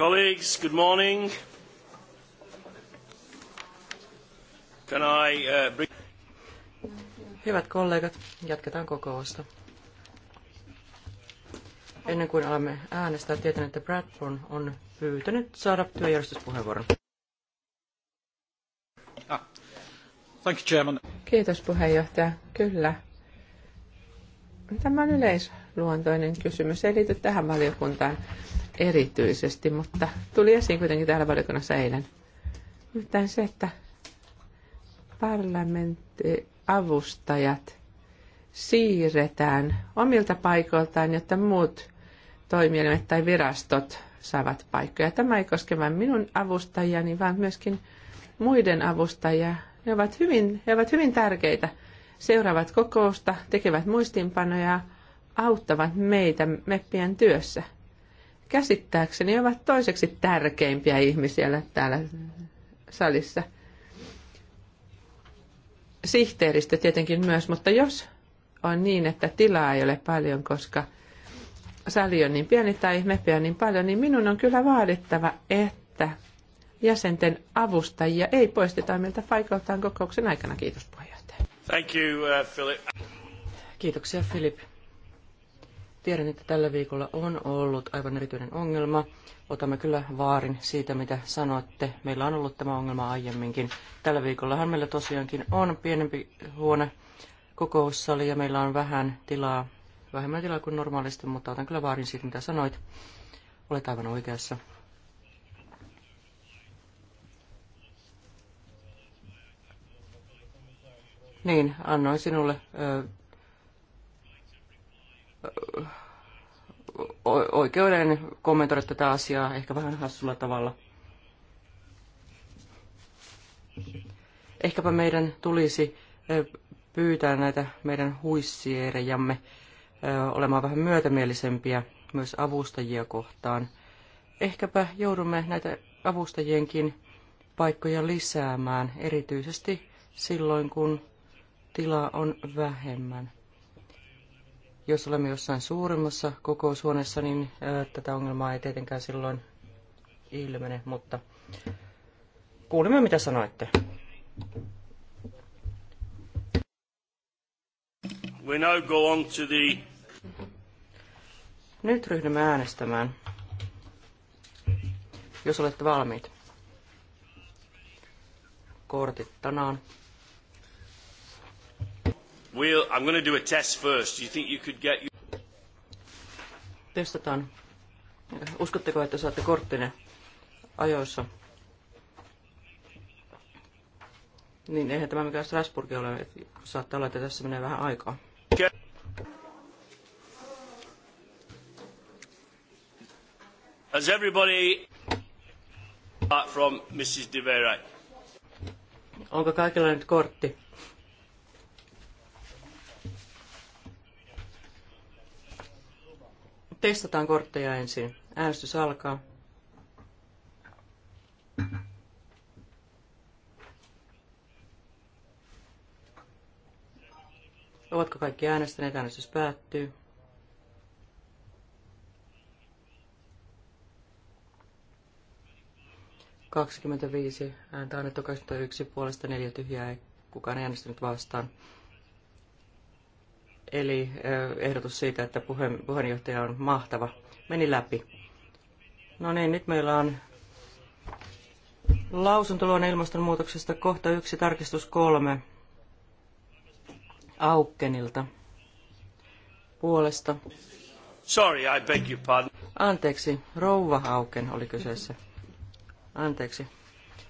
Colleagues, good morning. Can I, uh, bring... Hyvät kollegat, jatketaan kokousta. Ennen kuin alamme äänestää, tietän, että Bradford on pyytänyt saada työjärjestyspuheenvuoron. Ah. Thank you, Chairman. Kiitos puheenjohtaja. Kyllä. Tämä on yleisluontoinen kysymys. Ei liity tähän valiokuntaan erityisesti, mutta tuli esiin kuitenkin täällä valiokunnassa eilen. Nimittäin se, että parlamenttiavustajat siirretään omilta paikoiltaan, jotta muut toimielimet tai virastot saavat paikkoja. Tämä ei koske vain minun avustajani, vaan myöskin muiden avustajia. Ne ovat hyvin, he ovat hyvin tärkeitä, seuraavat kokousta, tekevät muistinpanoja, auttavat meitä meppien työssä – käsittääkseni ovat toiseksi tärkeimpiä ihmisiä täällä salissa. Sihteeristö tietenkin myös, mutta jos on niin, että tilaa ei ole paljon, koska sali on niin pieni tai mepeä niin paljon, niin minun on kyllä vaadittava, että jäsenten avustajia ei poisteta meiltä paikaltaan kokouksen aikana. Kiitos puheenjohtaja. Thank you, uh, Philip. Kiitoksia Philip. Tiedän, että tällä viikolla on ollut aivan erityinen ongelma. Otamme kyllä vaarin siitä, mitä sanoitte. Meillä on ollut tämä ongelma aiemminkin. Tällä viikollahan meillä tosiaankin on pienempi huone kokoussali ja meillä on vähän tilaa, vähemmän tilaa kuin normaalisti, mutta otan kyllä vaarin siitä, mitä sanoit. Olet aivan oikeassa. Niin, annoin sinulle ö, oikeuden kommentoida tätä asiaa ehkä vähän hassulla tavalla. Ehkäpä meidän tulisi pyytää näitä meidän huissierejamme olemaan vähän myötämielisempiä myös avustajia kohtaan. Ehkäpä joudumme näitä avustajienkin paikkoja lisäämään, erityisesti silloin kun tilaa on vähemmän. Jos olemme jossain suuremmassa kokoushuoneessa, niin tätä ongelmaa ei tietenkään silloin ilmene, mutta kuulimme mitä sanoitte. We now go on to the... Nyt ryhdymme äänestämään, jos olette valmiit. Kortit tänään. We'll, I'm going do a test first. Do you think you could get... Testataan. Uskotteko, että saatte korttinne ajoissa? Niin, eihän tämä mikään Strasbourg ole. Saattaa olla, että tässä menee vähän aikaa. As everybody from Mrs. De Vera. Onko kaikilla nyt kortti? Testataan kortteja ensin. Äänestys alkaa. Ovatko kaikki äänestäneet? Äänestys päättyy. Kaksikymmentäviisi ääntä annettu, kaksikymmentäyksi puolesta, neljä tyhjää, ei kukaan äänestänyt vastaan eli eh, ehdotus siitä, että puheen, puheenjohtaja on mahtava, meni läpi. No niin, nyt meillä on lausuntoluonne ilmastonmuutoksesta kohta yksi tarkistus kolme Aukkenilta puolesta. Sorry, I beg your pardon. Anteeksi, rouva Auken oli kyseessä. Anteeksi.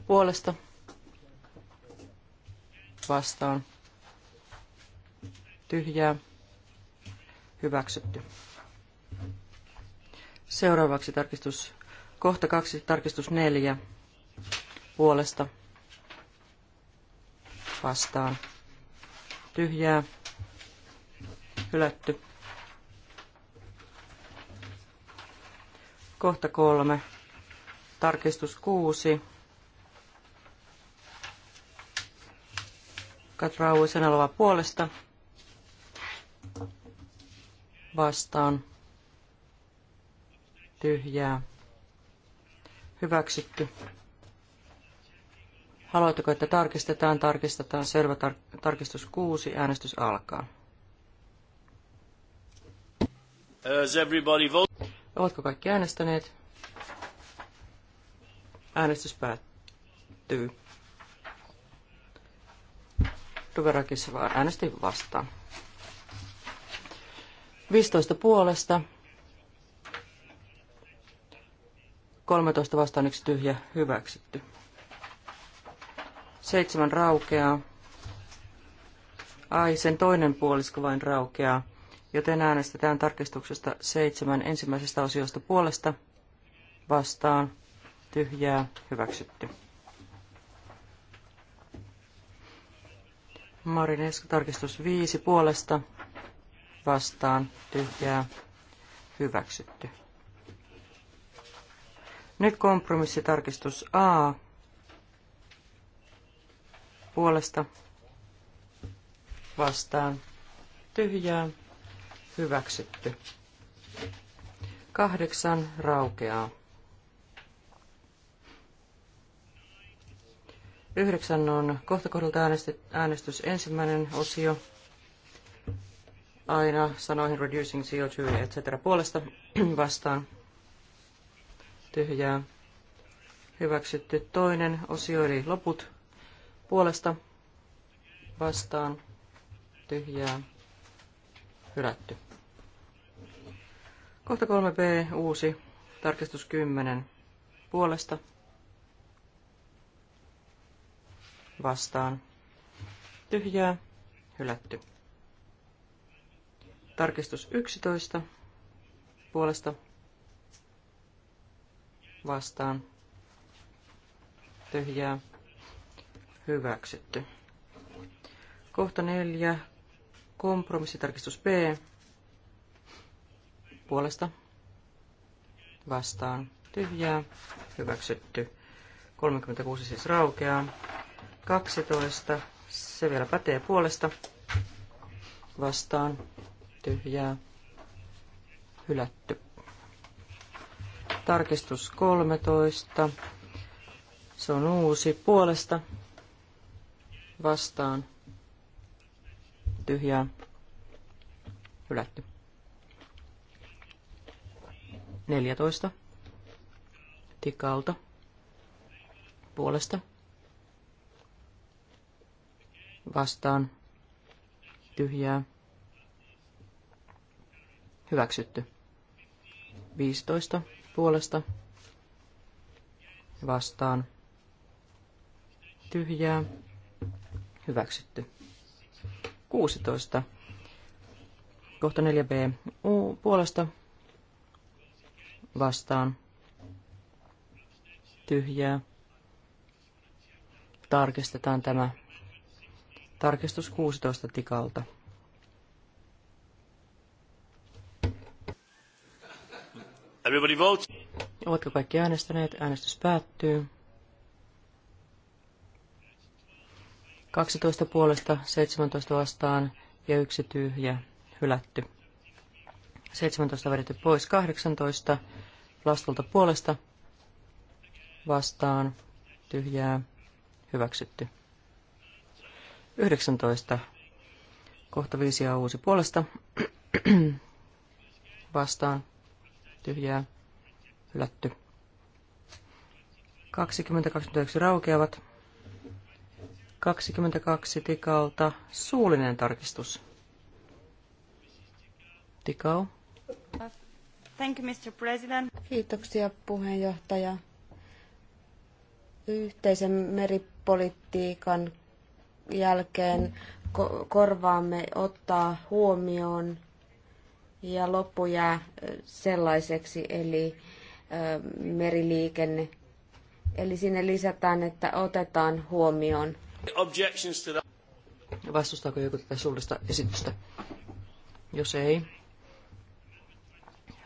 Puolesta. Vastaan. Tyhjää. Hyväksytty. Seuraavaksi tarkistus, kohta kaksi, tarkistus neljä puolesta vastaan. Tyhjää, hylätty. Kohta kolme, tarkistus kuusi. Katraui Senalova puolesta vastaan tyhjää hyväksytty. Haluatteko, että tarkistetaan? Tarkistetaan. Selvä tar- tarkistus 6. Äänestys alkaa. Has Ovatko kaikki äänestäneet? Äänestys päättyy. Duverakissa vaan äänesti vastaan. 15 puolesta. 13 vastaan yksi tyhjä hyväksytty. 7 raukeaa. Ai, sen toinen puolisko vain raukeaa, joten äänestetään tarkistuksesta seitsemän ensimmäisestä osiosta puolesta vastaan tyhjää hyväksytty. Marinesko tarkistus viisi puolesta vastaan tyhjää hyväksytty. Nyt kompromissitarkistus A puolesta vastaan tyhjää hyväksytty. Kahdeksan raukeaa. Yhdeksän on kohtakohdalta äänestys ensimmäinen osio aina sanoihin reducing CO2, etc. puolesta vastaan tyhjää. Hyväksytty toinen osio, eli loput puolesta vastaan tyhjää. Hylätty. Kohta 3b, uusi, tarkistus 10, puolesta vastaan tyhjää. Hylätty. Tarkistus 11 puolesta vastaan tyhjää hyväksytty. Kohta 4. Kompromissitarkistus B puolesta vastaan tyhjää hyväksytty. 36 siis raukeaa. 12. Se vielä pätee puolesta vastaan tyhjää hylätty. Tarkistus 13. Se on uusi puolesta vastaan tyhjää hylätty. 14. Tikalta puolesta vastaan tyhjää Hyväksytty. 15 puolesta vastaan tyhjää. Hyväksytty. 16. Kohta 4b. U puolesta vastaan tyhjää. Tarkistetaan tämä. Tarkistus 16 tikalta. Everybody vote. Ovatko kaikki äänestäneet? Äänestys päättyy. 12 puolesta, 17 vastaan ja yksi tyhjä hylätty. 17 vedetty pois, 18 lastulta puolesta vastaan tyhjää hyväksytty. 19 kohta 5 ja uusi puolesta vastaan tyhjää hylätty. 2029 raukeavat. 22 tikalta suullinen tarkistus. Tikau. Thank you, Mr. President. Kiitoksia puheenjohtaja. Yhteisen meripolitiikan jälkeen korvaamme ottaa huomioon ja loppu jää sellaiseksi, eli meriliikenne. Eli sinne lisätään, että otetaan huomioon. Vastustaako joku tätä suullista esitystä? Jos ei.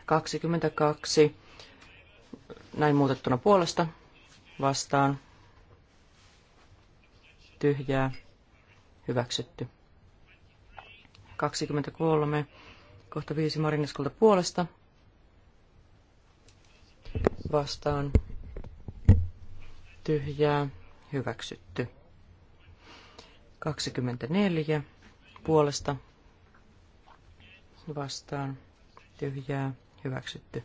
22. Näin muutettuna puolesta. Vastaan. Tyhjää. Hyväksytty. 23 Kohta viisi Marineskulta puolesta. Vastaan. Tyhjää. Hyväksytty. 24 puolesta. Vastaan. Tyhjää. Hyväksytty.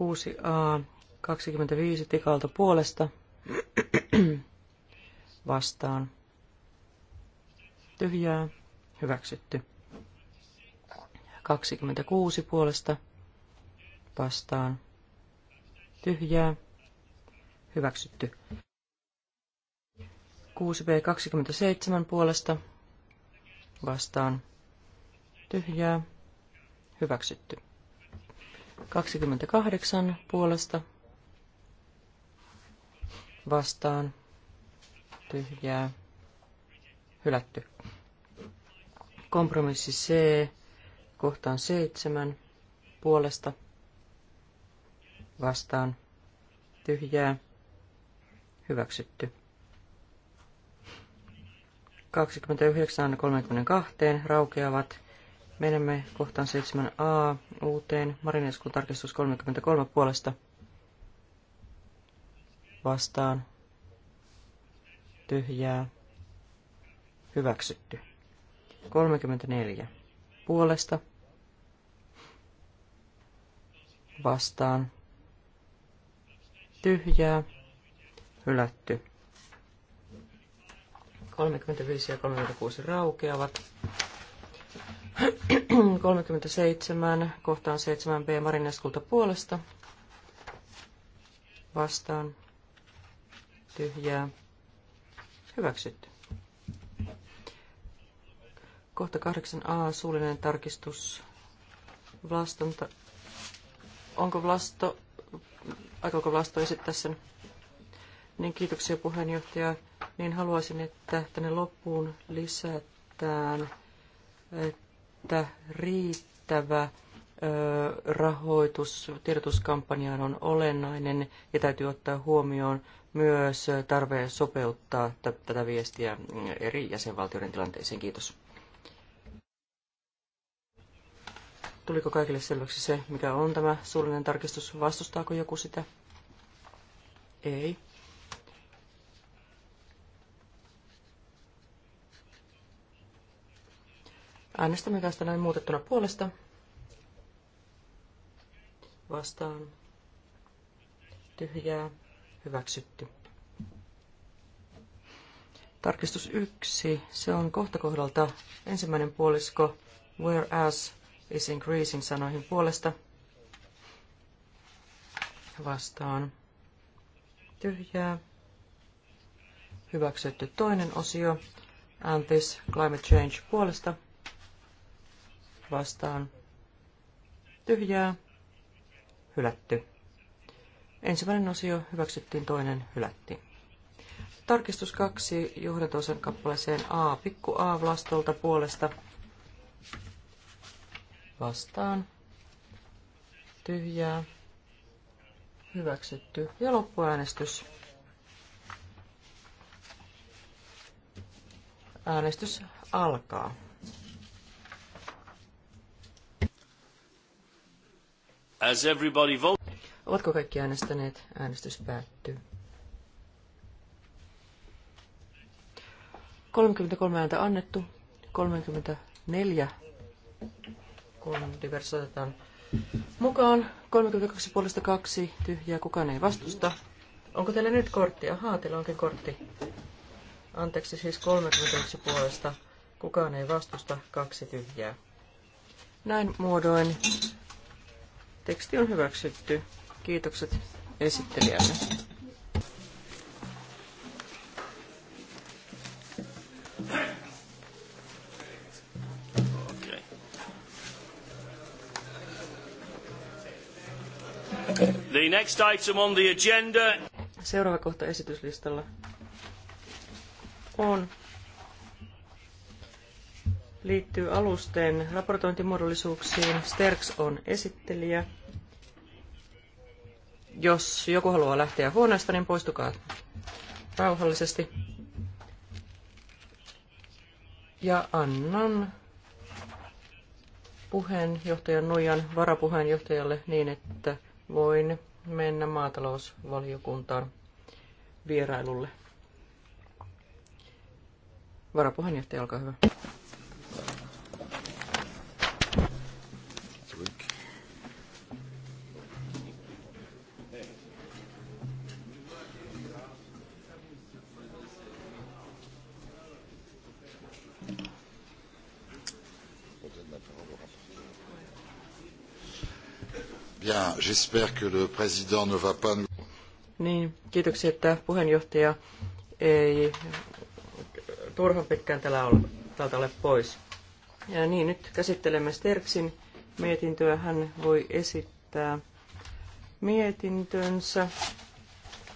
6a. 25 tikalta puolesta. Vastaan. Tyhjää Hyväksytty. 26 puolesta vastaan. Tyhjää. Hyväksytty. 6B27 puolesta vastaan. Tyhjää. Hyväksytty. 28 puolesta vastaan. Tyhjää. Hylätty. Kompromissi C kohtaan seitsemän puolesta vastaan tyhjää hyväksytty. 29 32 raukeavat. Menemme kohtaan 7a uuteen Marineskun tarkistus 33 puolesta vastaan tyhjää hyväksytty. 34 puolesta vastaan tyhjää hylätty. 35 ja 36 raukeavat. 37 kohtaan 7b Marineskulta puolesta vastaan tyhjää hyväksytty. Kohta 8a, suullinen tarkistus. Vlastonta. Onko Vlasto, aikooko Vlasto esittää sen? Niin kiitoksia puheenjohtaja. Niin haluaisin, että tänne loppuun lisätään, että riittävä rahoitus tiedotuskampanjaan on olennainen ja täytyy ottaa huomioon myös tarve sopeuttaa tätä viestiä eri jäsenvaltioiden tilanteeseen. Kiitos. Tuliko kaikille selväksi se, mikä on tämä suullinen tarkistus? Vastustaako joku sitä? Ei. Äänestämme tästä näin muutettuna puolesta. Vastaan. Tyhjää. Hyväksytty. Tarkistus yksi. Se on kohta kohdalta ensimmäinen puolisko. Whereas is increasing sanoihin puolesta vastaan tyhjää. Hyväksytty toinen osio. this Climate Change puolesta vastaan tyhjää. Hylätty. Ensimmäinen osio hyväksyttiin, toinen hylättiin. Tarkistus kaksi johdatosen kappaleeseen A. Pikku A. Vlastolta puolesta vastaan, tyhjää, hyväksytty ja loppuäänestys. Äänestys alkaa. As everybody vote. Ovatko kaikki äänestäneet? Äänestys päättyy. 33 ääntä annettu, 34 kun otetaan mukaan. 32 puolesta kaksi tyhjää, kukaan ei vastusta. Onko teillä nyt kortti? Ahaa, teillä onkin kortti. Anteeksi, siis 32 puolesta kukaan ei vastusta, kaksi tyhjää. Näin muodoin teksti on hyväksytty. Kiitokset esittelijälle. Next item on the agenda. Seuraava kohta esityslistalla on liittyy alusten raportointimuodollisuuksiin. Sterks on esittelijä. Jos joku haluaa lähteä huoneesta, niin poistukaa rauhallisesti. Ja annan puheenjohtajan Nuijan varapuheenjohtajalle niin, että voin mennä maatalousvaliokuntaan vierailulle. Varapuheenjohtaja, olkaa hyvä. J'espère que le président ne va pas nous... Niin, kiitoksia, että puheenjohtaja ei turhan pitkään täältä ole pois. Ja niin, nyt käsittelemme Sterksin mietintöä. Hän voi esittää mietintönsä,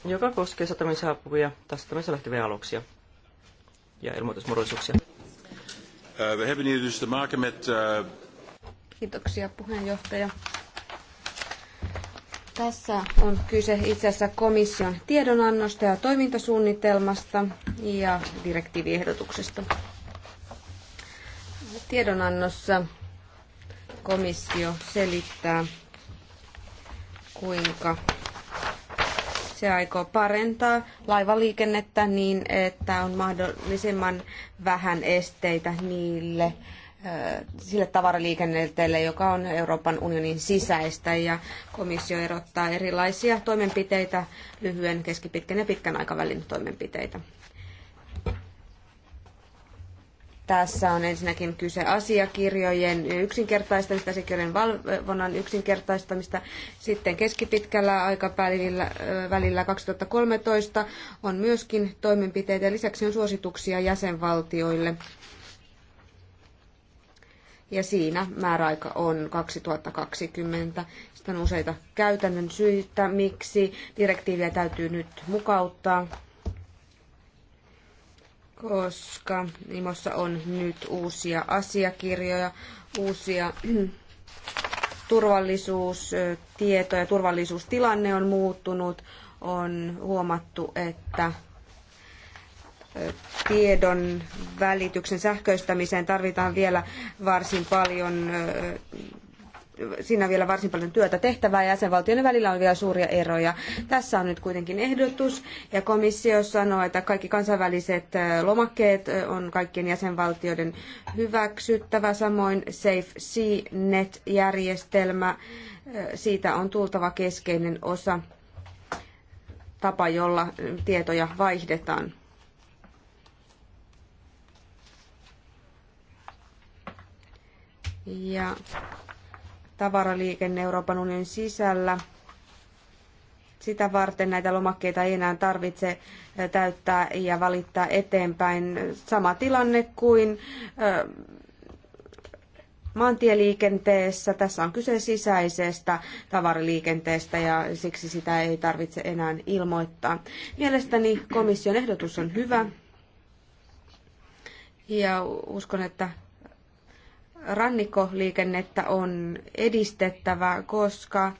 joka koskee satamiin saapuvia tai satamissa lähteviä aluksia ja ilmoitusmahdollisuuksia. Eh, we hebben hier dus te maken met... Eh, kiitoksia puheenjohtaja. Tässä on kyse itse asiassa komission tiedonannosta ja toimintasuunnitelmasta ja direktiiviehdotuksesta. Tiedonannossa komissio selittää, kuinka se aikoo parentaa laivaliikennettä niin, että on mahdollisimman vähän esteitä niille Äh, sille tavaraliikenteelle, joka on Euroopan unionin sisäistä ja komissio erottaa erilaisia toimenpiteitä, lyhyen, keskipitkän ja pitkän aikavälin toimenpiteitä. Tässä on ensinnäkin kyse asiakirjojen yksinkertaistamista, asiakirjojen valvonnan yksinkertaistamista. Sitten keskipitkällä aikavälillä äh, välillä 2013 on myöskin toimenpiteitä. Lisäksi on suosituksia jäsenvaltioille ja siinä määräaika on 2020. Sitten on useita käytännön syitä, miksi direktiiviä täytyy nyt mukauttaa, koska Imossa on nyt uusia asiakirjoja, uusia turvallisuustietoja, turvallisuustilanne on muuttunut. On huomattu, että tiedon välityksen sähköistämiseen tarvitaan vielä varsin paljon siinä on vielä varsin paljon työtä tehtävää ja jäsenvaltioiden välillä on vielä suuria eroja. Tässä on nyt kuitenkin ehdotus ja komissio sanoo, että kaikki kansainväliset lomakkeet on kaikkien jäsenvaltioiden hyväksyttävä. Samoin Safe Sea-net-järjestelmä, siitä on tultava keskeinen osa tapa, jolla tietoja vaihdetaan. ja tavaraliikenne Euroopan unionin sisällä. Sitä varten näitä lomakkeita ei enää tarvitse täyttää ja valittaa eteenpäin. Sama tilanne kuin maantieliikenteessä. Tässä on kyse sisäisestä tavaraliikenteestä ja siksi sitä ei tarvitse enää ilmoittaa. Mielestäni komission ehdotus on hyvä ja uskon, että rannikkoliikennettä on edistettävä, koska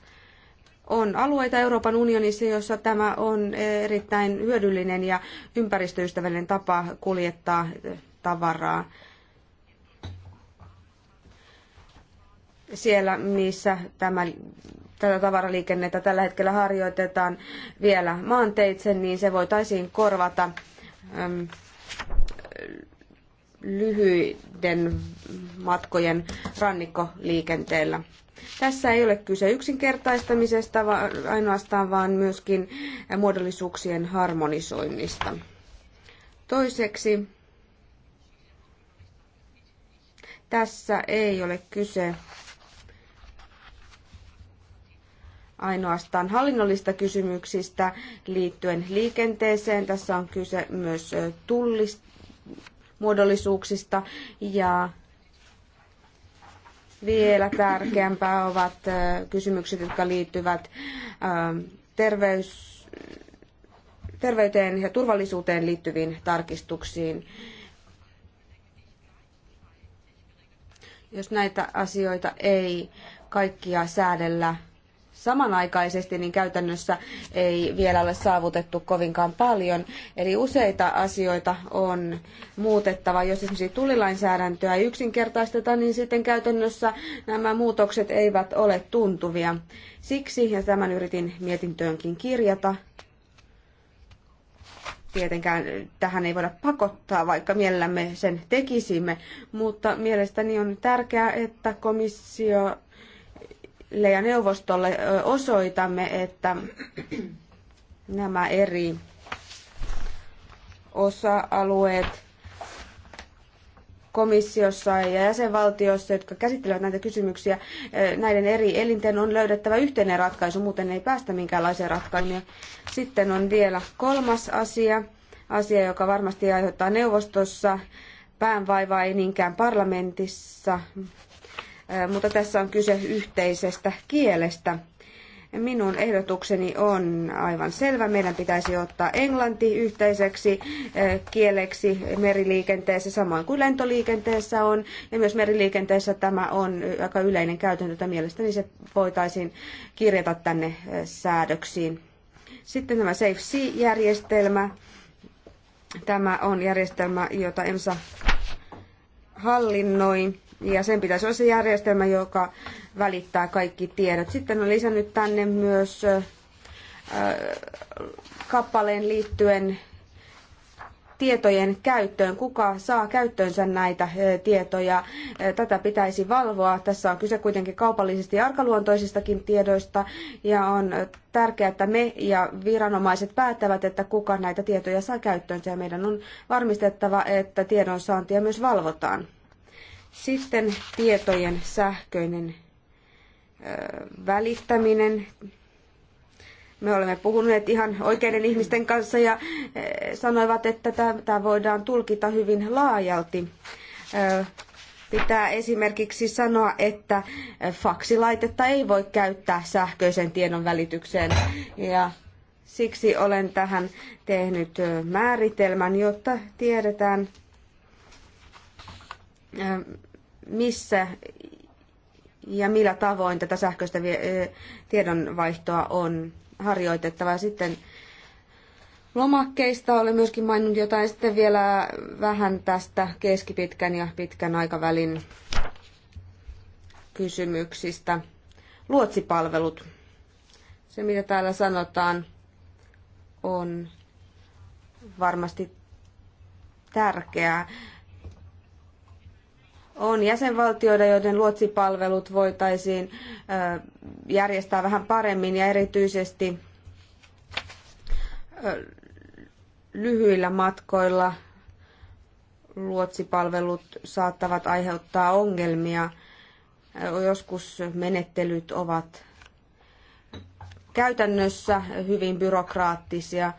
on alueita Euroopan unionissa, jossa tämä on erittäin hyödyllinen ja ympäristöystävällinen tapa kuljettaa tavaraa. Siellä, missä tämä, tätä tavaraliikennettä tällä hetkellä harjoitetaan vielä maanteitse, niin se voitaisiin korvata lyhyiden matkojen rannikkoliikenteellä. Tässä ei ole kyse yksinkertaistamisesta vaan ainoastaan, vaan myöskin muodollisuuksien harmonisoinnista. Toiseksi tässä ei ole kyse ainoastaan hallinnollista kysymyksistä liittyen liikenteeseen. Tässä on kyse myös tullista muodollisuuksista ja vielä tärkeämpää ovat kysymykset, jotka liittyvät terveys, terveyteen ja turvallisuuteen liittyviin tarkistuksiin. Jos näitä asioita ei kaikkia säädellä samanaikaisesti, niin käytännössä ei vielä ole saavutettu kovinkaan paljon. Eli useita asioita on muutettava. Jos esimerkiksi tulilainsäädäntöä ei yksinkertaisteta, niin sitten käytännössä nämä muutokset eivät ole tuntuvia. Siksi, ja tämän yritin mietintöönkin kirjata, tietenkään tähän ei voida pakottaa, vaikka mielellämme sen tekisimme, mutta mielestäni on tärkeää, että komissio ja neuvostolle osoitamme, että nämä eri osa-alueet komissiossa ja jäsenvaltioissa, jotka käsittelevät näitä kysymyksiä, näiden eri elinten on löydettävä yhteinen ratkaisu, muuten ei päästä minkäänlaiseen ratkaisuun. sitten on vielä kolmas asia, asia, joka varmasti aiheuttaa neuvostossa päänvaivaa, ei niinkään parlamentissa, mutta tässä on kyse yhteisestä kielestä. Minun ehdotukseni on aivan selvä. Meidän pitäisi ottaa englanti yhteiseksi kieleksi meriliikenteessä, samoin kuin lentoliikenteessä on. Ja myös meriliikenteessä tämä on aika yleinen käytäntö, että mielestäni se voitaisiin kirjata tänne säädöksiin. Sitten tämä Safe Sea-järjestelmä. Tämä on järjestelmä, jota EMSA hallinnoi ja sen pitäisi olla se järjestelmä, joka välittää kaikki tiedot. Sitten on lisännyt tänne myös kappaleen liittyen tietojen käyttöön, kuka saa käyttöönsä näitä tietoja. Tätä pitäisi valvoa. Tässä on kyse kuitenkin kaupallisesti ja arkaluontoisistakin tiedoista ja on tärkeää, että me ja viranomaiset päättävät, että kuka näitä tietoja saa käyttöönsä ja meidän on varmistettava, että tiedonsaantia myös valvotaan. Sitten tietojen sähköinen välittäminen. Me olemme puhuneet ihan oikeiden ihmisten kanssa ja sanoivat, että tämä voidaan tulkita hyvin laajalti. Pitää esimerkiksi sanoa, että faksilaitetta ei voi käyttää sähköisen tiedon välitykseen. Ja siksi olen tähän tehnyt määritelmän, jotta tiedetään, missä ja millä tavoin tätä sähköistä tiedonvaihtoa on harjoitettava. Ja sitten lomakkeista olen myöskin maininnut jotain. Sitten vielä vähän tästä keskipitkän ja pitkän aikavälin kysymyksistä. Luotsipalvelut. Se, mitä täällä sanotaan, on varmasti tärkeää on jäsenvaltioita, joiden luotsipalvelut voitaisiin järjestää vähän paremmin ja erityisesti lyhyillä matkoilla luotsipalvelut saattavat aiheuttaa ongelmia. Joskus menettelyt ovat käytännössä hyvin byrokraattisia.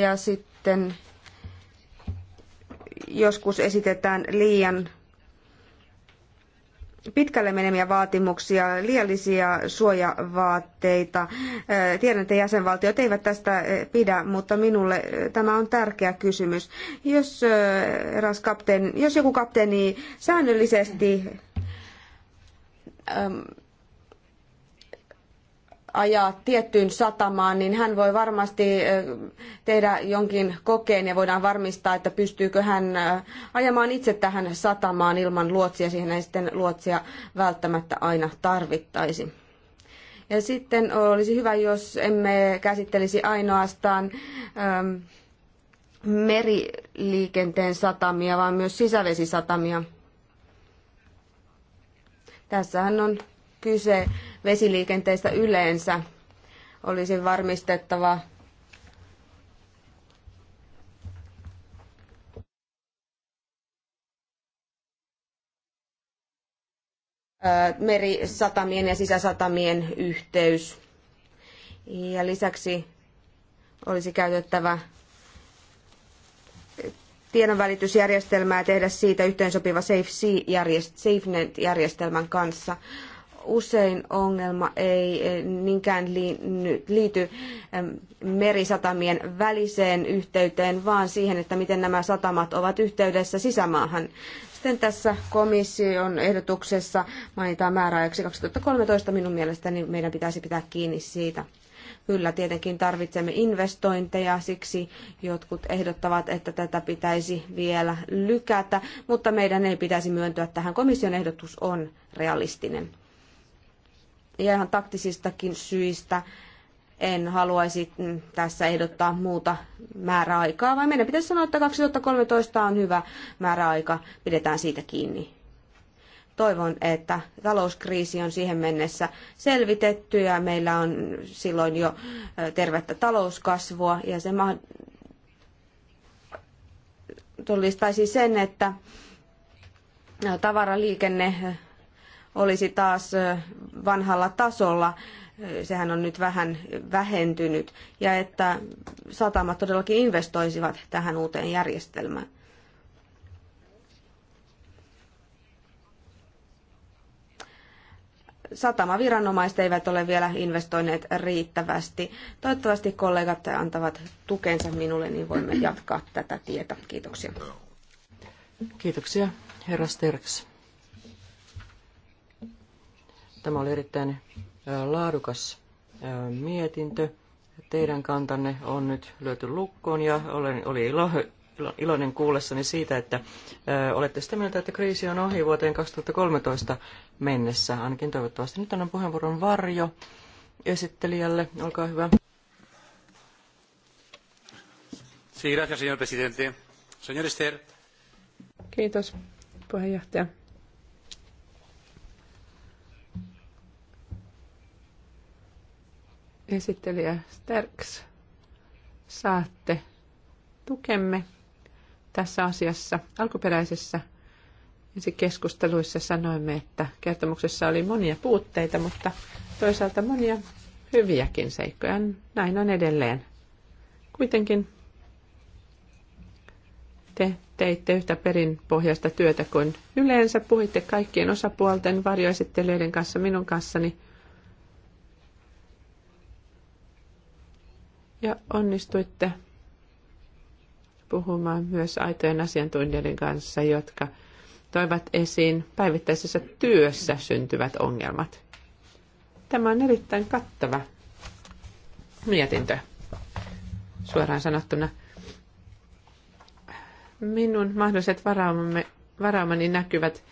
Ja sitten sitten joskus esitetään liian pitkälle meneviä vaatimuksia, liiallisia suojavaatteita. Tiedän, että jäsenvaltiot eivät tästä pidä, mutta minulle tämä on tärkeä kysymys. Jos, eräs kapteeni, jos joku kapteeni säännöllisesti ajaa tiettyyn satamaan, niin hän voi varmasti tehdä jonkin kokeen ja voidaan varmistaa, että pystyykö hän ajamaan itse tähän satamaan ilman luotsia. Siihen ei sitten luotsia välttämättä aina tarvittaisi. Ja sitten olisi hyvä, jos emme käsittelisi ainoastaan ähm, meriliikenteen satamia, vaan myös sisävesisatamia. Tässähän on kyse vesiliikenteestä yleensä. Olisi varmistettava merisatamien ja sisäsatamien yhteys. Ja lisäksi olisi käytettävä tiedonvälitysjärjestelmää ja tehdä siitä yhteensopiva SafeNet-järjestelmän kanssa usein ongelma ei eh, niinkään liity merisatamien väliseen yhteyteen, vaan siihen, että miten nämä satamat ovat yhteydessä sisämaahan. Sitten tässä komission ehdotuksessa mainitaan määräajaksi 2013. Minun mielestäni meidän pitäisi pitää kiinni siitä. Kyllä, tietenkin tarvitsemme investointeja, siksi jotkut ehdottavat, että tätä pitäisi vielä lykätä, mutta meidän ei pitäisi myöntyä tähän. Komission ehdotus on realistinen ja ihan taktisistakin syistä en haluaisi mm, tässä ehdottaa muuta määräaikaa, vaan meidän pitäisi sanoa, että 2013 on hyvä määräaika, pidetään siitä kiinni. Toivon, että talouskriisi on siihen mennessä selvitetty ja meillä on silloin jo tervettä talouskasvua ja se mahdollistaisi sen, että tavaraliikenne olisi taas vanhalla tasolla, sehän on nyt vähän vähentynyt, ja että satamat todellakin investoisivat tähän uuteen järjestelmään. satamaviranomaiset eivät ole vielä investoineet riittävästi. Toivottavasti kollegat antavat tukensa minulle, niin voimme jatkaa tätä tietä. Kiitoksia. Kiitoksia, herra Sterks. Tämä oli erittäin laadukas mietintö. Teidän kantanne on nyt löyty lukkoon ja olen, oli ilo, iloinen kuullessani siitä, että ö, olette sitä mieltä, että kriisi on ohi vuoteen 2013 mennessä, ainakin toivottavasti. Nyt annan puheenvuoron Varjo esittelijälle. Olkaa hyvä. Sí, gracias, señor presidente. Señor Ester. Kiitos, puheenjohtaja. esittelijä Sterks saatte tukemme tässä asiassa. Alkuperäisessä keskusteluissa sanoimme, että kertomuksessa oli monia puutteita, mutta toisaalta monia hyviäkin seikkoja. Näin on edelleen. Kuitenkin te teitte yhtä perinpohjaista työtä kuin yleensä. Puhitte kaikkien osapuolten varjoesittelijöiden kanssa, minun kanssani – Ja onnistuitte puhumaan myös aitojen asiantuntijoiden kanssa, jotka toivat esiin päivittäisessä työssä syntyvät ongelmat. Tämä on erittäin kattava mietintö, suoraan sanottuna. Minun mahdolliset varaumamme, varaumani näkyvät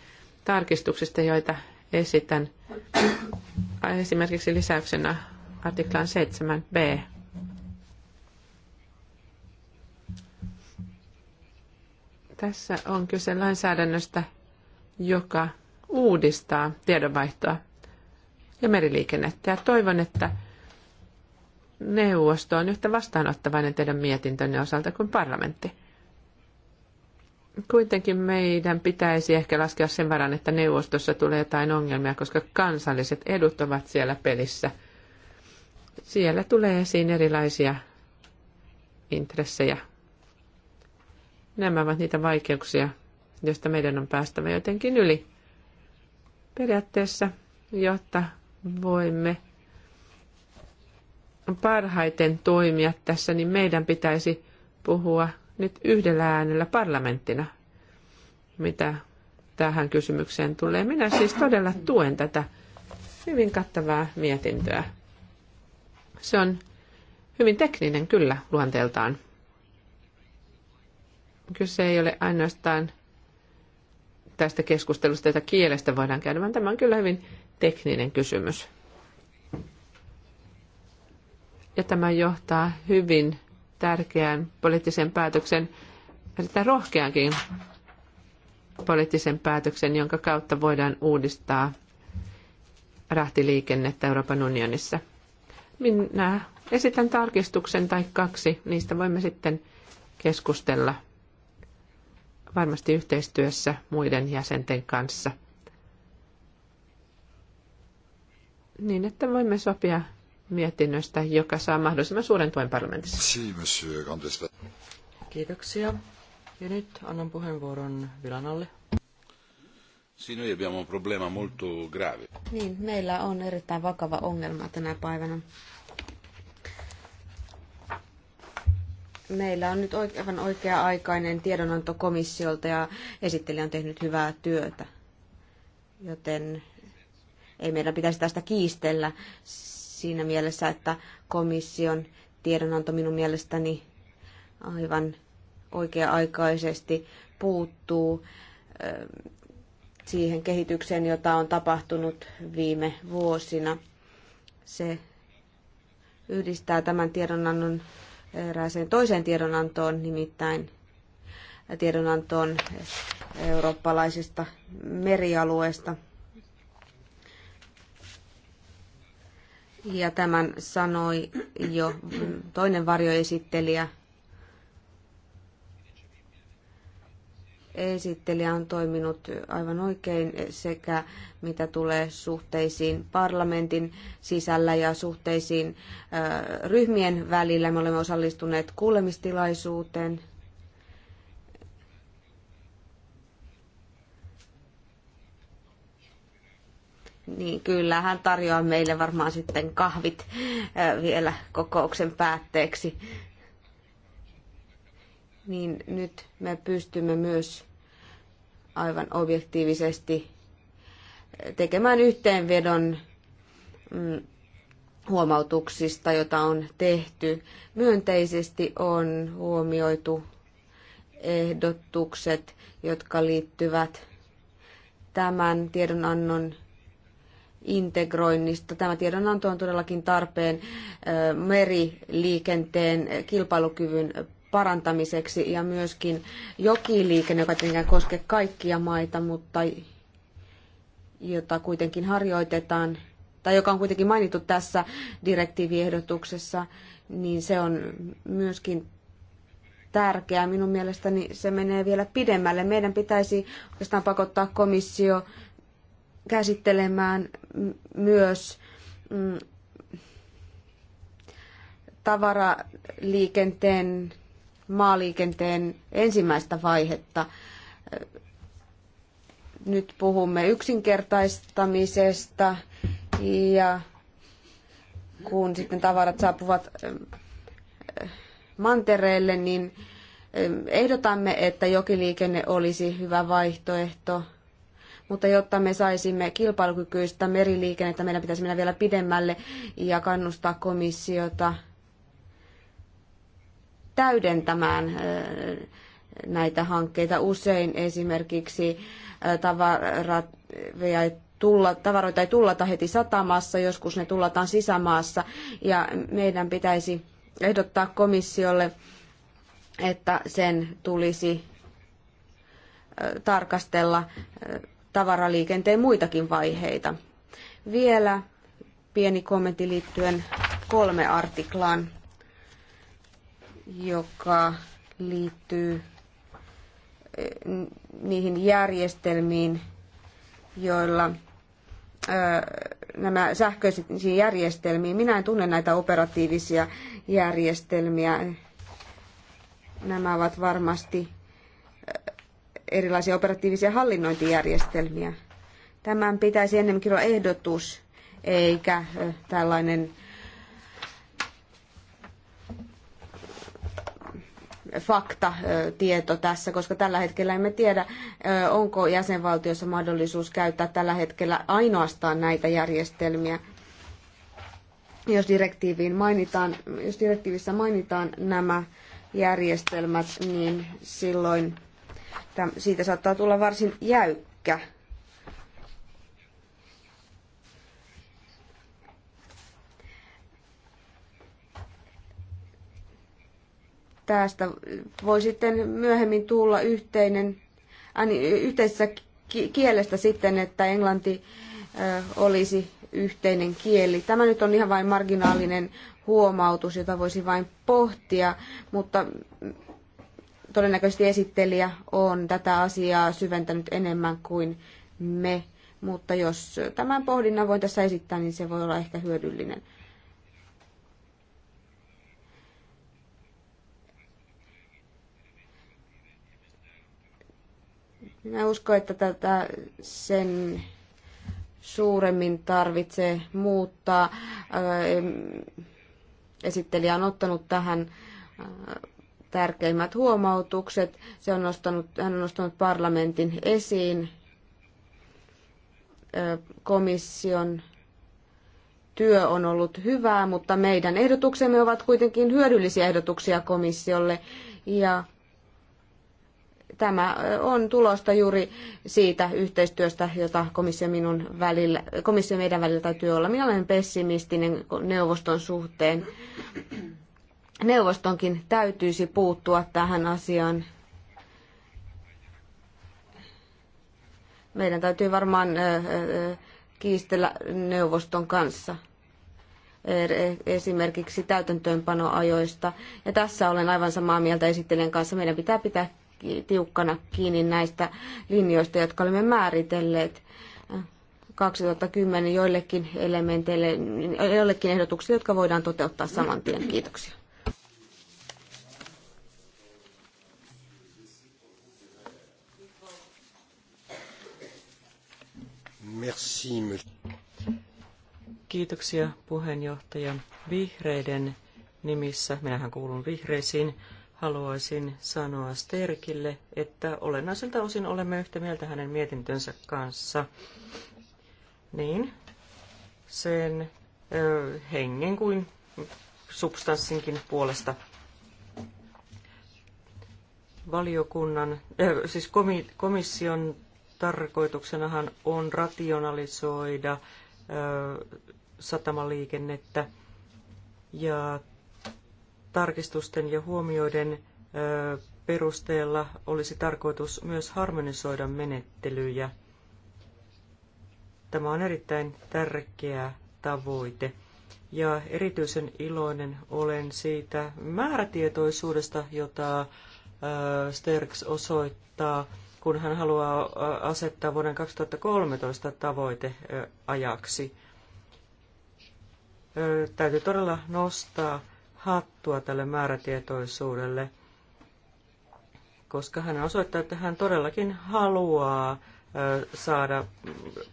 tarkistuksista, joita esitän esimerkiksi lisäyksenä artiklan 7b Tässä on kyse lainsäädännöstä, joka uudistaa tiedonvaihtoa ja meriliikennettä. Ja toivon, että neuvosto on yhtä vastaanottavainen teidän mietintönne osalta kuin parlamentti. Kuitenkin meidän pitäisi ehkä laskea sen varan, että neuvostossa tulee jotain ongelmia, koska kansalliset edut ovat siellä pelissä. Siellä tulee esiin erilaisia intressejä Nämä ovat niitä vaikeuksia, joista meidän on päästävä jotenkin yli periaatteessa, jotta voimme parhaiten toimia tässä, niin meidän pitäisi puhua nyt yhdellä äänellä parlamenttina, mitä tähän kysymykseen tulee. Minä siis todella tuen tätä hyvin kattavaa mietintöä. Se on hyvin tekninen kyllä luonteeltaan, kyse ei ole ainoastaan tästä keskustelusta, jota kielestä voidaan käydä, vaan tämä on kyllä hyvin tekninen kysymys. Ja tämä johtaa hyvin tärkeään poliittisen päätöksen, erittäin rohkeankin poliittisen päätöksen, jonka kautta voidaan uudistaa rahtiliikennettä Euroopan unionissa. Minä esitän tarkistuksen tai kaksi, niistä voimme sitten keskustella varmasti yhteistyössä muiden jäsenten kanssa. Niin, että voimme sopia mietinnöstä, joka saa mahdollisimman suuren tuen parlamentissa. Kiitoksia. Ja nyt annan puheenvuoron Vilanalle. Sì, noi abbiamo un problema molto grave. Niin, meillä on erittäin vakava ongelma tänä päivänä. meillä on nyt aivan oikea-aikainen tiedonanto komissiolta ja esittelijä on tehnyt hyvää työtä. Joten ei meidän pitäisi tästä kiistellä siinä mielessä, että komission tiedonanto minun mielestäni aivan oikea-aikaisesti puuttuu eh, siihen kehitykseen, jota on tapahtunut viime vuosina. Se yhdistää tämän tiedonannon erääseen toiseen tiedonantoon, nimittäin tiedonantoon eurooppalaisista merialueista. Ja tämän sanoi jo toinen varjoesittelijä esittelijä on toiminut aivan oikein sekä mitä tulee suhteisiin parlamentin sisällä ja suhteisiin ryhmien välillä. Me olemme osallistuneet kuulemistilaisuuteen. Niin kyllä, hän tarjoaa meille varmaan sitten kahvit vielä kokouksen päätteeksi niin nyt me pystymme myös aivan objektiivisesti tekemään yhteenvedon mm, huomautuksista, jota on tehty. Myönteisesti on huomioitu ehdotukset, jotka liittyvät tämän tiedonannon integroinnista. Tämä tiedonanto on todellakin tarpeen meriliikenteen kilpailukyvyn parantamiseksi ja myöskin jokiliikenne, joka tietenkään koske kaikkia maita, mutta jota kuitenkin harjoitetaan, tai joka on kuitenkin mainittu tässä direktiiviehdotuksessa, niin se on myöskin tärkeää. Minun mielestäni se menee vielä pidemmälle. Meidän pitäisi oikeastaan pakottaa komissio käsittelemään myös mm, tavaraliikenteen maaliikenteen ensimmäistä vaihetta. Nyt puhumme yksinkertaistamisesta ja kun sitten tavarat saapuvat ähm, mantereelle, niin ähm, ehdotamme, että jokiliikenne olisi hyvä vaihtoehto. Mutta jotta me saisimme kilpailukykyistä meriliikennettä, meidän pitäisi mennä vielä pidemmälle ja kannustaa komissiota täydentämään näitä hankkeita. Usein esimerkiksi tulla, tavaroita ei tullata heti satamassa, joskus ne tullataan sisämaassa ja meidän pitäisi ehdottaa komissiolle, että sen tulisi tarkastella tavaraliikenteen muitakin vaiheita. Vielä pieni kommentti liittyen kolme artiklaan joka liittyy eh, niihin järjestelmiin, joilla eh, nämä sähköisiin siis järjestelmiin. Minä en tunne näitä operatiivisia järjestelmiä. Nämä ovat varmasti eh, erilaisia operatiivisia hallinnointijärjestelmiä. Tämän pitäisi ennemminkin olla ehdotus, eikä tällainen faktatieto tässä, koska tällä hetkellä emme tiedä, onko jäsenvaltiossa mahdollisuus käyttää tällä hetkellä ainoastaan näitä järjestelmiä. Jos, direktiiviin mainitaan, jos direktiivissä mainitaan nämä järjestelmät, niin silloin siitä saattaa tulla varsin jäykkä tästä voi sitten myöhemmin tulla yhteinen, ääni, äh, niin, yhteisessä kielestä sitten, että englanti äh, olisi yhteinen kieli. Tämä nyt on ihan vain marginaalinen huomautus, jota voisi vain pohtia, mutta todennäköisesti esittelijä on tätä asiaa syventänyt enemmän kuin me. Mutta jos tämän pohdinnan voin tässä esittää, niin se voi olla ehkä hyödyllinen. Minä uskon, että tätä sen suuremmin tarvitsee muuttaa. Esittelijä on ottanut tähän tärkeimmät huomautukset. Se on nostanut, hän on nostanut parlamentin esiin komission työ on ollut hyvää, mutta meidän ehdotuksemme ovat kuitenkin hyödyllisiä ehdotuksia komissiolle. Ja Tämä on tulosta juuri siitä yhteistyöstä, jota komissio, minun välillä, komissio meidän välillä täytyy olla. Minä olen pessimistinen neuvoston suhteen. Neuvostonkin täytyisi puuttua tähän asiaan meidän täytyy varmaan kiistellä neuvoston kanssa e, esimerkiksi täytäntöönpanoajoista. Ja tässä olen aivan samaa mieltä esittelijän kanssa. Meidän pitää pitää tiukkana kiinni näistä linjoista, jotka olemme määritelleet. 2010 joillekin elementeille, joillekin ehdotuksille, jotka voidaan toteuttaa saman tien. Kiitoksia. Merci. Kiitoksia puheenjohtaja. Vihreiden nimissä, minähän kuulun vihreisiin, haluaisin sanoa Sterkille, että olennaiselta osin olemme yhtä mieltä hänen mietintönsä kanssa. Niin, sen ö, hengen kuin substanssinkin puolesta. Valiokunnan, ö, siis komi, komission tarkoituksenahan on rationalisoida ö, satamaliikennettä ja tarkistusten ja huomioiden perusteella olisi tarkoitus myös harmonisoida menettelyjä. Tämä on erittäin tärkeä tavoite. Ja erityisen iloinen olen siitä määrätietoisuudesta, jota Sterks osoittaa, kun hän haluaa asettaa vuoden 2013 tavoiteajaksi. Täytyy todella nostaa hattua tälle määrätietoisuudelle, koska hän osoittaa, että hän todellakin haluaa saada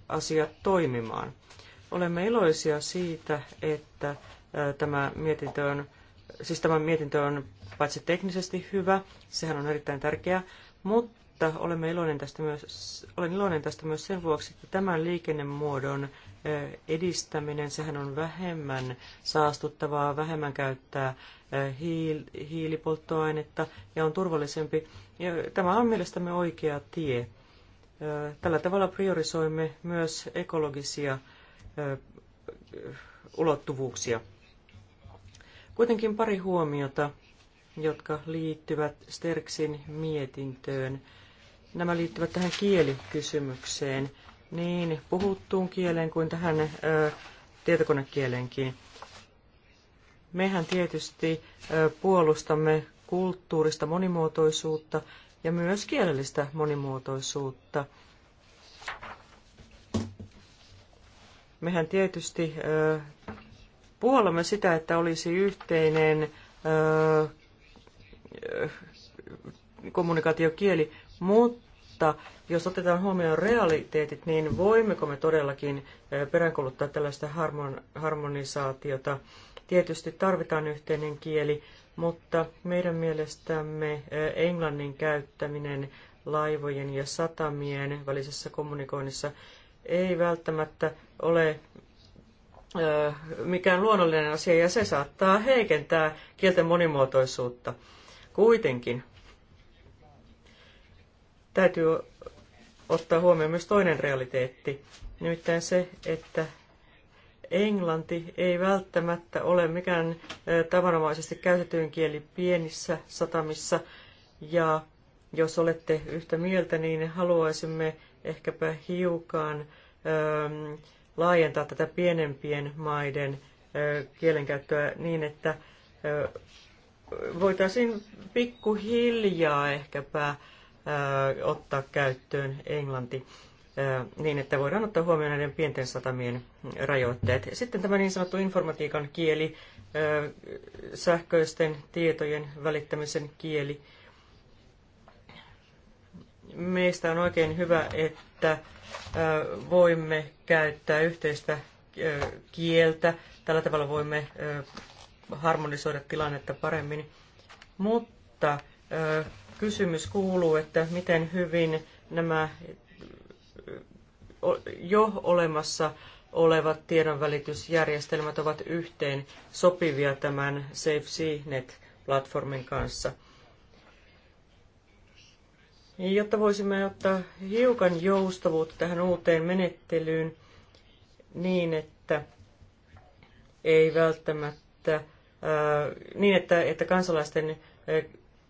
asiat toimimaan. Olemme iloisia siitä, että tämä mietintö on, siis tämä mietintö on paitsi teknisesti hyvä, sehän on erittäin tärkeä, mutta olemme iloinen tästä myös, olen iloinen tästä myös sen vuoksi, että tämän liikennemuodon edistäminen, sehän on vähemmän saastuttavaa, vähemmän käyttää hiilipolttoainetta ja on turvallisempi. Tämä on mielestämme oikea tie. Tällä tavalla priorisoimme myös ekologisia ulottuvuuksia. Kuitenkin pari huomiota, jotka liittyvät Sterksin mietintöön. Nämä liittyvät tähän kielikysymykseen niin puhuttuun kieleen kuin tähän ö, tietokonekieleenkin. Mehän tietysti ö, puolustamme kulttuurista monimuotoisuutta ja myös kielellistä monimuotoisuutta. Mehän tietysti ö, puolamme sitä, että olisi yhteinen ö, kommunikaatiokieli, mutta mutta jos otetaan huomioon realiteetit, niin voimmeko me todellakin peräänkuluttaa tällaista harmonisaatiota? Tietysti tarvitaan yhteinen kieli, mutta meidän mielestämme englannin käyttäminen laivojen ja satamien välisessä kommunikoinnissa ei välttämättä ole mikään luonnollinen asia ja se saattaa heikentää kielten monimuotoisuutta. Kuitenkin täytyy ottaa huomioon myös toinen realiteetti, nimittäin se, että englanti ei välttämättä ole mikään tavanomaisesti käytetyn kieli pienissä satamissa. Ja jos olette yhtä mieltä, niin haluaisimme ehkäpä hiukan laajentaa tätä pienempien maiden kielenkäyttöä niin, että voitaisiin pikkuhiljaa ehkäpä ottaa käyttöön Englanti niin, että voidaan ottaa huomioon näiden pienten satamien rajoitteet. Sitten tämä niin sanottu informatiikan kieli, sähköisten tietojen välittämisen kieli. Meistä on oikein hyvä, että voimme käyttää yhteistä kieltä. Tällä tavalla voimme harmonisoida tilannetta paremmin. Mutta kysymys kuuluu, että miten hyvin nämä jo olemassa olevat tiedonvälitysjärjestelmät ovat yhteen sopivia tämän SafeCNet-platformin kanssa. Jotta voisimme ottaa hiukan joustavuutta tähän uuteen menettelyyn niin, että ei välttämättä, ää, niin että, että kansalaisten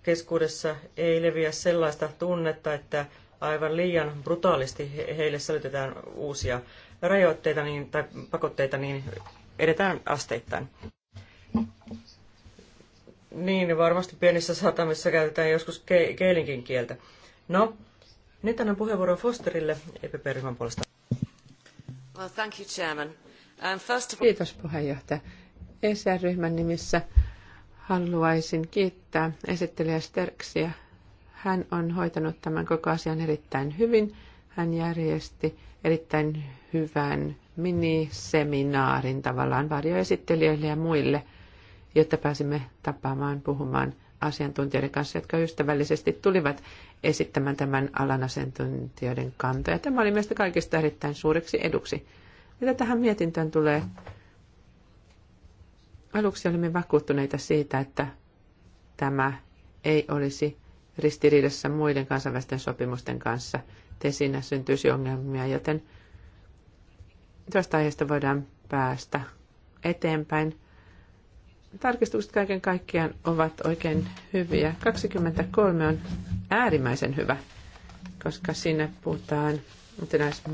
keskuudessa ei leviä sellaista tunnetta, että aivan liian brutaalisti heille sälytetään uusia rajoitteita niin, tai pakotteita, niin edetään asteittain. Niin, varmasti pienissä satamissa käytetään joskus ke- keilinkin kieltä. No, nyt annan puheenvuoron Fosterille EPP-ryhmän puolesta. Well, thank you, chairman. Um, first of... Kiitos puheenjohtaja. ESR-ryhmän nimissä Haluaisin kiittää esittelijä Sterksiä. Hän on hoitanut tämän koko asian erittäin hyvin. Hän järjesti erittäin hyvän miniseminaarin tavallaan varjoesittelijöille ja muille, jotta pääsimme tapaamaan puhumaan asiantuntijoiden kanssa, jotka ystävällisesti tulivat esittämään tämän alan asiantuntijoiden kantoja. Tämä oli meistä kaikista erittäin suureksi eduksi. Mitä tähän mietintöön tulee, Aluksi olimme vakuuttuneita siitä, että tämä ei olisi ristiriidassa muiden kansainvälisten sopimusten kanssa. Te siinä syntyisi ongelmia, joten tuosta aiheesta voidaan päästä eteenpäin. Tarkistukset kaiken kaikkiaan ovat oikein hyviä. 23 on äärimmäisen hyvä, koska siinä puhutaan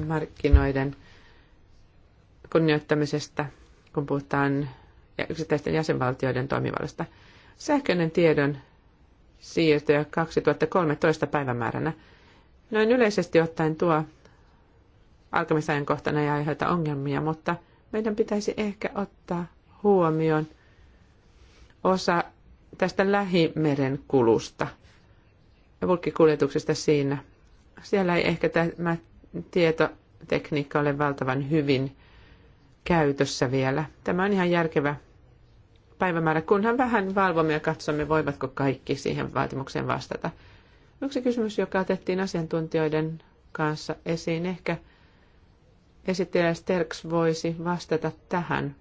markkinoiden kunnioittamisesta, kun puhutaan ja yksittäisten jäsenvaltioiden toimivallasta. Sähköinen tiedon siirto ja 2013 päivämääränä. Noin yleisesti ottaen tuo alkamisajankohtana ei aiheuta ongelmia, mutta meidän pitäisi ehkä ottaa huomioon osa tästä lähimeren kulusta ja bulkkikuljetuksesta siinä. Siellä ei ehkä tämä tietotekniikka ole valtavan hyvin käytössä vielä. Tämä on ihan järkevä päivämäärä, kunhan vähän valvomme ja katsomme, voivatko kaikki siihen vaatimukseen vastata. Yksi kysymys, joka otettiin asiantuntijoiden kanssa esiin, ehkä esittelijä Sterks voisi vastata tähän.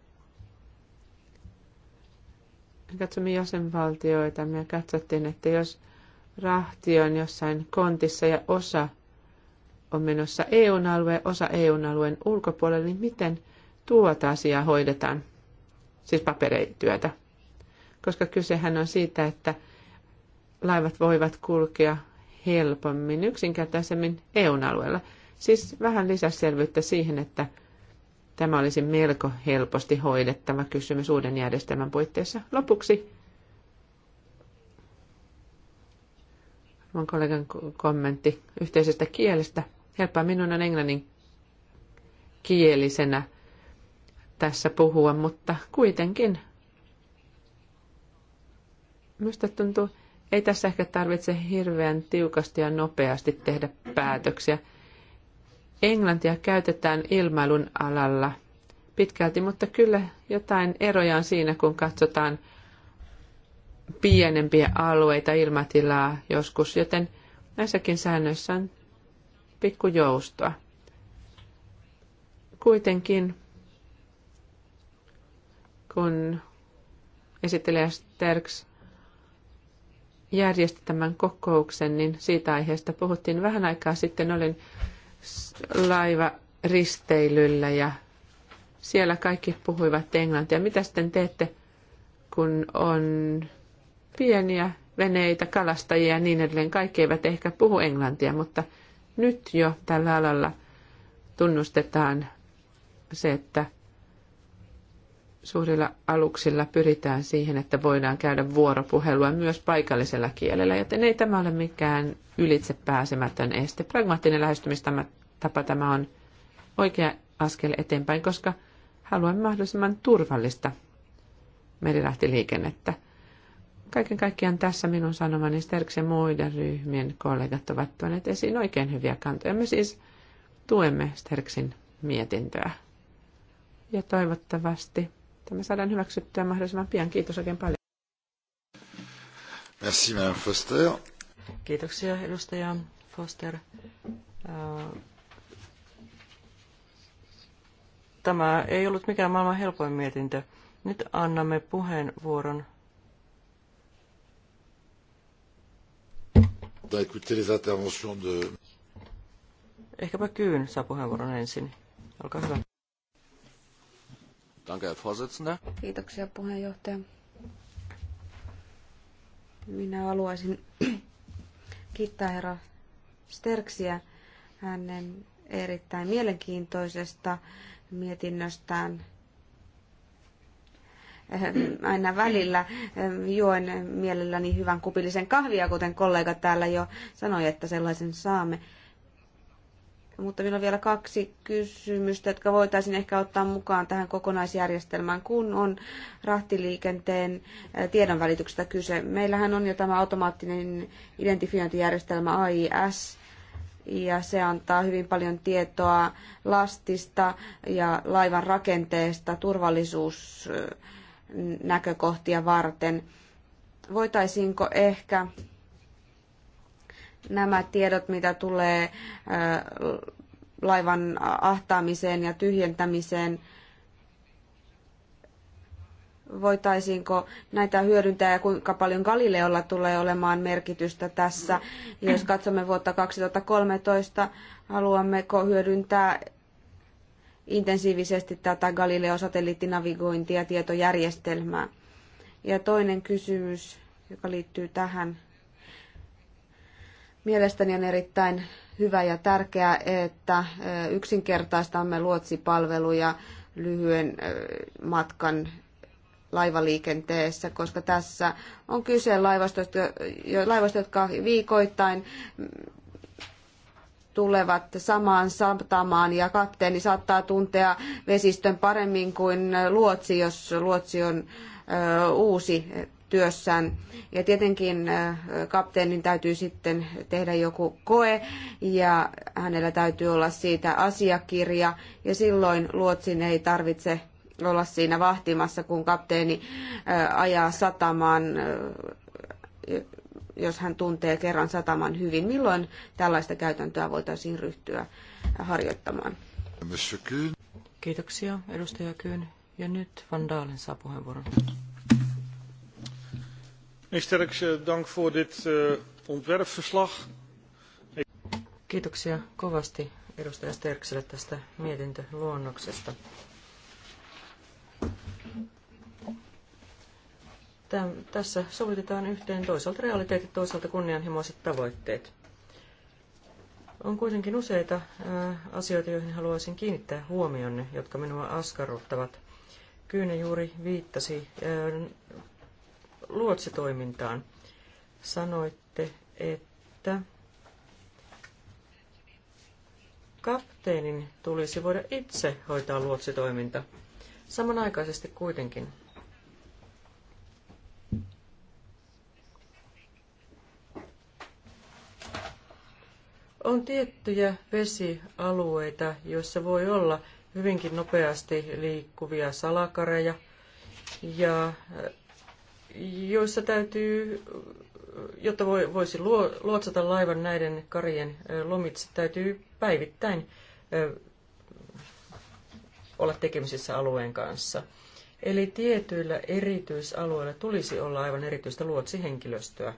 Katsomme jäsenvaltioita, me katsottiin, että jos rahti on jossain kontissa ja osa on menossa EUn alueen, osa EUn alueen ulkopuolelle, niin miten tuota asiaa hoidetaan? siis paperityötä. Koska kysehän on siitä, että laivat voivat kulkea helpommin, yksinkertaisemmin eu alueella. Siis vähän lisäselvyyttä siihen, että tämä olisi melko helposti hoidettava kysymys uuden järjestelmän puitteissa. Lopuksi mun kollegan kommentti yhteisestä kielestä. Helppoa minun on englannin kielisenä tässä puhua, mutta kuitenkin minusta tuntuu, ei tässä ehkä tarvitse hirveän tiukasti ja nopeasti tehdä päätöksiä. Englantia käytetään ilmailun alalla pitkälti, mutta kyllä jotain eroja on siinä, kun katsotaan pienempiä alueita, ilmatilaa joskus, joten näissäkin säännöissä on pikkujoustoa. Kuitenkin kun esittelijä Sterks järjesti tämän kokouksen, niin siitä aiheesta puhuttiin vähän aikaa sitten. Olin laiva risteilyllä ja siellä kaikki puhuivat englantia. Mitä sitten teette, kun on pieniä veneitä, kalastajia ja niin edelleen. Kaikki eivät ehkä puhu englantia, mutta nyt jo tällä alalla tunnustetaan se, että suurilla aluksilla pyritään siihen, että voidaan käydä vuoropuhelua myös paikallisella kielellä, joten ei tämä ole mikään ylitse pääsemätön este. Pragmaattinen lähestymistapa tämä on oikea askel eteenpäin, koska haluan mahdollisimman turvallista merilähtiliikennettä. Kaiken kaikkiaan tässä minun sanomani Sterks muiden ryhmien kollegat ovat tuoneet esiin oikein hyviä kantoja. Me siis tuemme Sterksin mietintöä. Ja toivottavasti tämä saadaan hyväksyttyä mahdollisimman pian. Kiitos oikein paljon. Merci, Madame Foster. Kiitoksia, edustaja Foster. Tämä ei ollut mikään maailman helpoin mietintö. Nyt annamme puheenvuoron. Ehkäpä Kyyn saa puheenvuoron ensin. Olkaa hyvä. Danke, Herr Vorsitzender. Kiitoksia puheenjohtaja. Minä haluaisin kiittää herra Sterksiä hänen erittäin mielenkiintoisesta mietinnöstään. Aina välillä juon mielelläni hyvän kupillisen kahvia, kuten kollega täällä jo sanoi, että sellaisen saamme. Mutta meillä on vielä kaksi kysymystä, jotka voitaisiin ehkä ottaa mukaan tähän kokonaisjärjestelmään, kun on rahtiliikenteen tiedonvälityksestä kyse. Meillähän on jo tämä automaattinen identifiointijärjestelmä AIS, ja se antaa hyvin paljon tietoa lastista ja laivan rakenteesta turvallisuusnäkökohtia varten. Voitaisiinko ehkä nämä tiedot, mitä tulee äh, laivan ahtaamiseen ja tyhjentämiseen, voitaisiinko näitä hyödyntää ja kuinka paljon Galileolla tulee olemaan merkitystä tässä. Jos katsomme vuotta 2013, haluammeko hyödyntää intensiivisesti tätä Galileo-satelliittinavigointia ja tietojärjestelmää. Ja toinen kysymys, joka liittyy tähän Mielestäni on erittäin hyvä ja tärkeää, että yksinkertaistamme luotsipalveluja lyhyen matkan laivaliikenteessä, koska tässä on kyse laivastoista, laivastoista jotka viikoittain tulevat samaan satamaan ja kapteeni saattaa tuntea vesistön paremmin kuin luotsi, jos luotsi on uusi työssään. Ja tietenkin äh, kapteenin täytyy sitten tehdä joku koe ja hänellä täytyy olla siitä asiakirja ja silloin luotsin ei tarvitse olla siinä vahtimassa, kun kapteeni äh, ajaa satamaan, äh, jos hän tuntee kerran sataman hyvin. Milloin tällaista käytäntöä voitaisiin ryhtyä harjoittamaan? Kiitoksia, edustaja Kyyn. Ja nyt Van Daalen saa puheenvuoron. Sterkse, eh, dank voor dit eh, ontwerpverslag. Kiitoksia kovasti edustaja Sterkselle tästä mietintöluonnoksesta. Täm, tässä sovitetaan yhteen toisaalta realiteetit, toisaalta kunnianhimoiset tavoitteet. On kuitenkin useita ää, eh, asioita, joihin haluaisin kiinnittää huomionne, jotka minua askarruttavat. Kyyne juuri viittasi ää, luotsitoimintaan. Sanoitte, että kapteenin tulisi voida itse hoitaa luotsitoiminta. Samanaikaisesti kuitenkin. On tiettyjä vesialueita, joissa voi olla hyvinkin nopeasti liikkuvia salakareja ja joissa täytyy, jotta voisi luotsata laivan näiden karien lomitse, täytyy päivittäin olla tekemisissä alueen kanssa. Eli tietyillä erityisalueilla tulisi olla aivan erityistä luotsihenkilöstöä,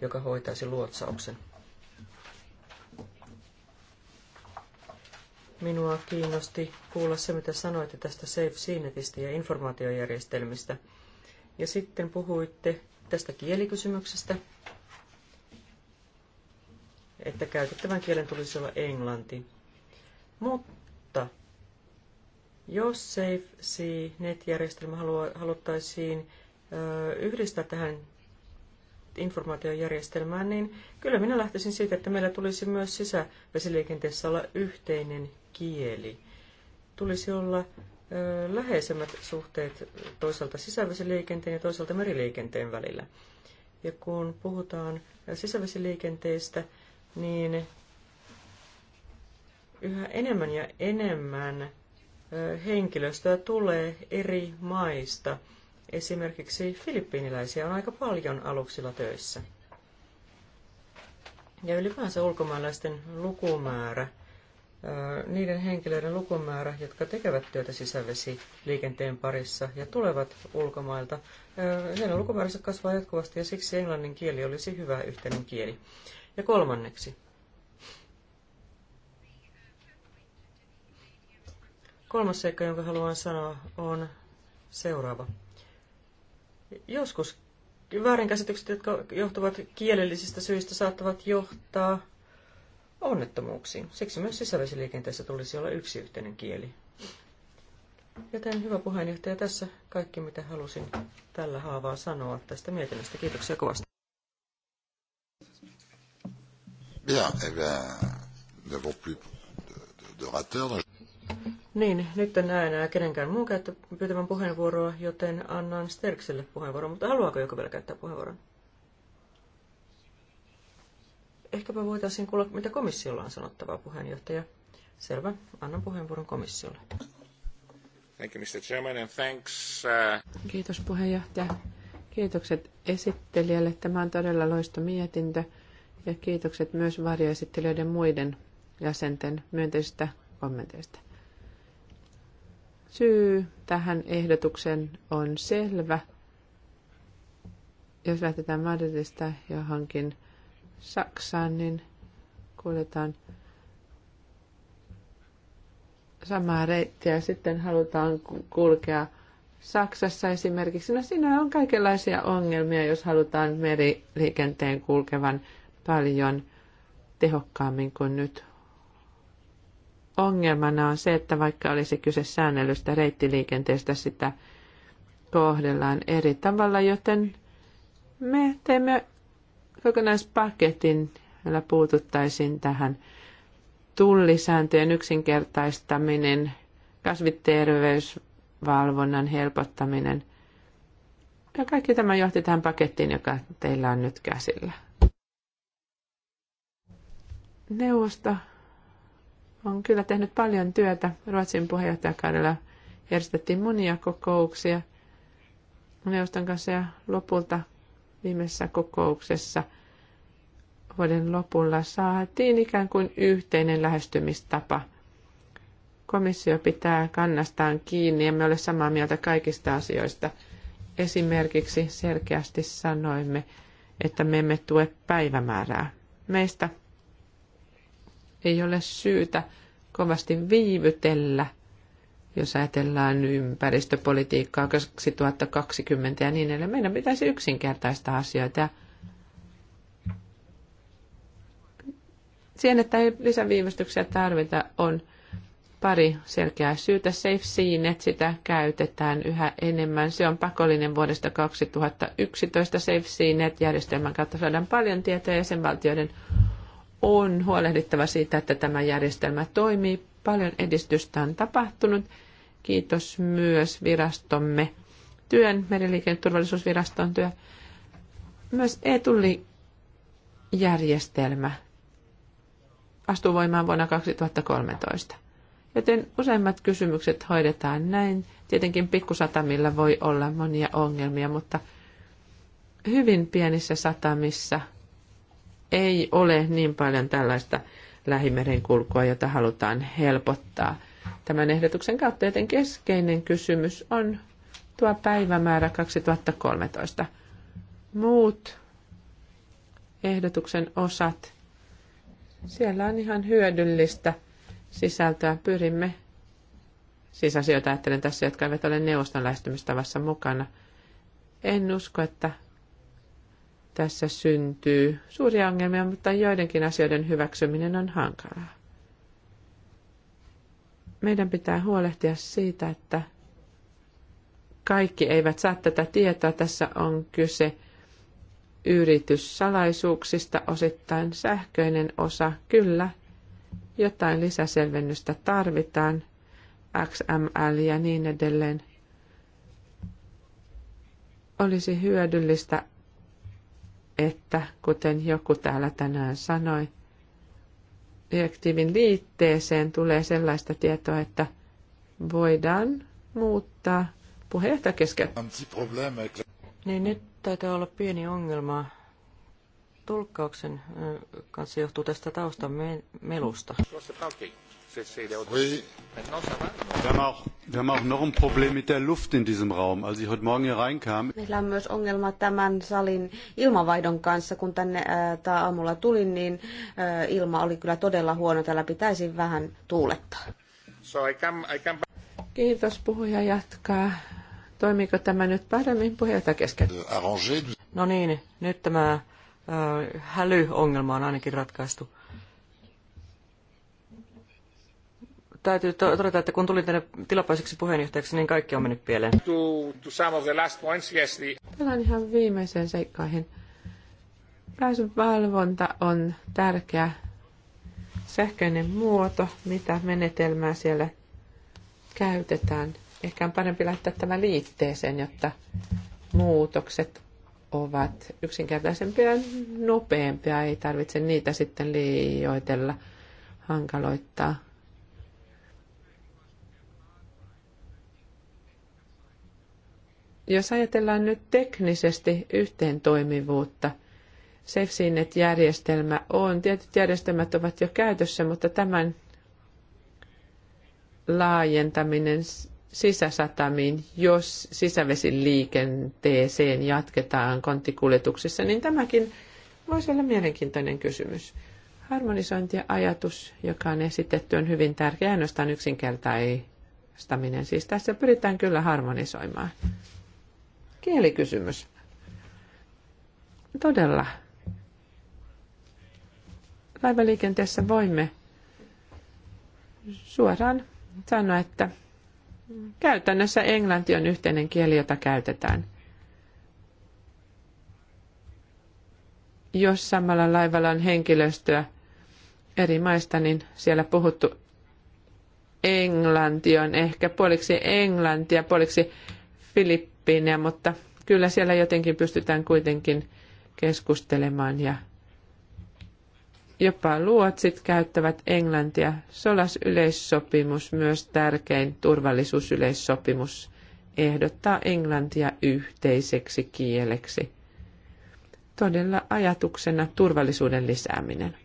joka hoitaisi luotsauksen. Minua kiinnosti kuulla se, mitä sanoitte tästä Safe Sinetistä ja informaatiojärjestelmistä – ja sitten puhuitte tästä kielikysymyksestä, että käytettävän kielen tulisi olla englanti. Mutta jos SafeC-net-järjestelmä haluttaisiin yhdistää tähän informaatiojärjestelmään, niin kyllä minä lähtisin siitä, että meillä tulisi myös sisävesiliikenteessä olla yhteinen kieli. Tulisi olla läheisemmät suhteet toisaalta sisävesiliikenteen ja toisaalta meriliikenteen välillä. Ja kun puhutaan sisävesiliikenteestä, niin yhä enemmän ja enemmän henkilöstöä tulee eri maista. Esimerkiksi filippiiniläisiä on aika paljon aluksilla töissä. Ja ylipäänsä ulkomaalaisten lukumäärä – niiden henkilöiden lukumäärä, jotka tekevät työtä sisävesiliikenteen parissa ja tulevat ulkomailta, heidän lukumääränsä kasvaa jatkuvasti ja siksi englannin kieli olisi hyvä yhteinen kieli. Ja kolmanneksi. Kolmas seikka, jonka haluan sanoa, on seuraava. Joskus väärinkäsitykset, jotka johtuvat kielellisistä syistä, saattavat johtaa onnettomuuksiin. Siksi myös sisävesiliikenteessä tulisi olla yksi yhteinen kieli. Joten hyvä puheenjohtaja, tässä kaikki mitä halusin tällä haavaa sanoa tästä mietinnöstä. Kiitoksia kovasti. Bien, eh bien, n'avons plus de Niin, nyt en näe enää kenenkään muun käyttä, pyytävän puheenvuoroa, joten annan Sterkselle puheenvuoron, mutta haluaako joku vielä käyttää puheenvuoron? Ehkäpä voitaisiin kuulla, mitä komissiolla on sanottavaa, puheenjohtaja. Selvä. Annan puheenvuoron komissiolle. Thank you, Mr. Chairman, and thanks, uh... Kiitos puheenjohtaja. Kiitokset esittelijälle. Tämä on todella loisto mietintö. Ja kiitokset myös varjoesittelijöiden muiden jäsenten myönteisistä kommenteista. Syy tähän ehdotukseen on selvä. Jos lähdetään Madridista johonkin – Saksaan, niin kuljetaan samaa reittiä. Sitten halutaan kulkea Saksassa esimerkiksi. No siinä on kaikenlaisia ongelmia, jos halutaan meriliikenteen kulkevan paljon tehokkaammin kuin nyt. Ongelmana on se, että vaikka olisi kyse säännellystä reittiliikenteestä, sitä kohdellaan eri tavalla, joten me teemme kokonaispaketin, jolla puututtaisiin tähän tullisääntöjen yksinkertaistaminen, kasviterveysvalvonnan helpottaminen. Ja kaikki tämä johti tähän pakettiin, joka teillä on nyt käsillä. Neuvosto on kyllä tehnyt paljon työtä. Ruotsin puheenjohtajakaudella järjestettiin monia kokouksia neuvoston kanssa ja lopulta viimeisessä kokouksessa vuoden lopulla saatiin ikään kuin yhteinen lähestymistapa. Komissio pitää kannastaan kiinni, emme ole samaa mieltä kaikista asioista. Esimerkiksi selkeästi sanoimme, että me emme tue päivämäärää. Meistä ei ole syytä kovasti viivytellä – jos ajatellaan ympäristöpolitiikkaa 2020 ja niin edelleen. Meidän pitäisi yksinkertaista asioita. Siihen, että ei lisäviivästyksiä tarvita, on pari selkeää syytä. Safe että sitä käytetään yhä enemmän. Se on pakollinen vuodesta 2011. Safe Seanet-järjestelmän kautta saadaan paljon tietoa jäsenvaltioiden on huolehdittava siitä, että tämä järjestelmä toimii Paljon edistystä on tapahtunut. Kiitos myös virastomme työn, meriliikenneturvallisuusviraston työ. Myös e-tullijärjestelmä astuu voimaan vuonna 2013. Joten useimmat kysymykset hoidetaan näin. Tietenkin pikkusatamilla voi olla monia ongelmia, mutta hyvin pienissä satamissa ei ole niin paljon tällaista lähimerenkulkua, jota halutaan helpottaa. Tämän ehdotuksen kautta joten keskeinen kysymys on tuo päivämäärä 2013. Muut ehdotuksen osat. Siellä on ihan hyödyllistä sisältöä. Pyrimme sisäasioita ajattelen tässä, jotka eivät ole neuvoston lähestymistavassa mukana. En usko, että tässä syntyy suuria ongelmia, mutta joidenkin asioiden hyväksyminen on hankalaa. Meidän pitää huolehtia siitä, että kaikki eivät saa tätä tietoa. Tässä on kyse yrityssalaisuuksista, osittain sähköinen osa. Kyllä, jotain lisäselvennystä tarvitaan, XML ja niin edelleen. Olisi hyödyllistä että kuten joku täällä tänään sanoi, direktiivin liitteeseen tulee sellaista tietoa, että voidaan muuttaa puheenjohtaja kesken. Niin nyt täytyy olla pieni ongelma tulkkauksen kanssa johtuu tästä taustan melusta. Oui. Meillä on myös ongelma tämän salin ilmavaihdon kanssa. Kun tänne äh, aamulla tulin, niin äh, ilma oli kyllä todella huono. Täällä pitäisi vähän tuulettaa. So I I Kiitos. Puhuja jatkaa. Toimiiko tämä nyt paremmin? Puheenjohtaja kesken. No niin, nyt tämä äh, hälyongelma on ainakin ratkaistu. täytyy todeta, että kun tulin tänne tilapäiseksi puheenjohtajaksi, niin kaikki on mennyt pieleen. To, to some of the last points, yes, the... Palaan ihan viimeiseen seikkaihin. Pääsyvalvonta on tärkeä sähköinen muoto, mitä menetelmää siellä käytetään. Ehkä on parempi laittaa tämä liitteeseen, jotta muutokset ovat yksinkertaisempia ja nopeampia. Ei tarvitse niitä sitten liioitella, hankaloittaa. Jos ajatellaan nyt teknisesti yhteen toimivuutta, SafeSeaNet-järjestelmä on, tietyt järjestelmät ovat jo käytössä, mutta tämän laajentaminen sisäsatamiin, jos liikenteeseen jatketaan konttikuljetuksissa, niin tämäkin voisi olla mielenkiintoinen kysymys. ajatus, joka on esitetty, on hyvin tärkeä, ainoastaan yksinkertaistaminen. Siis tässä pyritään kyllä harmonisoimaan kielikysymys. Todella. Laivaliikenteessä voimme suoraan sanoa, että käytännössä englanti on yhteinen kieli, jota käytetään. Jos samalla laivalla on henkilöstöä eri maista, niin siellä puhuttu englanti on ehkä puoliksi englantia, puoliksi Filip oppineja, mutta kyllä siellä jotenkin pystytään kuitenkin keskustelemaan ja jopa luotsit käyttävät englantia. Solas-yleissopimus, myös tärkein turvallisuusyleissopimus, ehdottaa englantia yhteiseksi kieleksi. Todella ajatuksena turvallisuuden lisääminen.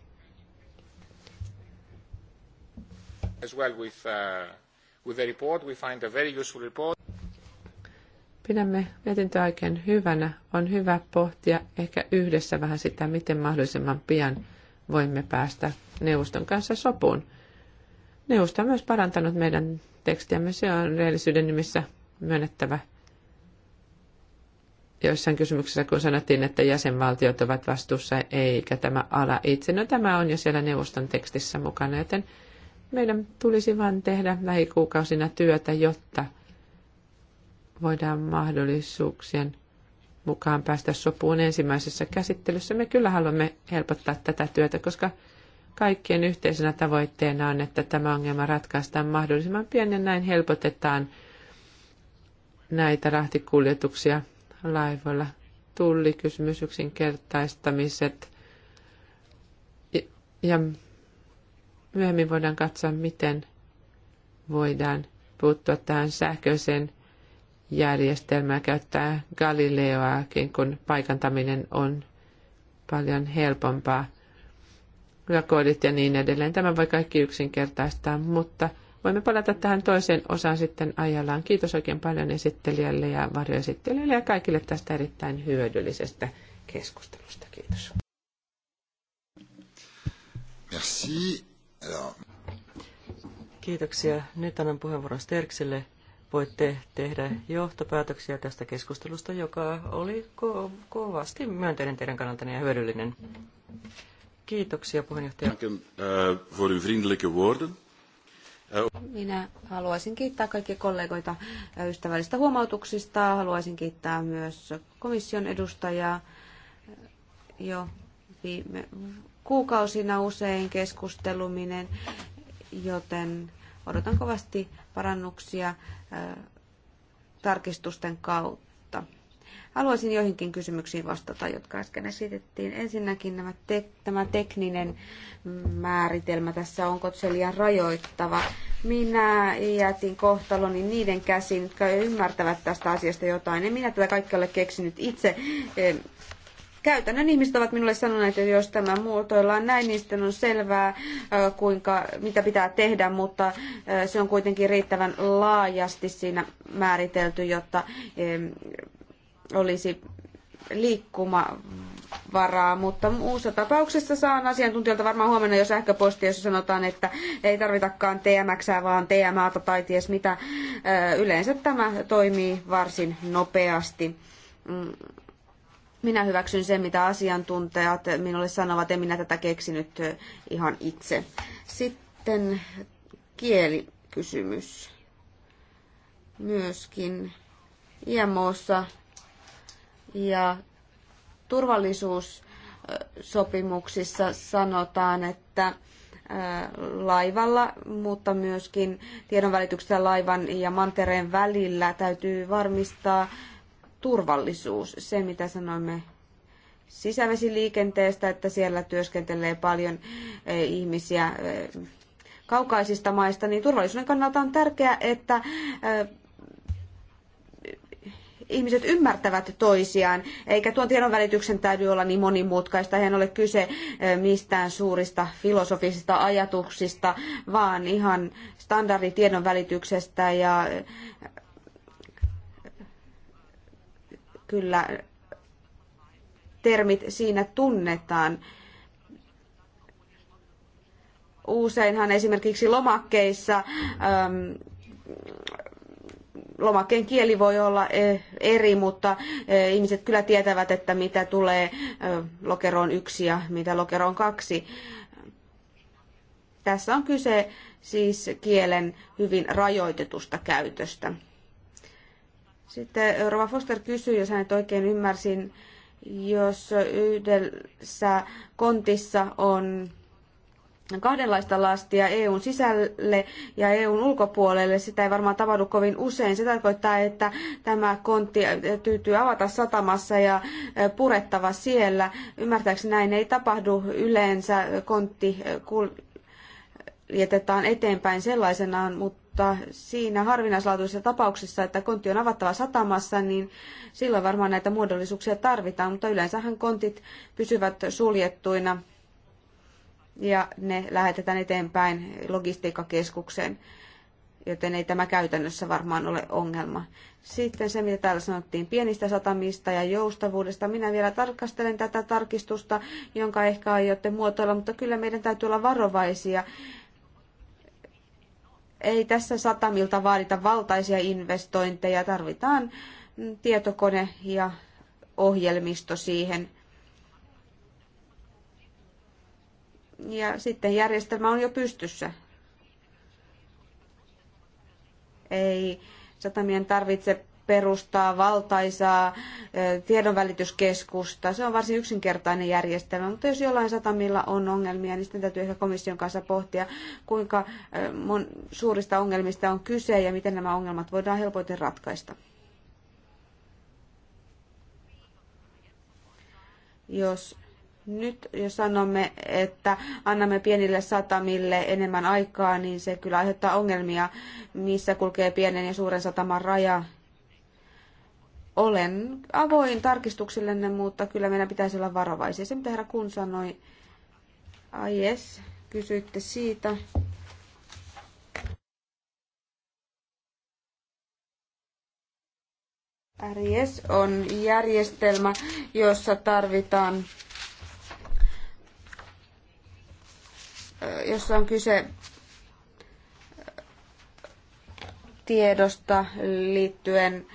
As well with, uh, with the report, we find a very useful report. Pidämme mietintöä oikein hyvänä. On hyvä pohtia ehkä yhdessä vähän sitä, miten mahdollisimman pian voimme päästä neuvoston kanssa sopuun. Neuvosto on myös parantanut meidän tekstiämme. Se on reellisyyden nimissä myönnettävä joissain kysymyksissä, kun sanottiin, että jäsenvaltiot ovat vastuussa eikä tämä ala itse. No tämä on jo siellä neuvoston tekstissä mukana, joten meidän tulisi vain tehdä lähikuukausina työtä, jotta – voidaan mahdollisuuksien mukaan päästä sopuun ensimmäisessä käsittelyssä. Me kyllä haluamme helpottaa tätä työtä, koska kaikkien yhteisenä tavoitteena on, että tämä ongelma ratkaistaan mahdollisimman pian ja näin helpotetaan näitä rahtikuljetuksia laivoilla. Tullikysymys, yksinkertaistamiset ja myöhemmin voidaan katsoa, miten voidaan puuttua tähän sähköiseen järjestelmää käyttää Galileoakin, kun paikantaminen on paljon helpompaa. koodit ja niin edelleen. Tämä voi kaikki yksinkertaistaa, mutta voimme palata tähän toiseen osaan sitten ajallaan. Kiitos oikein paljon esittelijälle ja varjoesittelijälle ja kaikille tästä erittäin hyödyllisestä keskustelusta. Kiitos. Merci. Kiitoksia. Nyt annan puheenvuoron Sterkselle, voitte tehdä johtopäätöksiä tästä keskustelusta, joka oli ko- kovasti myönteinen teidän kannaltanne ja hyödyllinen. Kiitoksia puheenjohtaja. Eh, eh, Minä haluaisin kiittää kaikkia kollegoita eh, ystävällistä huomautuksista. Haluaisin kiittää myös komission edustajaa. Jo viime kuukausina usein keskusteluminen, joten odotan kovasti parannuksia tarkistusten kautta. Haluaisin joihinkin kysymyksiin vastata, jotka äsken esitettiin. Ensinnäkin nämä te- tämä tekninen määritelmä tässä onko se liian rajoittava. Minä jätin kohtaloni niiden käsiin, jotka ymmärtävät tästä asiasta jotain. En minä tätä kaikkialle keksinyt itse käytännön ihmiset ovat minulle sanoneet, että jos tämä muotoillaan näin, niin sitten on selvää, kuinka, mitä pitää tehdä, mutta se on kuitenkin riittävän laajasti siinä määritelty, jotta olisi liikkuma varaa, mutta muussa tapauksessa saan asiantuntijalta varmaan huomenna jo sähköposti, jossa sanotaan, että ei tarvitakaan TMX, vaan TMA tai ties mitä. Yleensä tämä toimii varsin nopeasti. Mm. Minä hyväksyn sen, mitä asiantuntijat minulle sanovat, en minä tätä keksinyt ihan itse. Sitten kielikysymys. Myöskin IMOssa ja turvallisuussopimuksissa sanotaan, että laivalla, mutta myöskin tiedonvälityksessä laivan ja mantereen välillä täytyy varmistaa turvallisuus. Se, mitä sanoimme sisävesiliikenteestä, että siellä työskentelee paljon e, ihmisiä e, kaukaisista maista, niin turvallisuuden kannalta on tärkeää, että e, ihmiset ymmärtävät toisiaan, eikä tuon tiedon välityksen täytyy olla niin monimutkaista. Eihän ole kyse mistään suurista filosofisista ajatuksista, vaan ihan standarditiedon välityksestä ja kyllä termit siinä tunnetaan. Useinhan esimerkiksi lomakkeissa ähm, lomakkeen kieli voi olla eh, eri, mutta eh, ihmiset kyllä tietävät, että mitä tulee eh, lokeroon yksi ja mitä lokeroon kaksi. Tässä on kyse siis kielen hyvin rajoitetusta käytöstä. Sitten eh, Rova Foster kysyi, jos hänet oikein ymmärsin, jos yhdessä kontissa on kahdenlaista lastia EUn sisälle ja EUn ulkopuolelle. Sitä ei varmaan tapahdu kovin usein. Se tarkoittaa, että tämä kontti tyytyy avata satamassa ja eh, purettava siellä. Ymmärtääkseni näin ei tapahdu yleensä. Kontti eh, kuljetetaan eteenpäin sellaisenaan, mutta mutta siinä harvinaislaatuisessa tapauksessa, että kontti on avattava satamassa, niin silloin varmaan näitä muodollisuuksia tarvitaan, mutta yleensähän kontit pysyvät suljettuina ja ne lähetetään eteenpäin logistiikkakeskukseen, joten ei tämä käytännössä varmaan ole ongelma. Sitten se, mitä täällä sanottiin pienistä satamista ja joustavuudesta. Minä vielä tarkastelen tätä tarkistusta, jonka ehkä aiotte muotoilla, mutta kyllä meidän täytyy olla varovaisia ei tässä satamilta vaadita valtaisia investointeja, tarvitaan tietokone ja ohjelmisto siihen. Ja sitten järjestelmä on jo pystyssä. Ei satamien tarvitse perustaa valtaisaa tiedonvälityskeskusta. Se on varsin yksinkertainen järjestelmä, mutta jos jollain satamilla on ongelmia, niin sitten täytyy ehkä komission kanssa pohtia, kuinka suurista ongelmista on kyse ja miten nämä ongelmat voidaan helpoiten ratkaista. Jos nyt jos sanomme, että annamme pienille satamille enemmän aikaa, niin se kyllä aiheuttaa ongelmia, missä kulkee pienen ja suuren sataman raja olen avoin tarkistuksillenne, mutta kyllä meidän pitäisi olla varovaisia. Se, mitä herra Kun sanoi, ai yes, kysyitte siitä. RIS on järjestelmä, jossa tarvitaan, jossa on kyse tiedosta liittyen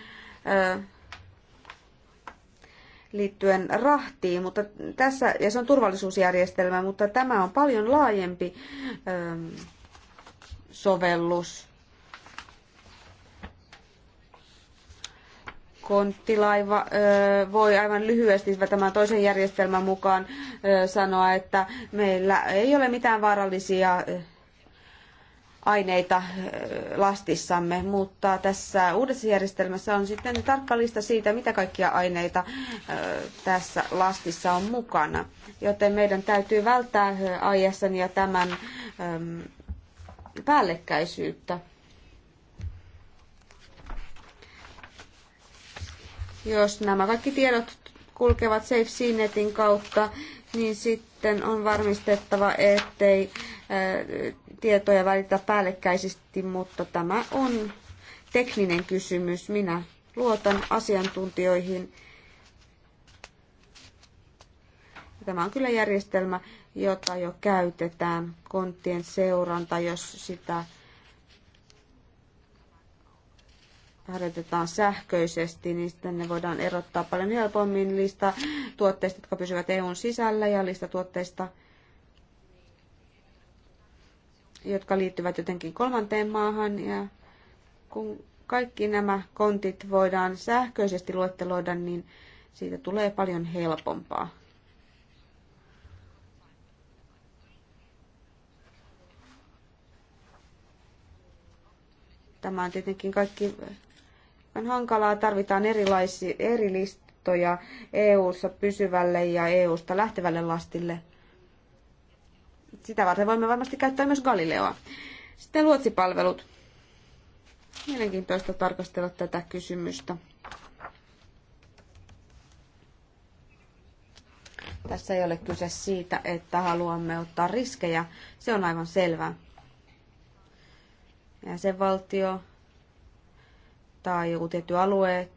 liittyen rahtiin, mutta tässä, ja se on turvallisuusjärjestelmä, mutta tämä on paljon laajempi ähm, sovellus. konttilaiva äh, voi aivan lyhyesti tämän toisen järjestelmän mukaan äh, sanoa, että meillä ei ole mitään vaarallisia äh, aineita lastissamme, mutta tässä uudessa järjestelmässä on sitten tarkka lista siitä, mitä kaikkia aineita tässä lastissa on mukana. Joten meidän täytyy välttää ISN ja tämän päällekkäisyyttä. Jos nämä kaikki tiedot kulkevat SafeCNetin kautta, niin sitten on varmistettava, ettei tietoja välitä päällekkäisesti, mutta tämä on tekninen kysymys. Minä luotan asiantuntijoihin. Tämä on kyllä järjestelmä, jota jo käytetään, konttien seuranta, jos sitä harjoitetaan sähköisesti, niin sitten ne voidaan erottaa paljon helpommin lista tuotteista, jotka pysyvät EUn sisällä ja lista tuotteista, jotka liittyvät jotenkin kolmanteen maahan. Ja kun kaikki nämä kontit voidaan sähköisesti luetteloida, niin siitä tulee paljon helpompaa. Tämä on tietenkin kaikki on hankalaa. Tarvitaan erilaisia, eri listoja EU-ssa pysyvälle ja EU-sta lähtevälle lastille sitä varten voimme varmasti käyttää myös Galileoa. Sitten luotsipalvelut. Mielenkiintoista tarkastella tätä kysymystä. Tässä ei ole kyse siitä, että haluamme ottaa riskejä. Se on aivan selvää. Ja se valtio tai joku tietty alue,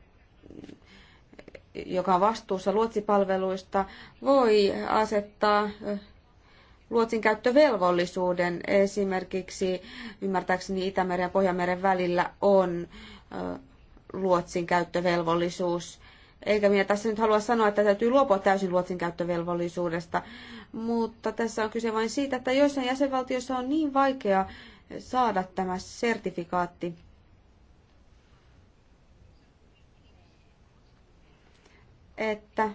joka on vastuussa luotsipalveluista, voi asettaa käyttövelvollisuuden Esimerkiksi ymmärtääkseni Itämeren ja Pohjanmeren välillä on käyttövelvollisuus. Eikä minä tässä nyt halua sanoa, että täytyy luopua täysin käyttövelvollisuudesta, mutta tässä on kyse vain siitä, että joissain jäsenvaltioissa on niin vaikea saada tämä sertifikaatti. että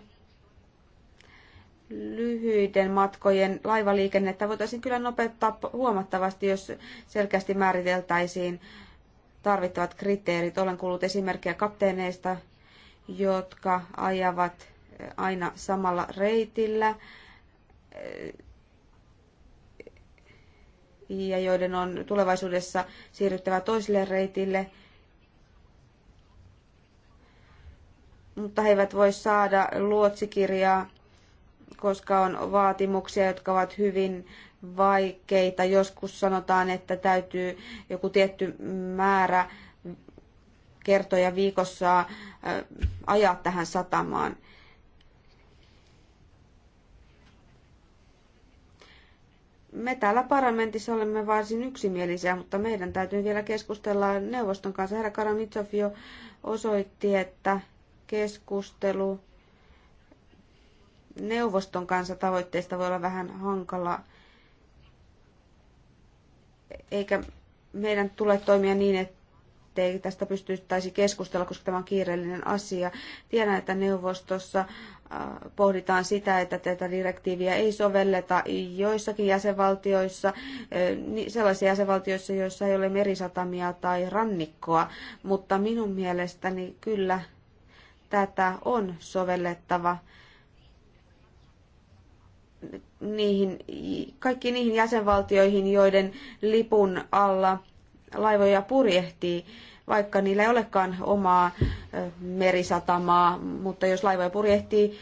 lyhyiden matkojen laivaliikennettä voitaisiin kyllä nopeuttaa huomattavasti, jos selkeästi määriteltäisiin tarvittavat kriteerit. Olen kuullut esimerkkejä kapteeneista, jotka ajavat eh, aina samalla reitillä eh, ja joiden on tulevaisuudessa siirryttävä toiselle reitille, mutta he eivät voi saada luotsikirjaa koska on vaatimuksia, jotka ovat hyvin vaikeita. Joskus sanotaan, että täytyy joku tietty määrä kertoja viikossa äh, ajaa tähän satamaan. Me täällä parlamentissa olemme varsin yksimielisiä, mutta meidän täytyy vielä keskustella neuvoston kanssa. Herra Karamitsofio osoitti, että keskustelu neuvoston kanssa tavoitteista voi olla vähän hankala. Eikä meidän tule toimia niin, ettei tästä pystyttäisi keskustella, koska tämä on kiireellinen asia. Tiedän, että neuvostossa pohditaan sitä, että tätä direktiiviä ei sovelleta joissakin jäsenvaltioissa, sellaisissa jäsenvaltioissa, joissa ei ole merisatamia tai rannikkoa, mutta minun mielestäni kyllä tätä on sovellettava niihin, kaikkiin niihin jäsenvaltioihin, joiden lipun alla laivoja purjehtii, vaikka niillä ei olekaan omaa merisatamaa, mutta jos laivoja purjehtii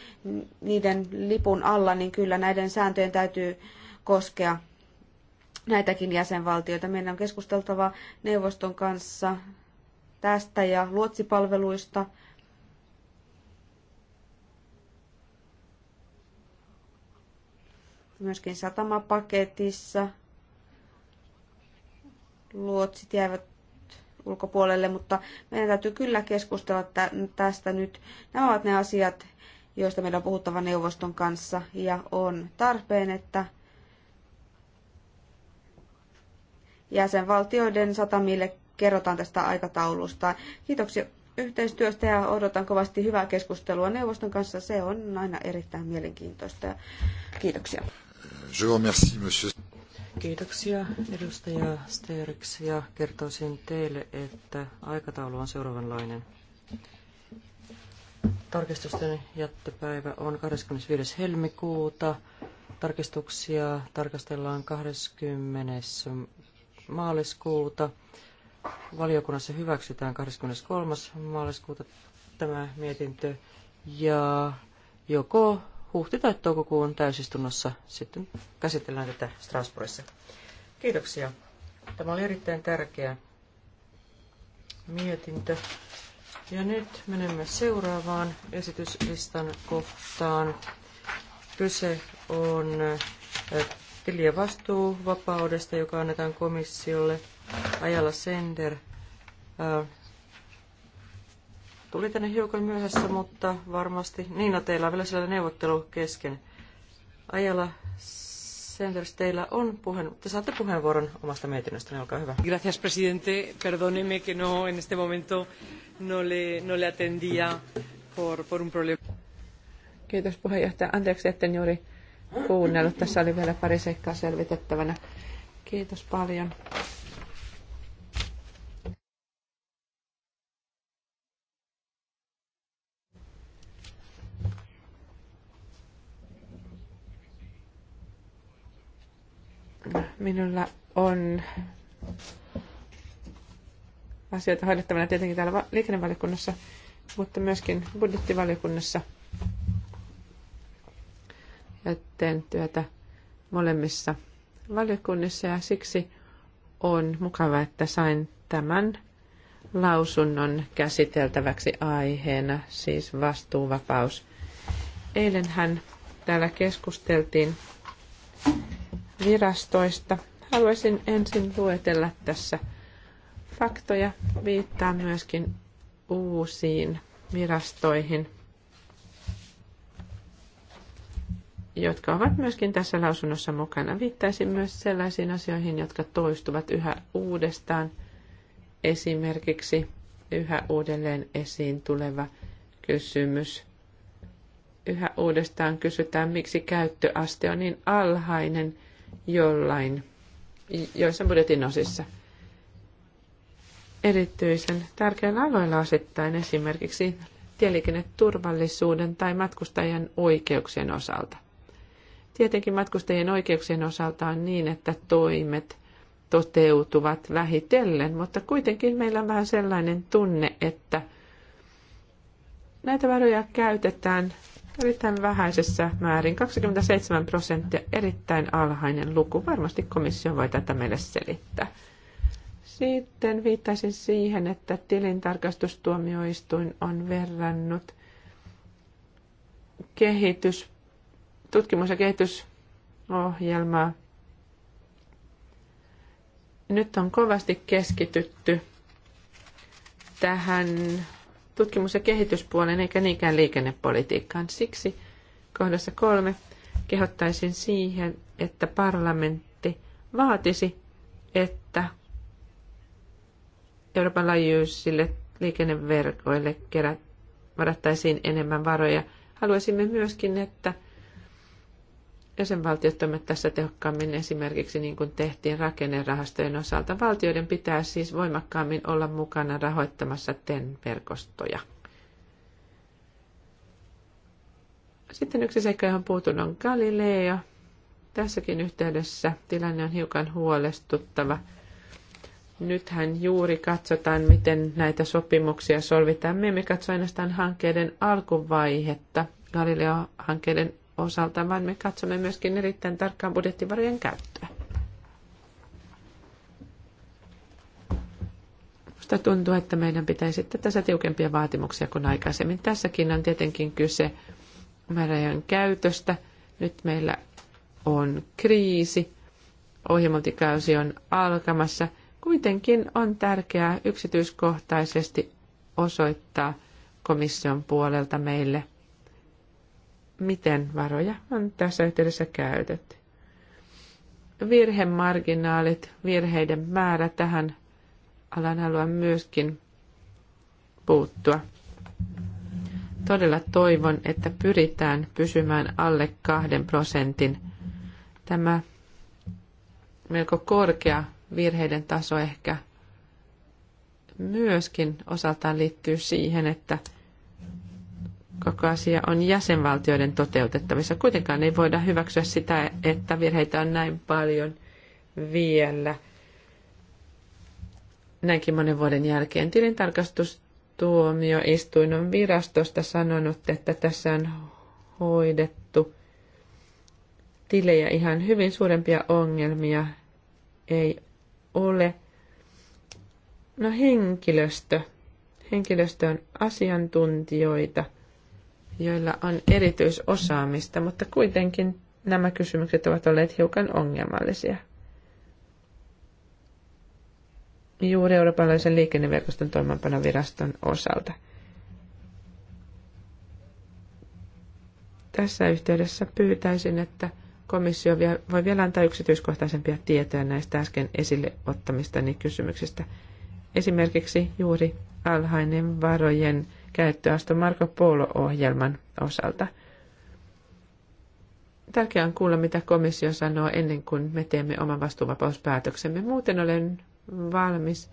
niiden lipun alla, niin kyllä näiden sääntöjen täytyy koskea näitäkin jäsenvaltioita. Meidän on keskusteltava neuvoston kanssa tästä ja luotsipalveluista – myöskin satamapaketissa. Luotsit jäivät ulkopuolelle, mutta meidän täytyy kyllä keskustella tästä nyt. Nämä ovat ne asiat, joista meillä on puhuttava neuvoston kanssa ja on tarpeen, että jäsenvaltioiden satamille kerrotaan tästä aikataulusta. Kiitoksia yhteistyöstä ja odotan kovasti hyvää keskustelua neuvoston kanssa. Se on aina erittäin mielenkiintoista. Kiitoksia. Je vous remercie, monsieur. Kiitoksia edustaja Sterks ja kertoisin teille, että aikataulu on seuraavanlainen. Tarkistusten jättöpäivä on 25. helmikuuta. Tarkistuksia tarkastellaan 20. maaliskuuta. Valiokunnassa hyväksytään 23. maaliskuuta tämä mietintö ja joko huhti- tai toukokuun täysistunnossa sitten käsitellään tätä Strasbourgissa. Kiitoksia. Tämä oli erittäin tärkeä mietintö. Ja nyt menemme seuraavaan esityslistan kohtaan. Kyse on eh, tilien vastuuvapaudesta, joka annetaan komissiolle. Ajalla Sender eh, Tuli tänne hiukan myöhässä, mutta varmasti. Niin, no teillä on vielä siellä neuvottelu kesken. Ajala Sanders, teillä on puhe, Te saatte puheenvuoron omasta mietinnöstänne, olkaa hyvä. Gracias, presidente. Perdóneme que no en este momento no le, no le atendía por, por un problema. Kiitos puheenjohtaja. Anteeksi, etten juuri kuunnellut. Tässä oli vielä pari seikkaa selvitettävänä. Kiitos paljon. Minulla on asioita hoidettavana tietenkin täällä liikennevaliokunnassa, mutta myöskin budjettivaliokunnassa. Ja teen työtä molemmissa valiokunnissa ja siksi on mukava, että sain tämän lausunnon käsiteltäväksi aiheena, siis vastuuvapaus. Eilenhän täällä keskusteltiin virastoista. Haluaisin ensin luetella tässä faktoja. viittaa myöskin uusiin virastoihin, jotka ovat myöskin tässä lausunnossa mukana. Viittaisin myös sellaisiin asioihin, jotka toistuvat yhä uudestaan. Esimerkiksi yhä uudelleen esiin tuleva kysymys. Yhä uudestaan kysytään, miksi käyttöaste on niin alhainen – jollain, joissa budjetin osissa. Erityisen tärkeillä aloilla osittain esimerkiksi tieliikenneturvallisuuden tai matkustajien oikeuksien osalta. Tietenkin matkustajien oikeuksien osalta on niin, että toimet toteutuvat vähitellen, mutta kuitenkin meillä on vähän sellainen tunne, että näitä varoja käytetään erittäin vähäisessä määrin, 27 prosenttia, erittäin alhainen luku. Varmasti komissio voi tätä meille selittää. Sitten viittaisin siihen, että tilintarkastustuomioistuin on verrannut kehitys, tutkimus- ja kehitysohjelmaa. Nyt on kovasti keskitytty tähän tutkimus- ja kehityspuolen eikä niinkään liikennepolitiikkaan. Siksi kohdassa kolme kehottaisin siihen, että parlamentti vaatisi, että Euroopan laajuisille liikenneverkoille kerät, varattaisiin enemmän varoja. Haluaisimme myöskin, että – jäsenvaltiot toimivat tässä tehokkaammin esimerkiksi niin kuin tehtiin rakennerahastojen osalta. Valtioiden pitää siis voimakkaammin olla mukana rahoittamassa TEN-verkostoja. Sitten yksi seikka, johon puutun, on Galileo. Tässäkin yhteydessä tilanne on hiukan huolestuttava. Nythän juuri katsotaan, miten näitä sopimuksia solvitaan. Me emme katso ainoastaan hankkeiden alkuvaihetta, Galileo-hankkeiden osalta, vaan me katsomme myöskin erittäin tarkkaan budjettivarojen käyttöä. Minusta tuntuu, että meidän pitäisi tässä tiukempia vaatimuksia kuin aikaisemmin. Tässäkin on tietenkin kyse määräajan käytöstä. Nyt meillä on kriisi, ohjelmointikausi on alkamassa. Kuitenkin on tärkeää yksityiskohtaisesti osoittaa komission puolelta meille – miten varoja on tässä yhteydessä käytetty. Virhemarginaalit, virheiden määrä tähän alan haluan myöskin puuttua. Todella toivon, että pyritään pysymään alle kahden prosentin. Tämä melko korkea virheiden taso ehkä myöskin osaltaan liittyy siihen, että koko asia on jäsenvaltioiden toteutettavissa. Kuitenkaan ei voida hyväksyä sitä, että virheitä on näin paljon vielä näinkin monen vuoden jälkeen. Tilintarkastustuomioistuin on virastosta sanonut, että tässä on hoidettu tilejä ihan hyvin suurempia ongelmia ei ole. No henkilöstö. Henkilöstö on asiantuntijoita – joilla on erityisosaamista, mutta kuitenkin nämä kysymykset ovat olleet hiukan ongelmallisia. Juuri eurooppalaisen liikenneverkoston toimeenpanoviraston osalta. Tässä yhteydessä pyytäisin, että komissio voi vielä antaa yksityiskohtaisempia tietoja näistä äsken esille ottamistani kysymyksistä. Esimerkiksi juuri alhainen varojen käyttöaston Marko Polo-ohjelman osalta. Tärkeää on kuulla, mitä komissio sanoo ennen kuin me teemme oman vastuuvapauspäätöksemme. Muuten olen valmis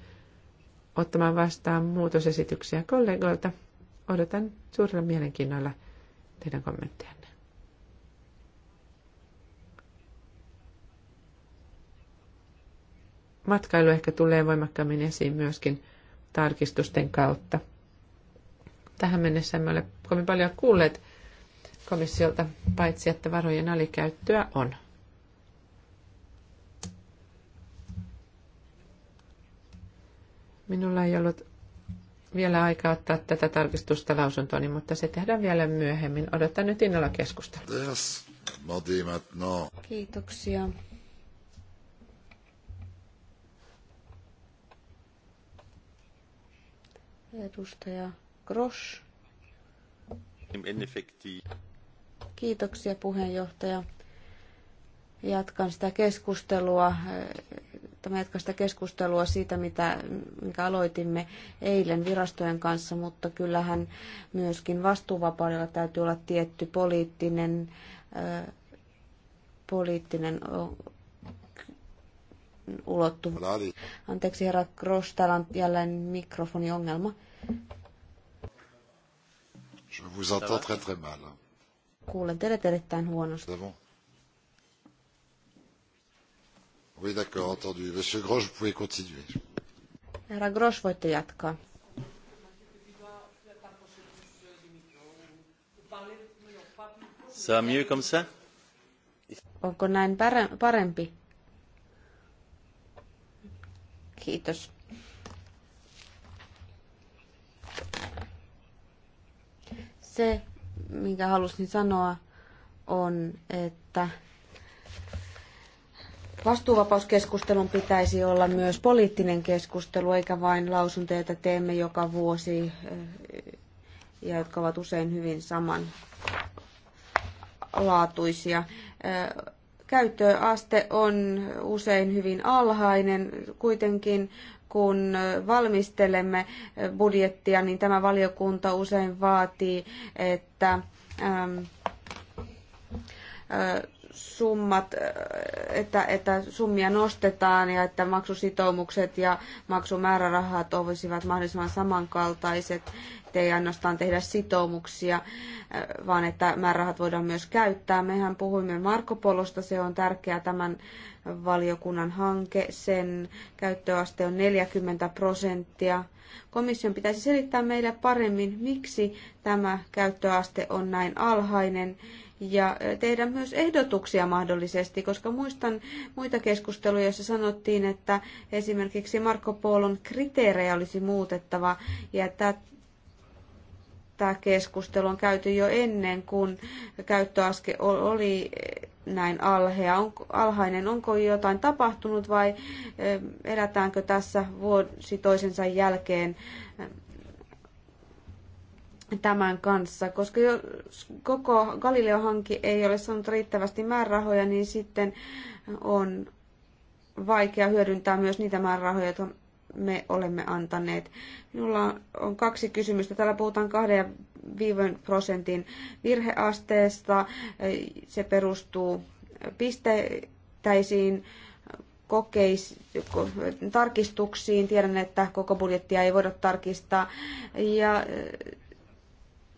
ottamaan vastaan muutosesityksiä kollegoilta. Odotan suurella mielenkiinnolla teidän kommenttejanne. Matkailu ehkä tulee voimakkaammin esiin myöskin tarkistusten kautta. Tähän mennessä emme ole kovin paljon kuulleet komissiolta, paitsi että varojen alikäyttöä on. Minulla ei ollut vielä aikaa ottaa tätä tarkistusta lausuntoni, mutta se tehdään vielä myöhemmin. Odotan nyt innolla keskustelua. Yes. No. Kiitoksia. Edustaja Grosch. Kiitoksia puheenjohtaja. Jatkan sitä keskustelua, eh, tämä jatkan sitä keskustelua siitä, mitä, minkä aloitimme eilen virastojen kanssa, mutta kyllähän myöskin vastuuvapaudella täytyy olla tietty poliittinen, eh, poliittinen eh, ulottuvuus. Anteeksi herra Gross, täällä on jälleen mikrofoniongelma. Je vous entends très très mal. Oui, d'accord, entendu. Monsieur Grosch, vous pouvez continuer. Herra Grosch, voitte jatkaa. Ça mieux comme ça? Onko näin parempi? Kiitos. Se, minkä halusin sanoa, on, että vastuuvapauskeskustelun pitäisi olla myös poliittinen keskustelu, eikä vain lausuntoja, joita teemme joka vuosi eh, ja jotka ovat usein hyvin samanlaatuisia. Eh, käyttöaste on usein hyvin alhainen, kuitenkin kun valmistelemme budjettia, niin tämä valiokunta usein vaatii, että summat, että, että summia nostetaan ja että maksusitoumukset ja maksumäärärahat olisivat mahdollisimman samankaltaiset, ei ainoastaan tehdä sitoumuksia, vaan että määrärahat voidaan myös käyttää. Mehän puhuimme Marko Polosta, se on tärkeä tämän valiokunnan hanke. Sen käyttöaste on 40 prosenttia. Komission pitäisi selittää meille paremmin, miksi tämä käyttöaste on näin alhainen ja eh, tehdä myös ehdotuksia mahdollisesti, koska muistan muita keskusteluja, joissa sanottiin, että esimerkiksi Marko Polon kriteerejä olisi muutettava ja tätä keskustelua on käyty jo ennen kuin käyttöaske oli näin alhea, onko, alhainen, onko jotain tapahtunut vai eh, elätäänkö tässä vuosi toisensa jälkeen tämän kanssa, koska jos koko Galileo-hanki ei ole saanut riittävästi määrärahoja, niin sitten on vaikea hyödyntää myös niitä määrärahoja, joita me olemme antaneet. Minulla on kaksi kysymystä. Täällä puhutaan 2 prosentin virheasteesta. Se perustuu pistettäisiin kokeis, tarkistuksiin. Tiedän, että koko budjettia ei voida tarkistaa. Ja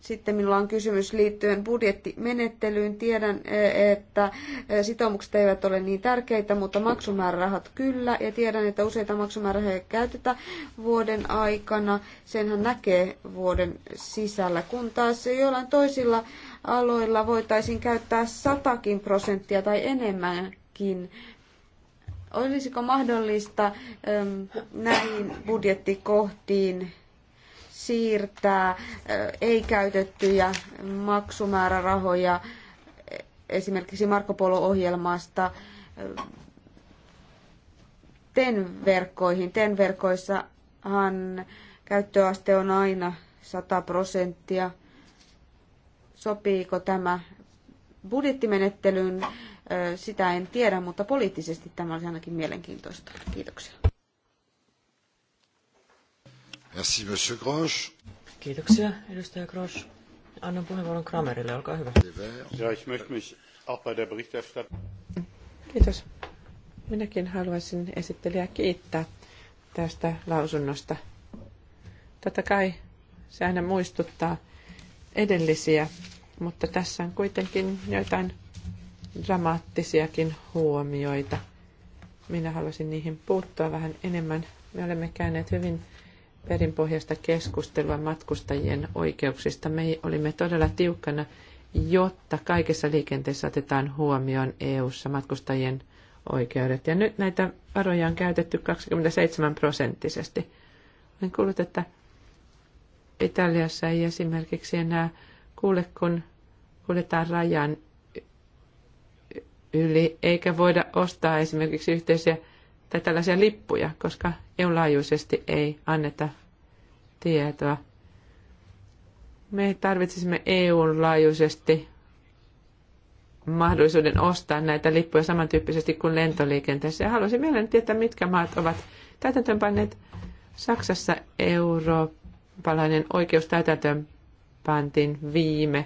sitten minulla on kysymys liittyen budjettimenettelyyn. Tiedän, e, että e, sitoumukset eivät ole niin tärkeitä, mutta maksumäärärahat kyllä. Ja tiedän, että useita maksumäärärahoja ei käytetä vuoden aikana. Senhän näkee vuoden sisällä, kun taas jollain toisilla aloilla voitaisiin käyttää satakin prosenttia tai enemmänkin olisiko mahdollista näihin budjettikohtiin siirtää ei-käytettyjä maksumäärärahoja esimerkiksi Marco Polo-ohjelmasta TEN-verkkoihin. TEN-verkoissahan käyttöaste on aina 100 prosenttia. Sopiiko tämä budjettimenettelyyn? Sitä en tiedä, mutta poliittisesti tämä olisi ainakin mielenkiintoista. Kiitoksia. Merci, Monsieur Grosch. Kiitoksia, edustaja Grosch. Annan puheenvuoron Kramerille, olkaa hyvä. Ja, ich möchte mich auch bei der Kiitos. Minäkin haluaisin esittelijä kiittää tästä lausunnosta. Totta kai se aina muistuttaa edellisiä, mutta tässä on kuitenkin joitain dramaattisiakin huomioita. Minä haluaisin niihin puuttua vähän enemmän. Me olemme käyneet hyvin perinpohjaista keskustelua matkustajien oikeuksista. Me olimme todella tiukkana, jotta kaikessa liikenteessä otetaan huomioon EU-ssa matkustajien oikeudet. Ja nyt näitä varoja on käytetty 27 prosenttisesti. Olen kuullut, että Italiassa ei esimerkiksi enää kuule, kun kuljetaan rajan yli, eikä voida ostaa esimerkiksi yhteisiä tai tällaisia lippuja, koska EUn laajuisesti ei anneta tietoa. Me tarvitsisimme EUn laajuisesti mahdollisuuden ostaa näitä lippuja samantyyppisesti kuin lentoliikenteessä. Ja haluaisin mielelläni tietää, mitkä maat ovat täytäntöönpanneet. Saksassa eurooppalainen oikeus täytäntöönpantiin viime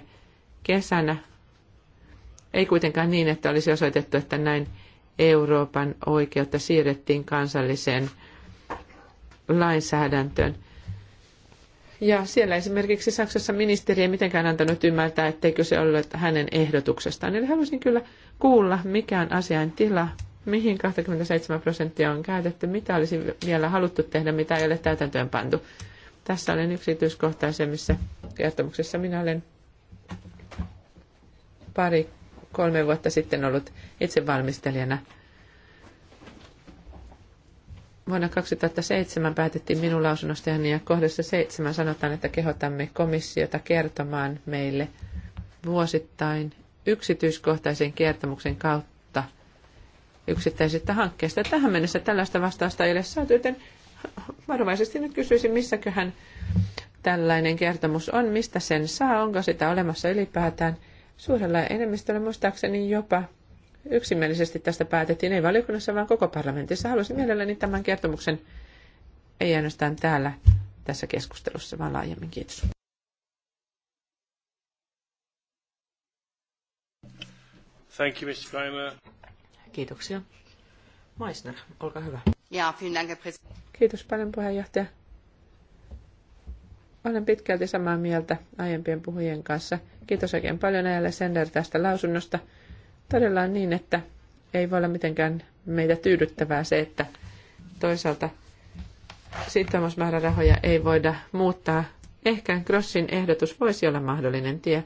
kesänä. Ei kuitenkaan niin, että olisi osoitettu, että näin Euroopan oikeutta siirrettiin kansalliseen lainsäädäntöön. Ja siellä esimerkiksi Saksassa ministeri ei mitenkään antanut ymmärtää, etteikö se ollut hänen ehdotuksestaan. Eli haluaisin kyllä kuulla, mikä on asian tila, mihin 27 prosenttia on käytetty, mitä olisi vielä haluttu tehdä, mitä ei ole täytäntöön pantu. Tässä olen yksityiskohtaisemmissa kertomuksissa. Minä olen pari kolme vuotta sitten ollut itse valmistelijana. Vuonna 2007 päätettiin minun lausunnostani ja kohdassa seitsemän sanotaan, että kehotamme komissiota kertomaan meille vuosittain yksityiskohtaisen kertomuksen kautta yksittäisistä hankkeista. Tähän mennessä tällaista vastausta ei ole saatu, joten varovaisesti nyt kysyisin, missäköhän tällainen kertomus on, mistä sen saa, onko sitä olemassa ylipäätään – suurella enemmistöllä, muistaakseni jopa yksimielisesti tästä päätettiin, ei valiokunnassa, vaan koko parlamentissa. Haluaisin mielelläni tämän kertomuksen, ei ainoastaan täällä tässä keskustelussa, vaan laajemmin. Kiitos. Thank you, Mr. Kiitoksia. Meissner, olkaa hyvä. Ja, vielen Kiitos paljon puheenjohtaja. Olen pitkälti samaa mieltä aiempien puhujien kanssa. Kiitos oikein paljon Ajalle Sender tästä lausunnosta. Todella on niin, että ei voi olla mitenkään meitä tyydyttävää se, että toisaalta sitoumusmäärärahoja ei voida muuttaa. Ehkä Grossin ehdotus voisi olla mahdollinen tie.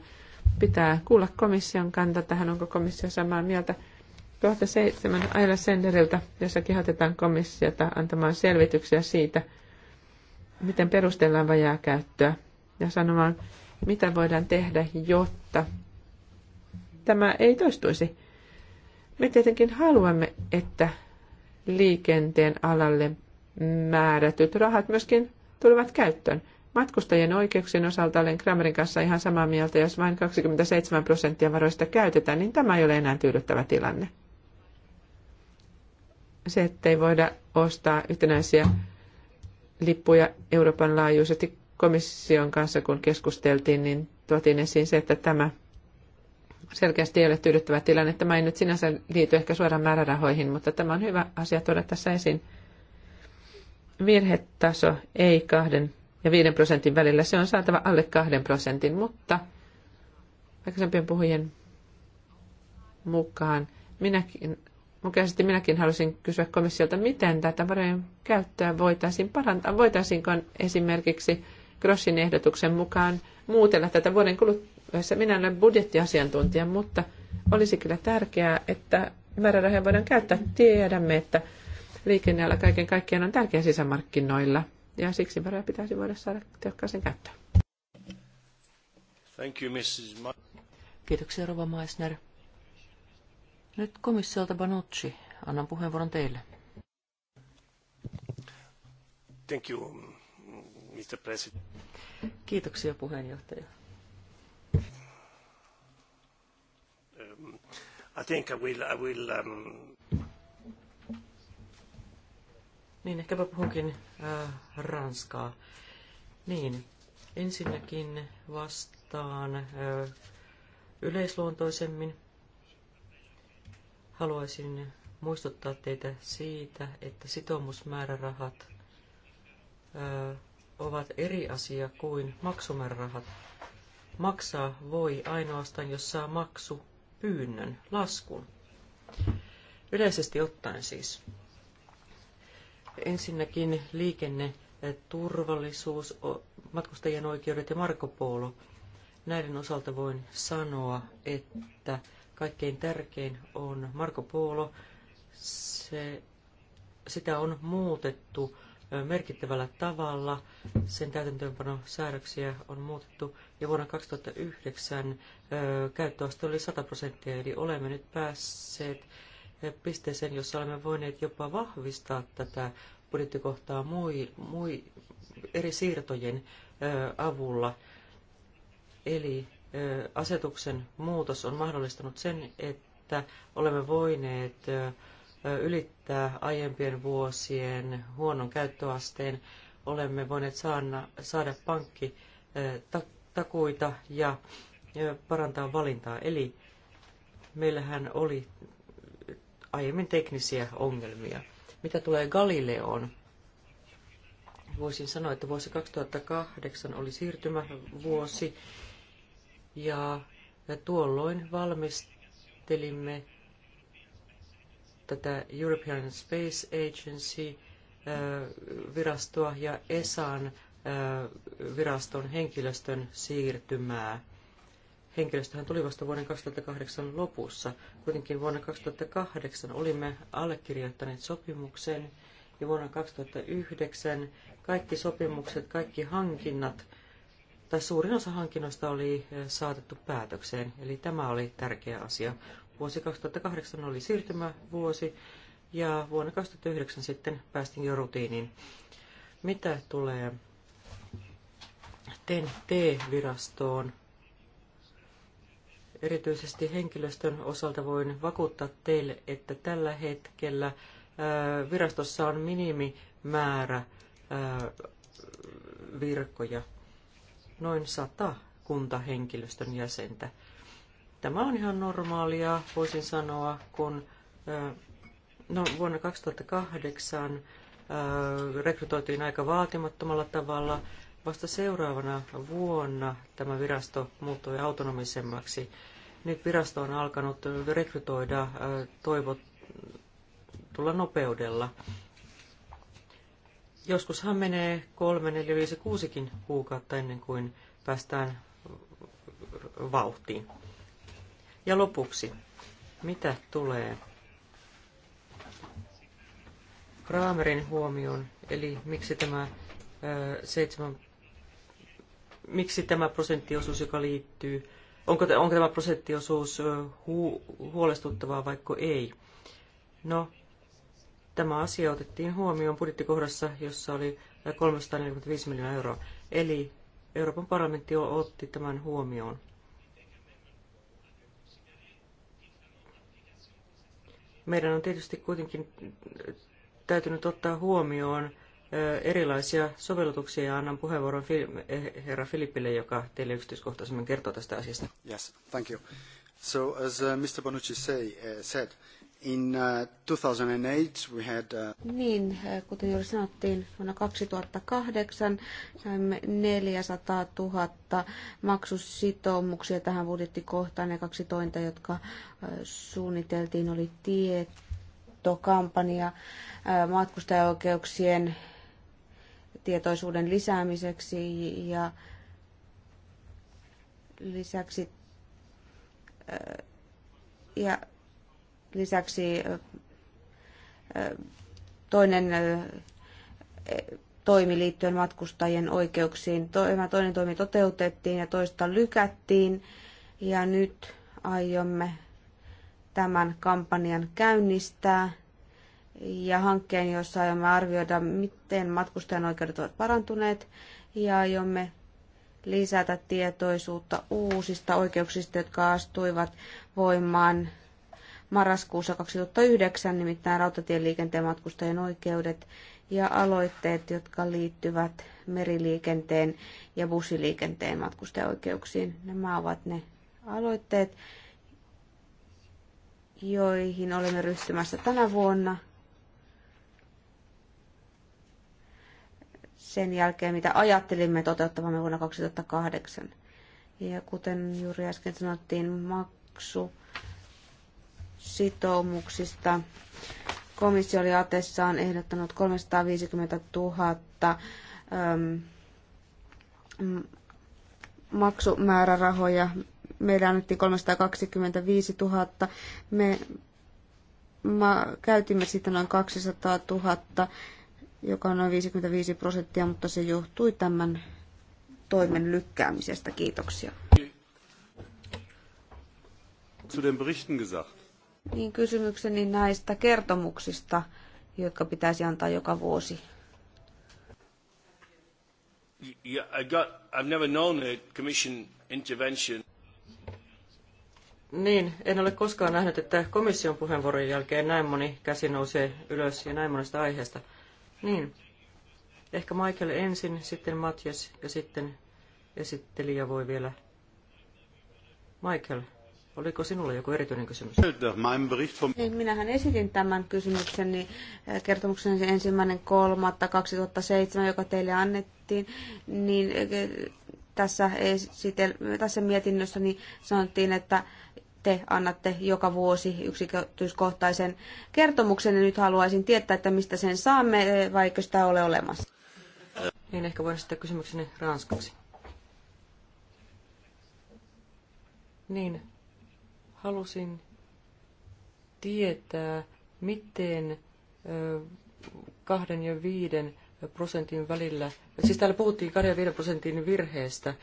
Pitää kuulla komission kanta tähän, onko komissio samaa mieltä. Kohta seitsemän Aila Senderiltä, jossa kehotetaan komissiota antamaan selvityksiä siitä – miten perustellaan vajaa käyttöä ja sanomaan, mitä voidaan tehdä, jotta tämä ei toistuisi. Me tietenkin haluamme, että liikenteen alalle määrätyt rahat myöskin tulevat käyttöön. Matkustajien oikeuksien osalta olen Kramerin kanssa ihan samaa mieltä, jos vain 27 prosenttia varoista käytetään, niin tämä ei ole enää tyydyttävä tilanne. Se, ettei voida ostaa yhtenäisiä lippuja Euroopan laajuisesti komission kanssa, kun keskusteltiin, niin tuotiin esiin se, että tämä selkeästi ei ole tyydyttävä tilanne. Tämä ei nyt sinänsä liity ehkä suoraan määrärahoihin, mutta tämä on hyvä asia tuoda tässä esiin. Virhetaso ei kahden ja viiden prosentin välillä. Se on saatava alle kahden prosentin, mutta aikaisempien puhujien mukaan minäkin mukaisesti minäkin halusin kysyä komissiolta, miten tätä varojen käyttöä voitaisiin parantaa. Voitaisiinko esimerkiksi Grossin ehdotuksen mukaan muutella tätä vuoden kuluessa. Minä olen budjettiasiantuntija, mutta olisi kyllä tärkeää, että määrärahoja voidaan käyttää. Tiedämme, että liikennealla kaiken kaikkiaan on tärkeä sisämarkkinoilla ja siksi varoja pitäisi voida saada tehokkaaseen käyttöön. Thank you, Mrs. Ma- Kiitoksia, Rova Meissner. Nyt komissiolta Banucci. Annan puheenvuoron teille. Thank you, Mr. President. Kiitoksia puheenjohtaja. Um, I think I will, I will, um... Niin, ehkäpä puhunkin äh, ranskaa. Niin, ensinnäkin vastaan äh, yleisluontoisemmin Haluaisin muistuttaa teitä siitä, että sitoumusmäärärahat ovat eri asia kuin maksumäärärahat. Maksaa voi ainoastaan, jos saa maksu pyynnön, laskun. Yleisesti ottaen siis. Ensinnäkin liikenne, turvallisuus, matkustajien oikeudet ja Marko Polo. Näiden osalta voin sanoa, että kaikkein tärkein on Marko Polo. Se, sitä on muutettu merkittävällä tavalla. Sen täytäntöönpanosäädöksiä on muutettu ja vuonna 2009 käyttöaste oli 100 prosenttia, eli olemme nyt päässeet pisteeseen, jossa olemme voineet jopa vahvistaa tätä budjettikohtaa mui, mui, eri siirtojen avulla. Eli asetuksen muutos on mahdollistanut sen, että olemme voineet ylittää aiempien vuosien huonon käyttöasteen. Olemme voineet saada, pankkitakuita ja parantaa valintaa. Eli meillähän oli aiemmin teknisiä ongelmia. Mitä tulee Galileoon, voisin sanoa, että vuosi 2008 oli siirtymävuosi ja tuolloin valmistelimme tätä European Space Agency-virastoa ja ESAn viraston henkilöstön siirtymää. Henkilöstöhän tuli vasta vuoden 2008 lopussa. Kuitenkin vuonna 2008 olimme allekirjoittaneet sopimuksen ja vuonna 2009 kaikki sopimukset, kaikki hankinnat tai suurin osa hankinnoista oli saatettu päätökseen, eli tämä oli tärkeä asia. Vuosi 2008 oli siirtymävuosi ja vuonna 2009 sitten päästiin jo rutiiniin. Mitä tulee TEN-T-virastoon, erityisesti henkilöstön osalta voin vakuuttaa teille, että tällä hetkellä virastossa on minimimäärä virkoja noin sata kuntahenkilöstön jäsentä. Tämä on ihan normaalia, voisin sanoa, kun no, vuonna 2008 rekrytoitiin aika vaatimattomalla tavalla. Vasta seuraavana vuonna tämä virasto muuttui autonomisemmaksi. Nyt virasto on alkanut rekrytoida tulla nopeudella. Joskushan menee kolme, neljä, viisi, kuusikin kuukautta ennen kuin päästään vauhtiin. Ja lopuksi, mitä tulee Kramerin huomioon, eli miksi tämä, ö, seitsemän, miksi tämä prosenttiosuus, joka liittyy, onko, onko tämä prosenttiosuus hu, huolestuttavaa vaikka ei? No, Tämä asia otettiin huomioon budjettikohdassa, jossa oli 345 miljoonaa euroa. Eli Euroopan parlamentti otti tämän huomioon. Meidän on tietysti kuitenkin täytynyt ottaa huomioon erilaisia sovellutuksia ja annan puheenvuoron eh, herra Filippille, joka teille yksityiskohtaisemmin kertoo tästä asiasta. Yes, thank you. So as uh, Mr. Bonucci say, uh, said, In 2008 uh, we had, uh, Niin, äh, kuten juuri sanottiin, vuonna 2008 saimme 400 000 maksusitoumuksia tähän budjettikohtaan ja kaksi tointa, jotka äh, suunniteltiin, oli tietokampanja äh, matkustajaoikeuksien tietoisuuden lisäämiseksi ja lisäksi ja Lisäksi toinen toimi liittyen matkustajien oikeuksiin. Tämä toinen toimi toteutettiin ja toista lykättiin. Ja nyt aiomme tämän kampanjan käynnistää ja hankkeen, jossa aiomme arvioida, miten matkustajan oikeudet ovat parantuneet ja aiomme lisätä tietoisuutta uusista oikeuksista, jotka astuivat voimaan marraskuussa 2009, nimittäin rautatieliikenteen matkustajien oikeudet ja aloitteet, jotka liittyvät meriliikenteen ja bussiliikenteen matkustajaoikeuksiin. Nämä ovat ne aloitteet, joihin olemme ryhtymässä tänä vuonna. Sen jälkeen, mitä ajattelimme toteuttavamme vuonna 2008. Ja kuten juuri äsken sanottiin, maksu sitoumuksista. Komissio oli atessaan ehdottanut 350 000 äm, maksumäärärahoja. Meillä annettiin 325 000. Me ma, käytimme sitä noin 200 000, joka on noin 55 prosenttia, mutta se johtui tämän toimen lykkäämisestä. Kiitoksia. Zu den Berichten gesagt niin kysymykseni näistä kertomuksista, jotka pitäisi antaa joka vuosi. Yeah, I got, I've never known a commission intervention. Niin, en ole koskaan nähnyt, että komission puheenvuoron jälkeen näin moni käsi nousee ylös ja näin monesta aiheesta. Niin, ehkä Michael ensin, sitten Matias ja sitten esittelijä voi vielä. Michael. Oliko sinulla joku erityinen kysymys? Niin, minähän esitin tämän kysymyksen niin eh, kertomuksen ensimmäinen kolmatta 2007, joka teille annettiin, niin eh, tässä, esitel- tässä mietinnössä niin sanottiin, että te annatte joka vuosi yksityiskohtaisen kertomuksen, ja nyt haluaisin tietää, että mistä sen saamme, eh, vaikka sitä ole olemassa. Niin, ehkä voisi sitten kysymykseni ranskaksi. Niin, Halusin tietää, miten kahden ja viiden prosentin välillä, siis täällä puhuttiin kahden ja viiden prosentin virheestä,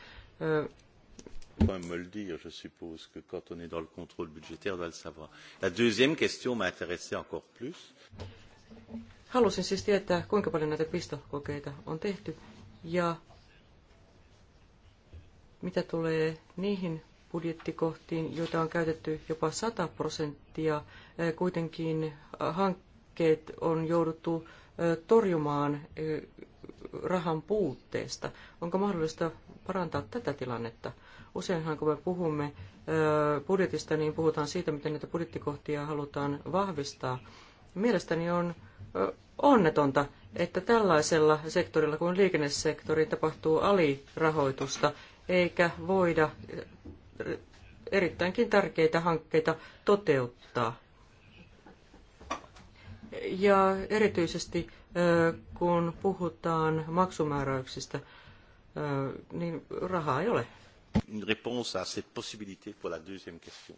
Enfin, me le dire. Je suppose que quand on est dans le contrôle budgétaire, on doit le savoir. La deuxième question m'a intéressé encore plus. Halusin siis tietää, kuinka paljon näitä pistokokeita on tehty ja mitä tulee niihin budjettikohtiin, joita on käytetty jopa 100 prosenttia. Kuitenkin hankkeet on jouduttu torjumaan rahan puutteesta. Onko mahdollista parantaa tätä tilannetta? Useinhan kun me puhumme budjetista, niin puhutaan siitä, miten näitä budjettikohtia halutaan vahvistaa. Mielestäni on onnetonta, että tällaisella sektorilla kuin liikennesektori tapahtuu alirahoitusta, eikä voida erittäinkin tärkeitä hankkeita toteuttaa. Ja erityisesti kun puhutaan maksumääräyksistä, niin rahaa ei ole. Une réponse à cette possibilité pour la deuxième question.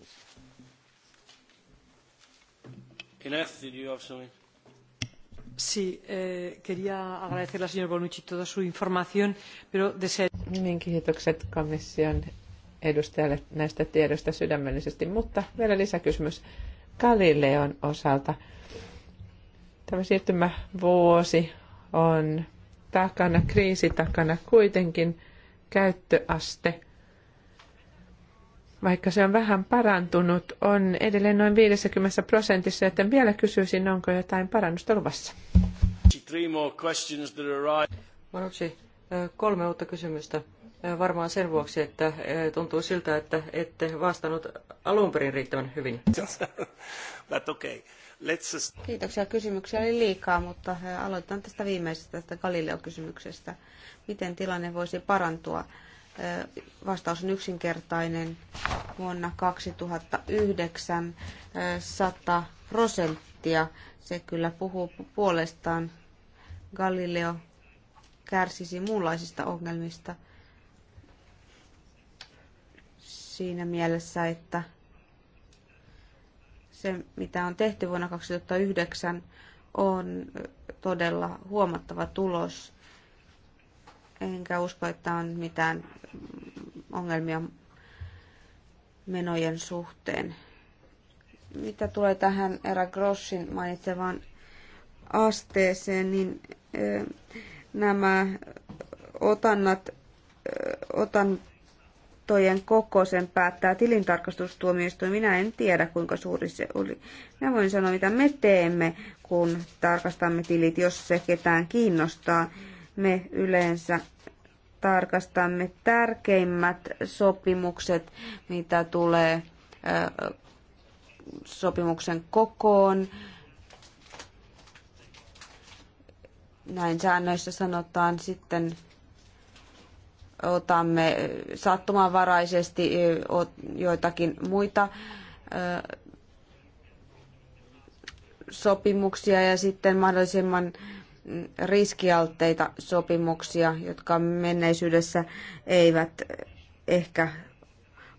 Sí, eh, quería agradecerle al señor Bonucci toda su información, pero desearía... Niin, kiitokset komission edustajalle näistä tiedoista sydämellisesti. Mutta vielä lisäkysymys Galileon osalta. Tämä siirtymävuosi on takana, kriisi takana kuitenkin käyttöaste. Vaikka se on vähän parantunut, on edelleen noin 50 prosentissa, joten vielä kysyisin, onko jotain parannusta luvassa. Manucci, kolme uutta kysymystä Varmaan sen vuoksi, että tuntuu siltä, että ette vastannut alun perin riittävän hyvin. But okay. Let's just... Kiitoksia. Kysymyksiä oli liikaa, mutta aloitetaan tästä viimeisestä tästä Galileo-kysymyksestä. Miten tilanne voisi parantua? Vastaus on yksinkertainen. Vuonna 2009 100 prosenttia. Se kyllä puhuu puolestaan. Galileo kärsisi muunlaisista ongelmista – siinä mielessä, että se, mitä on tehty vuonna 2009, on todella huomattava tulos. Enkä usko, että on mitään ongelmia menojen suhteen. Mitä tulee tähän Era Grossin mainitsevaan asteeseen, niin nämä otannat, otan voittojen koko sen päättää tilintarkastustuomioistuin. Minä en tiedä, kuinka suuri se oli. Minä voin sanoa, mitä me teemme, kun tarkastamme tilit, jos se ketään kiinnostaa. Me yleensä tarkastamme tärkeimmät sopimukset, mitä tulee sopimuksen kokoon. Näin säännöissä sanotaan sitten otamme sattumanvaraisesti joitakin muita sopimuksia ja sitten mahdollisimman mm, riskialtteita sopimuksia, jotka menneisyydessä eivät ehkä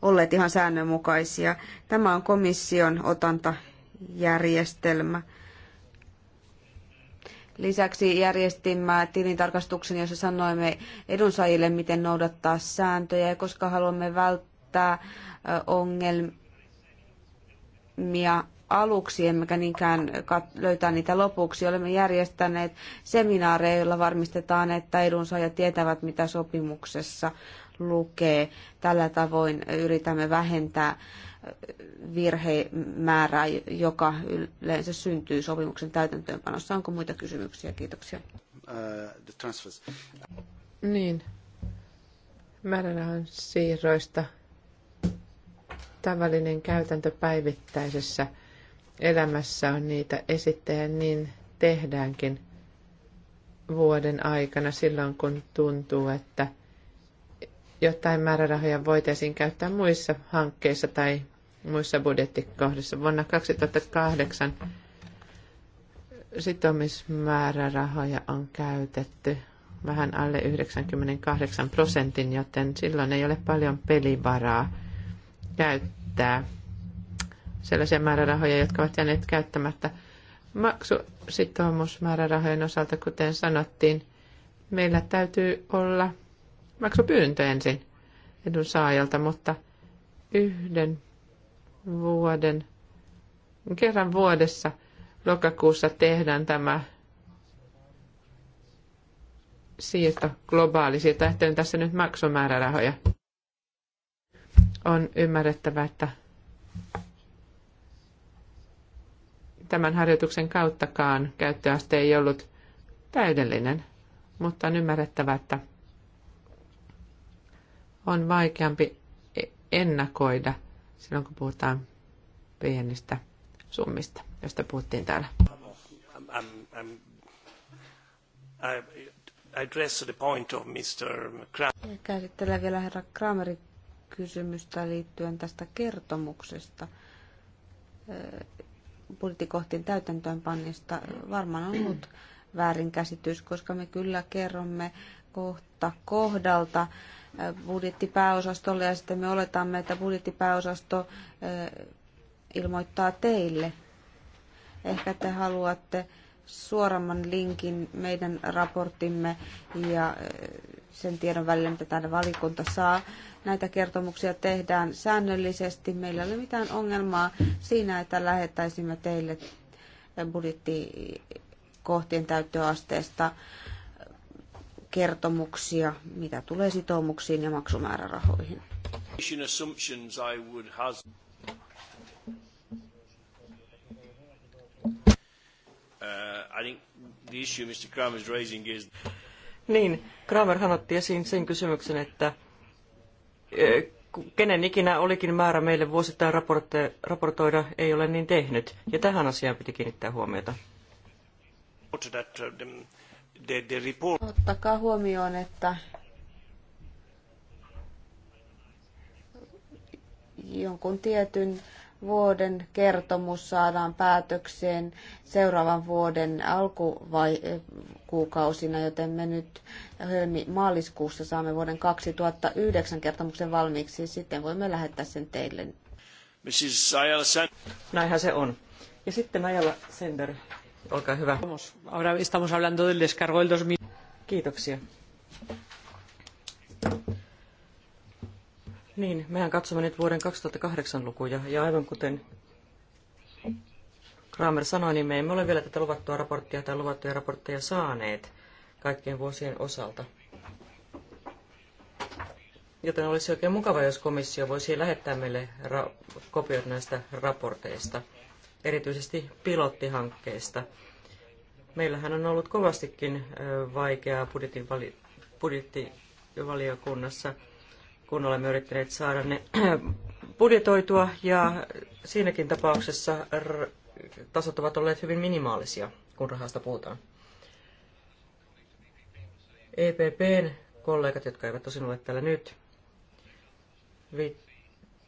olleet ihan säännönmukaisia. Tämä on komission otantajärjestelmä. Lisäksi järjestimme tilintarkastuksen, jossa sanoimme edunsaajille, miten noudattaa sääntöjä, koska haluamme välttää ongelmia aluksi, emmekä niinkään löytää niitä lopuksi. Olemme järjestäneet seminaareja, joilla varmistetaan, että edunsaajat tietävät, mitä sopimuksessa lukee. Tällä tavoin yritämme vähentää virhemäärää, joka yleensä syntyy sopimuksen täytäntöönpanossa. Onko muita kysymyksiä? Kiitoksia. Uh, niin. Määrärahan siirroista tavallinen käytäntö päivittäisessä elämässä on niitä esittäjä, niin tehdäänkin vuoden aikana silloin, kun tuntuu, että – jotain määrärahoja voitaisiin käyttää muissa hankkeissa tai muissa budjettikohdissa. Vuonna 2008 sitomismäärärahoja on käytetty vähän alle 98 prosentin, joten silloin ei ole paljon pelivaraa käyttää sellaisia määrärahoja, jotka ovat jääneet käyttämättä. Maksusitoumusmäärärahojen osalta, kuten sanottiin, meillä täytyy olla – pyyntö ensin edunsaajalta, mutta yhden vuoden, kerran vuodessa lokakuussa tehdään tämä siirto globaali siirto, ettei tässä nyt maksumäärärahoja. On ymmärrettävä, että tämän harjoituksen kauttakaan käyttöaste ei ollut täydellinen, mutta on ymmärrettävä, että on vaikeampi e- ennakoida silloin, kun puhutaan pienistä summista, josta puhuttiin täällä. Käsittelen vielä herra Kramerin kysymystä liittyen tästä kertomuksesta budjettikohtien täytäntöönpannista. Varmaan on ollut väärinkäsitys, koska me kyllä kerromme kohta kohdalta budjettipääosastolle ja sitten me oletamme, että budjettipääosasto ilmoittaa teille. Ehkä te haluatte suoramman linkin meidän raporttimme ja sen tiedon välillä, mitä täällä valikunta saa. Näitä kertomuksia tehdään säännöllisesti. Meillä ei ole mitään ongelmaa siinä, että lähettäisimme teille budjettikohtien täyttöasteesta kertomuksia, mitä tulee sitoumuksiin ja maksumäärärahoihin. Uh, niin, Kramerhan otti esiin sen kysymyksen, että eh, kenen ikinä olikin määrä meille vuosittain raportoida, ei ole niin tehnyt. Ja tähän asiaan piti kiinnittää huomiota. Uh, the, the report... Ottakaa huomioon, että jonkun tietyn vuoden kertomus saadaan päätökseen seuraavan vuoden alkukuukausina, joten me nyt eh, maaliskuussa saamme vuoden 2009 kertomuksen valmiiksi. Sitten voimme lähettää sen teille. Mrs. Näinhän se on. Ja sitten Ajala Sender Olkaa hyvä. Ahora estamos hablando del descargo del 2000. Kiitoksia. Niin, mehän katsomme nyt vuoden 2008 lukuja, ja aivan kuten Kramer sanoi, niin me emme ole vielä tätä luvattua raporttia tai luvattuja raportteja saaneet kaikkien vuosien osalta. Joten olisi oikein mukava, jos komissio voisi lähettää meille ra- kopiot näistä raporteista erityisesti pilottihankkeista. Meillähän on ollut kovastikin vaikeaa budjetin vali- budjettivaliokunnassa, kun olemme yrittäneet saada ne budjetoitua, ja siinäkin tapauksessa tasot ovat olleet hyvin minimaalisia, kun rahasta puhutaan. EPPn kollegat, jotka eivät tosin ole täällä nyt,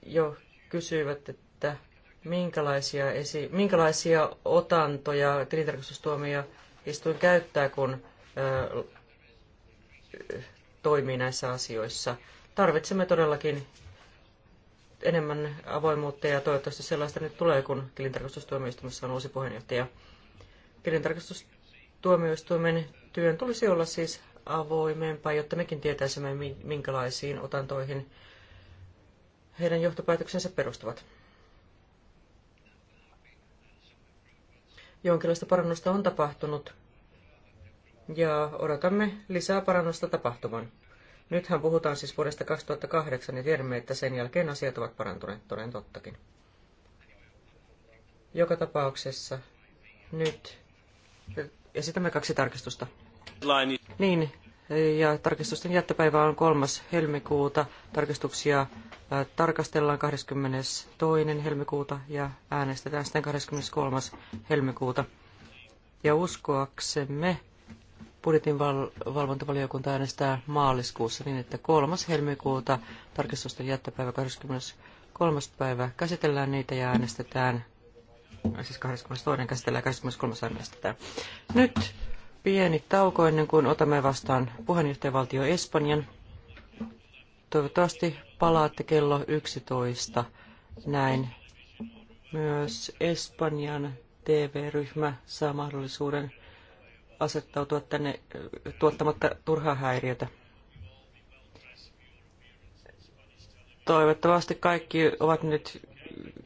jo kysyivät, että minkälaisia, esi- minkälaisia otantoja tilintarkastustuomio istuin käyttää, kun ö, toimii näissä asioissa. Tarvitsemme todellakin enemmän avoimuutta ja toivottavasti sellaista nyt tulee, kun tilintarkastustuomioistuimessa on uusi puheenjohtaja. Tilintarkastustuomioistuimen työn tulisi olla siis avoimempaa, jotta mekin tietäisimme, minkälaisiin otantoihin heidän johtopäätöksensä perustuvat. jonkinlaista parannusta on tapahtunut ja odotamme lisää parannusta tapahtuvan. Nythän puhutaan siis vuodesta 2008 ja tiedämme, että sen jälkeen asiat ovat parantuneet toden tottakin. Joka tapauksessa nyt esitämme kaksi tarkistusta. Niin, ja tarkistusten jättöpäivä on 3. helmikuuta. Tarkistuksia tarkastellaan 22. helmikuuta ja äänestetään sitten 23. helmikuuta. Ja uskoaksemme budjetin val- valvontavaliokunta äänestää maaliskuussa niin, että 3. helmikuuta tarkistusten jättöpäivä 23. päivä käsitellään niitä ja äänestetään, siis 22. käsitellään ja 23. äänestetään. Nyt pieni tauko ennen kuin otamme vastaan puheenjohtajavaltio Espanjan. Toivottavasti palaatte kello 11. Näin myös Espanjan TV-ryhmä saa mahdollisuuden asettautua tänne äh, tuottamatta turhaa häiriötä. Toivottavasti kaikki ovat nyt,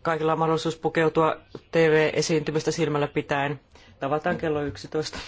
kaikilla on mahdollisuus pukeutua TV-esiintymistä silmällä pitäen. Tavataan kello 11.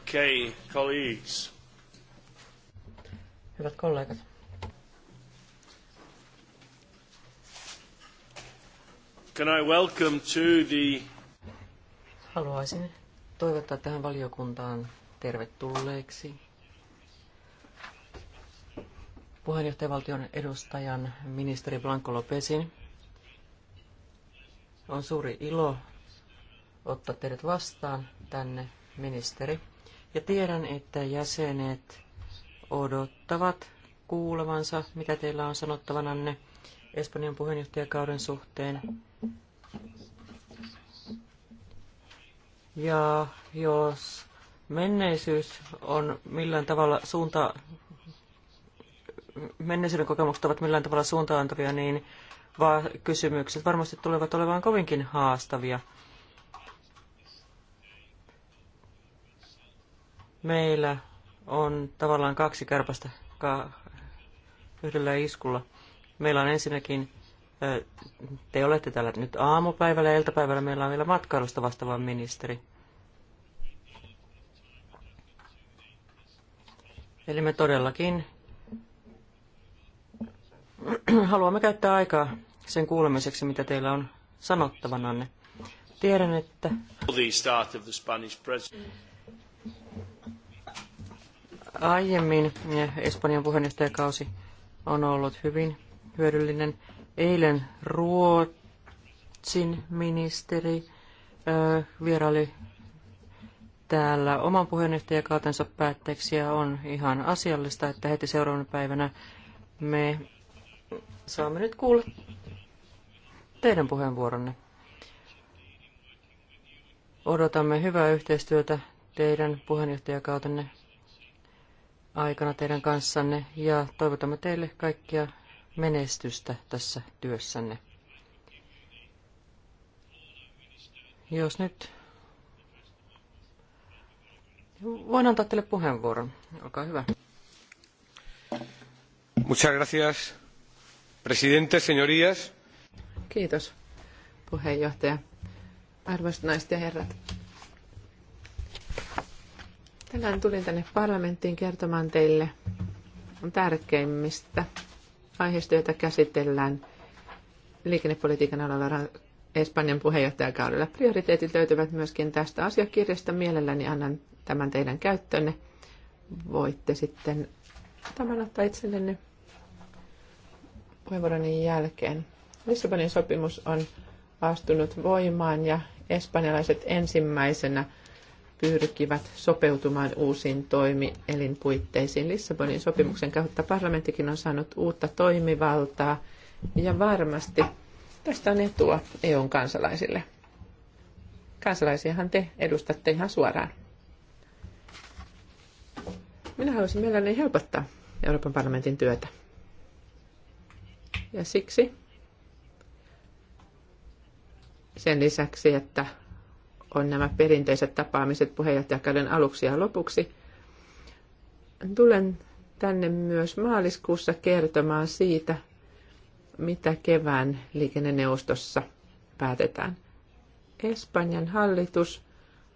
Okay, colleagues. Hyvät kollegat. Can I welcome to the... Haluaisin toivottaa tähän valiokuntaan tervetulleeksi puheenjohtajavaltion edustajan ministeri Blanco Lopesin. On suuri ilo ottaa teidät vastaan tänne, ministeri. Ja tiedän, että jäsenet odottavat kuulevansa, mitä teillä on sanottavananne Espanjan puheenjohtajakauden suhteen. Ja jos menneisyys on millään tavalla suunta, menneisyyden kokemukset ovat millään tavalla suuntaantavia, niin kysymykset varmasti tulevat olemaan kovinkin haastavia – meillä on tavallaan kaksi kärpästä ka- yhdellä iskulla. Meillä on ensinnäkin, te olette täällä nyt aamupäivällä ja iltapäivällä meillä on vielä matkailusta vastaava ministeri. Eli me todellakin haluamme käyttää aikaa sen kuulemiseksi, mitä teillä on sanottavananne. Tiedän, että Aiemmin Espanjan puheenjohtajakausi on ollut hyvin hyödyllinen. Eilen Ruotsin ministeri vieraili täällä oman puheenjohtajakautensa päätteeksi ja on ihan asiallista, että heti seuraavana päivänä me saamme nyt kuulla teidän puheenvuoronne. Odotamme hyvää yhteistyötä teidän puheenjohtajakautenne aikana teidän kanssanne ja toivotamme teille kaikkia menestystä tässä työssänne. Jos nyt voin antaa teille puheenvuoron. Olkaa hyvä. Muchas gracias, presidente, señorías. Kiitos, puheenjohtaja. Arvoisat naiset ja herrat, Tänään tulin tänne parlamenttiin kertomaan teille tärkeimmistä aiheista, joita käsitellään liikennepolitiikan alalla Espanjan puheenjohtajakaudella. Prioriteetit löytyvät myöskin tästä asiakirjasta. Mielelläni annan tämän teidän käyttöönne, Voitte sitten tämän ottaa itsellenne puheenvuoroni jälkeen. Lissabonin sopimus on astunut voimaan ja espanjalaiset ensimmäisenä – pyrkivät sopeutumaan uusiin toimielinpuitteisiin. Lissabonin sopimuksen kautta parlamenttikin on saanut uutta toimivaltaa ja varmasti tästä on etua EUn kansalaisille. Kansalaisiahan te edustatte ihan suoraan. Minä haluaisin mielelläni helpottaa Euroopan parlamentin työtä. Ja siksi sen lisäksi, että on nämä perinteiset tapaamiset puheenjohtajakauden aluksi ja lopuksi. Tulen tänne myös maaliskuussa kertomaan siitä, mitä kevään liikenneneuvostossa päätetään. Espanjan hallitus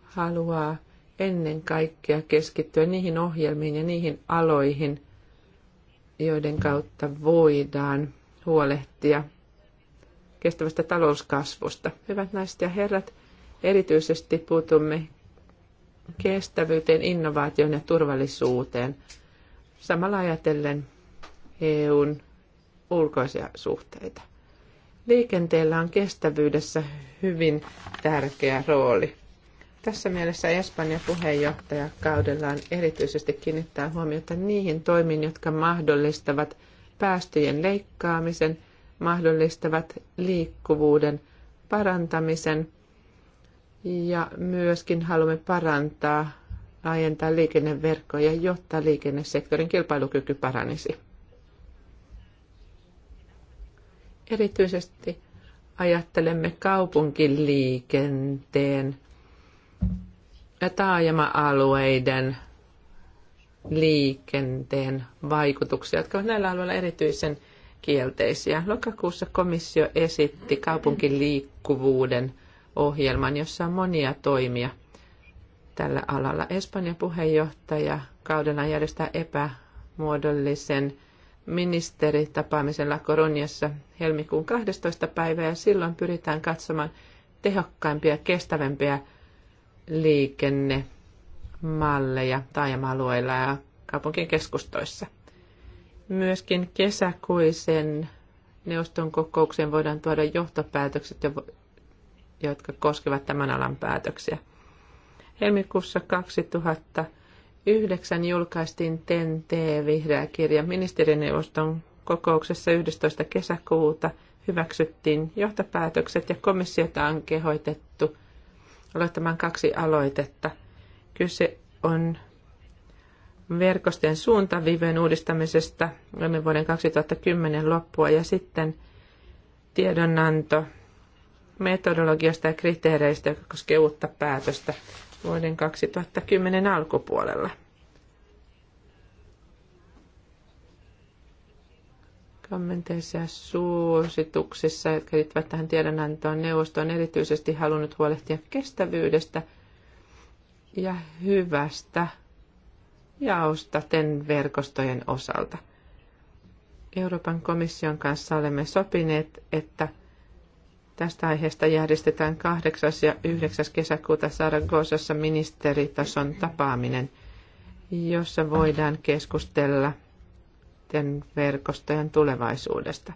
haluaa ennen kaikkea keskittyä niihin ohjelmiin ja niihin aloihin, joiden kautta voidaan huolehtia kestävästä talouskasvusta. Hyvät naiset ja herrat, Erityisesti puutumme kestävyyteen, innovaatioon ja turvallisuuteen, samalla ajatellen EUn ulkoisia suhteita. Liikenteellä on kestävyydessä hyvin tärkeä rooli. Tässä mielessä Espanja Kaudellaan erityisesti kiinnittää huomiota niihin toimiin, jotka mahdollistavat päästöjen leikkaamisen, mahdollistavat liikkuvuuden parantamisen – ja myöskin haluamme parantaa, laajentaa liikenneverkkoja, jotta liikennesektorin kilpailukyky paranisi. Erityisesti ajattelemme kaupunkiliikenteen ja taajama-alueiden liikenteen vaikutuksia, jotka ovat näillä alueilla erityisen kielteisiä. Lokakuussa komissio esitti kaupunkiliikkuvuuden liikkuvuuden ohjelman, jossa on monia toimia tällä alalla. Espanjan puheenjohtaja kaudella järjestää epämuodollisen ministeritapaamisen La Coruñassa helmikuun 12. päivä ja silloin pyritään katsomaan tehokkaimpia, kestävämpiä liikennemalleja taajama-alueilla ja kaupunkien keskustoissa. Myöskin kesäkuisen neuvoston kokoukseen voidaan tuoda johtopäätökset, jotka koskevat tämän alan päätöksiä. Helmikuussa 2009 julkaistiin TEN-T-vihreä kirja ministerineuvoston kokouksessa 11. kesäkuuta hyväksyttiin johtopäätökset ja komissiota on kehoitettu aloittamaan kaksi aloitetta. Kyse on verkostojen suuntaviivojen uudistamisesta ennen vuoden 2010 loppua ja sitten tiedonanto metodologiasta ja kriteereistä, joka koskee uutta päätöstä vuoden 2010 alkupuolella. kommenteissa ja suosituksissa, jotka liittyvät tähän tiedonantoon, neuvosto on erityisesti halunnut huolehtia kestävyydestä ja hyvästä jaosta TEN verkostojen osalta. Euroopan komission kanssa olemme sopineet, että Tästä aiheesta järjestetään 8. ja 9. kesäkuuta Saragossassa ministeritason tapaaminen, jossa voidaan keskustella verkostojen tulevaisuudesta.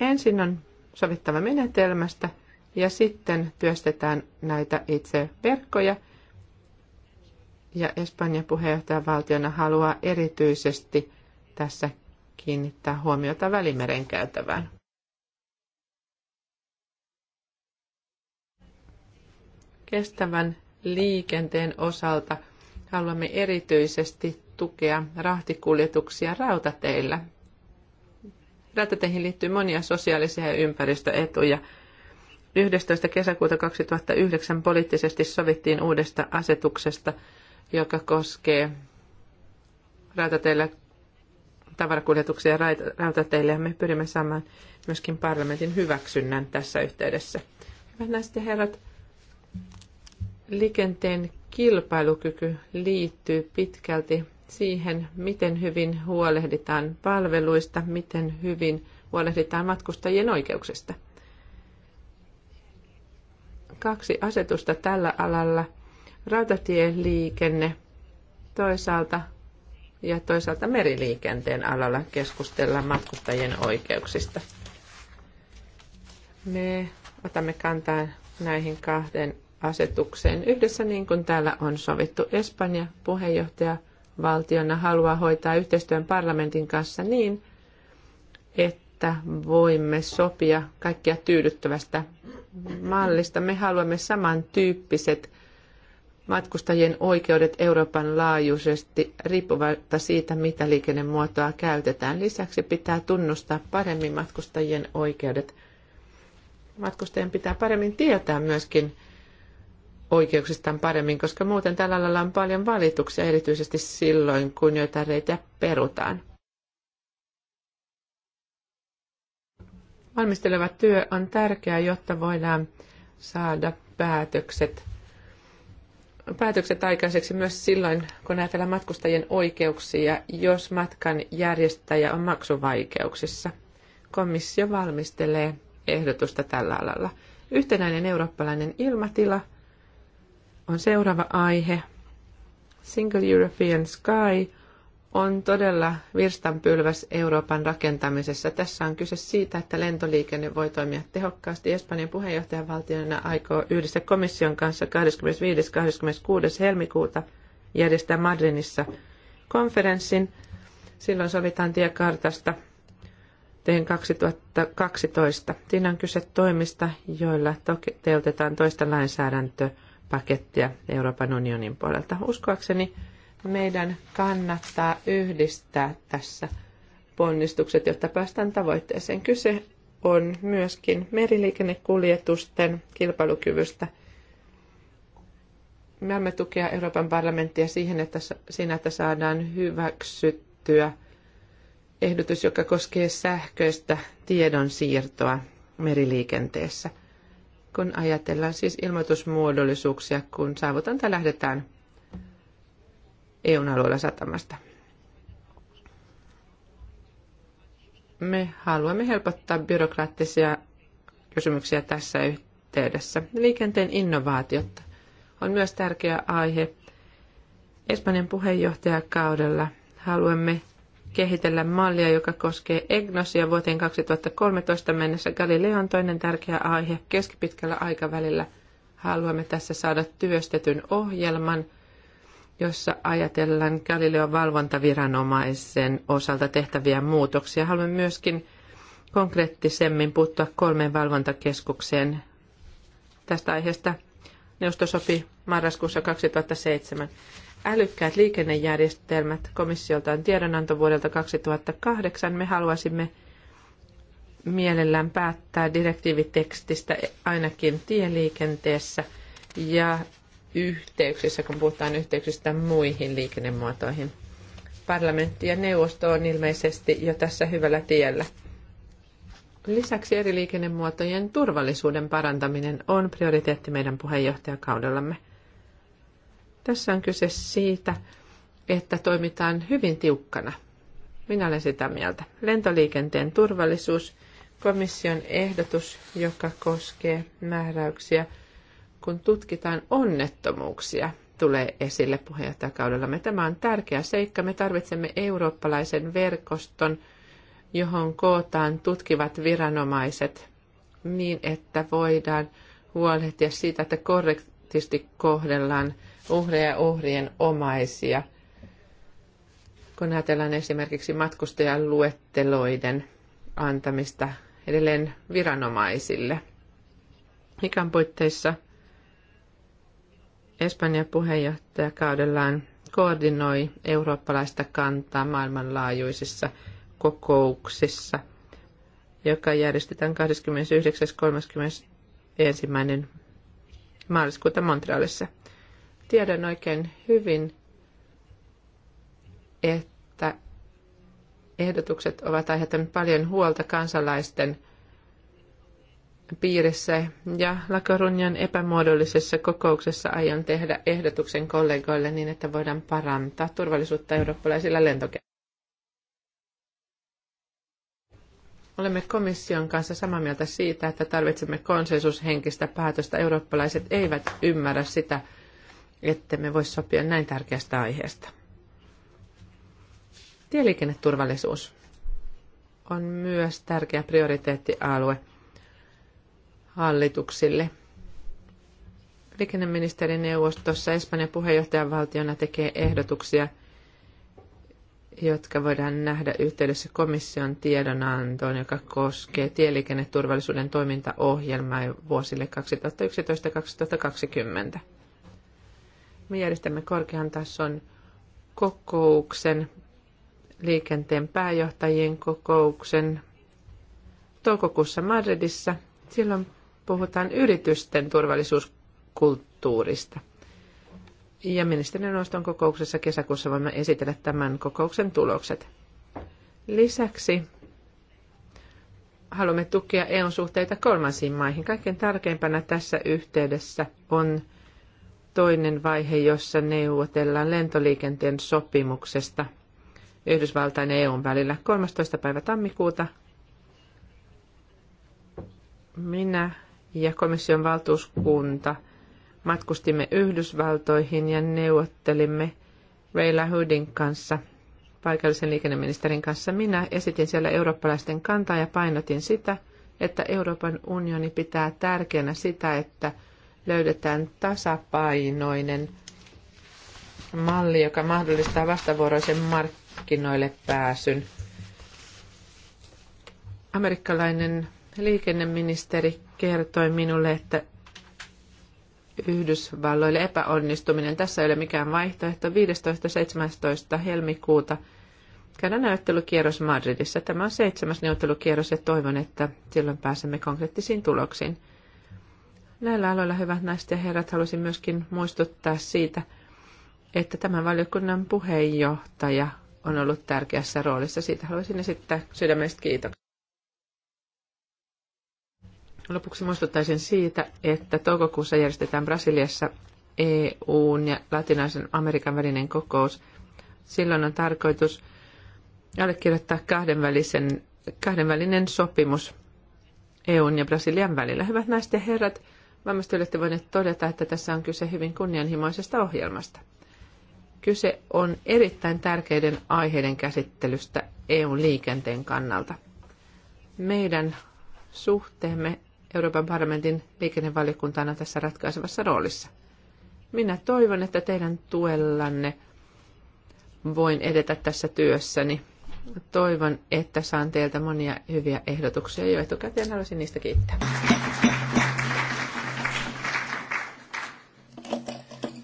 Ensin on sovittava menetelmästä ja sitten työstetään näitä itse verkkoja. Ja Espanja puheenjohtajavaltiona haluaa erityisesti tässä kiinnittää huomiota Välimeren käytävään. Kestävän liikenteen osalta haluamme erityisesti tukea rahtikuljetuksia rautateillä. Rautateihin liittyy monia sosiaalisia ja ympäristöetuja. 11. kesäkuuta 2009 poliittisesti sovittiin uudesta asetuksesta, joka koskee rautateillä tavarakuljetuksia rautateille ja me pyrimme saamaan myöskin parlamentin hyväksynnän tässä yhteydessä. Hyvät naiset ja herrat, liikenteen kilpailukyky liittyy pitkälti siihen, miten hyvin huolehditaan palveluista, miten hyvin huolehditaan matkustajien oikeuksista. Kaksi asetusta tällä alalla. Rautatieliikenne toisaalta ja toisaalta meriliikenteen alalla keskustellaan matkustajien oikeuksista. Me otamme kantaa näihin kahden asetukseen yhdessä, niin kuin täällä on sovittu. Espanja puheenjohtaja valtiona haluaa hoitaa yhteistyön parlamentin kanssa niin, että voimme sopia kaikkia tyydyttävästä mallista. Me haluamme samantyyppiset matkustajien oikeudet Euroopan laajuisesti riippuvatta siitä, mitä liikennemuotoa käytetään. Lisäksi pitää tunnustaa paremmin matkustajien oikeudet. Matkustajien pitää paremmin tietää myöskin, oikeuksistaan paremmin, koska muuten tällä alalla on paljon valituksia, erityisesti silloin, kun joitain reittejä perutaan. Valmisteleva työ on tärkeää, jotta voidaan saada päätökset, päätökset aikaiseksi myös silloin, kun ajatellaan matkustajien oikeuksia, jos matkan järjestäjä on maksuvaikeuksissa. Komissio valmistelee ehdotusta tällä alalla. Yhtenäinen eurooppalainen ilmatila – on seuraava aihe. Single European Sky on todella virstanpylväs Euroopan rakentamisessa. Tässä on kyse siitä, että lentoliikenne voi toimia tehokkaasti. Espanjan puheenjohtajavaltiona aikoo yhdessä komission kanssa 25.–26. helmikuuta järjestää Madrinissa konferenssin. Silloin sovitaan tiekartasta teen 2012. Siinä on kyse toimista, joilla toteutetaan toista lainsäädäntöä pakettia Euroopan unionin puolelta. Uskoakseni meidän kannattaa yhdistää tässä ponnistukset, jotta päästään tavoitteeseen. Kyse on myöskin meriliikennekuljetusten kilpailukyvystä. Me olemme tukea Euroopan parlamenttia siihen, että siinä, että saadaan hyväksyttyä ehdotus, joka koskee sähköistä tiedonsiirtoa meriliikenteessä kun ajatellaan siis ilmoitusmuodollisuuksia, kun saavutaan tai lähdetään EUn alueella satamasta. Me haluamme helpottaa byrokraattisia kysymyksiä tässä yhteydessä. Liikenteen innovaatiot on myös tärkeä aihe. Espanjan puheenjohtajakaudella haluamme kehitellä mallia, joka koskee EGNOSia vuoteen 2013 mennessä. Galileo on toinen tärkeä aihe. Keskipitkällä aikavälillä haluamme tässä saada työstetyn ohjelman, jossa ajatellaan Galileon valvontaviranomaisen osalta tehtäviä muutoksia. Haluamme myöskin konkreettisemmin puuttua kolmeen valvontakeskukseen. Tästä aiheesta neuvosto sopi marraskuussa 2007 älykkäät liikennejärjestelmät komissioltaan tiedonanto vuodelta 2008. Me haluaisimme mielellään päättää direktiivitekstistä ainakin tieliikenteessä ja yhteyksissä, kun puhutaan yhteyksistä muihin liikennemuotoihin. Parlamentti ja neuvosto on ilmeisesti jo tässä hyvällä tiellä. Lisäksi eri liikennemuotojen turvallisuuden parantaminen on prioriteetti meidän puheenjohtajakaudellamme – tässä on kyse siitä, että toimitaan hyvin tiukkana. Minä olen sitä mieltä. Lentoliikenteen turvallisuus, komission ehdotus, joka koskee määräyksiä, kun tutkitaan onnettomuuksia, tulee esille puheenjohtajakaudella. Tämä on tärkeä seikka. Me tarvitsemme eurooppalaisen verkoston, johon kootaan tutkivat viranomaiset niin, että voidaan huolehtia siitä, että korrektisti kohdellaan uhreja ja uhrien omaisia. Kun ajatellaan esimerkiksi matkustajan luetteloiden antamista edelleen viranomaisille. Ikan puitteissa Espanja puheenjohtajakaudellaan koordinoi eurooppalaista kantaa maailmanlaajuisissa kokouksissa, joka järjestetään 29.31. maaliskuuta Montrealissa. Tiedän oikein hyvin, että ehdotukset ovat aiheuttaneet paljon huolta kansalaisten piirissä ja Lakorunjan epämuodollisessa kokouksessa aion tehdä ehdotuksen kollegoille niin, että voidaan parantaa turvallisuutta eurooppalaisilla lentokentillä. Olemme komission kanssa samaa mieltä siitä, että tarvitsemme konsensushenkistä päätöstä. Eurooppalaiset eivät ymmärrä sitä, että me voisi sopia näin tärkeästä aiheesta. Tieliikenneturvallisuus on myös tärkeä prioriteettialue hallituksille. Liikenneministerineuvostossa Espanjan puheenjohtajavaltiona tekee ehdotuksia, jotka voidaan nähdä yhteydessä komission tiedonantoon, joka koskee tieliikenneturvallisuuden toimintaohjelmaa vuosille 2011-2020. Me järjestämme korkean tason kokouksen, liikenteen pääjohtajien kokouksen toukokuussa Madridissa. Silloin puhutaan yritysten turvallisuuskulttuurista. Ja ministerineuvoston kokouksessa kesäkuussa voimme esitellä tämän kokouksen tulokset. Lisäksi haluamme tukea eu suhteita kolmansiin maihin. Kaikkein tärkeimpänä tässä yhteydessä on toinen vaihe, jossa neuvotellaan lentoliikenteen sopimuksesta Yhdysvaltain ja EUn välillä 13. päivä tammikuuta. Minä ja komission valtuuskunta matkustimme Yhdysvaltoihin ja neuvottelimme Reila Hoodin kanssa, paikallisen liikenneministerin kanssa. Minä esitin siellä eurooppalaisten kantaa ja painotin sitä, että Euroopan unioni pitää tärkeänä sitä, että – löydetään tasapainoinen malli, joka mahdollistaa vastavuoroisen markkinoille pääsyn. Amerikkalainen liikenneministeri kertoi minulle, että Yhdysvalloille epäonnistuminen. Tässä ei ole mikään vaihtoehto. 15.17. helmikuuta käydään neuvottelukierros Madridissa. Tämä on seitsemäs neuvottelukierros ja toivon, että silloin pääsemme konkreettisiin tuloksiin. Näillä aloilla, hyvät naiset ja herrat, haluaisin myöskin muistuttaa siitä, että tämän valiokunnan puheenjohtaja on ollut tärkeässä roolissa. Siitä haluaisin esittää sydämestä kiitoksia. Lopuksi muistuttaisin siitä, että toukokuussa järjestetään Brasiliassa EUn ja Latinaisen Amerikan välinen kokous. Silloin on tarkoitus allekirjoittaa kahdenvälinen sopimus EUn ja Brasilian välillä. Hyvät naiset ja herrat, Varmasti olette voineet todeta, että tässä on kyse hyvin kunnianhimoisesta ohjelmasta. Kyse on erittäin tärkeiden aiheiden käsittelystä EU-liikenteen kannalta. Meidän suhteemme Euroopan parlamentin liikennevaliokuntana tässä ratkaisevassa roolissa. Minä toivon, että teidän tuellanne voin edetä tässä työssäni. Toivon, että saan teiltä monia hyviä ehdotuksia jo etukäteen. Haluaisin niistä kiittää.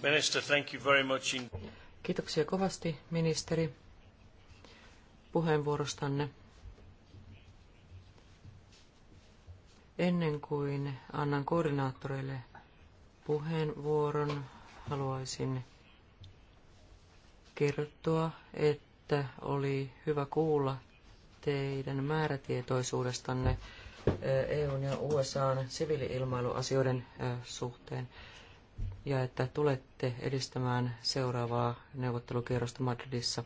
Minister, thank you very much in... Kiitoksia kovasti, ministeri, puheenvuorostanne. Ennen kuin annan koordinaattoreille puheenvuoron, haluaisin kertoa, että oli hyvä kuulla teidän määrätietoisuudestanne eh, EUn ja USAn siviiliilmailuasioiden eh, suhteen ja että tulette edistämään seuraavaa neuvottelukierrosta Madridissa.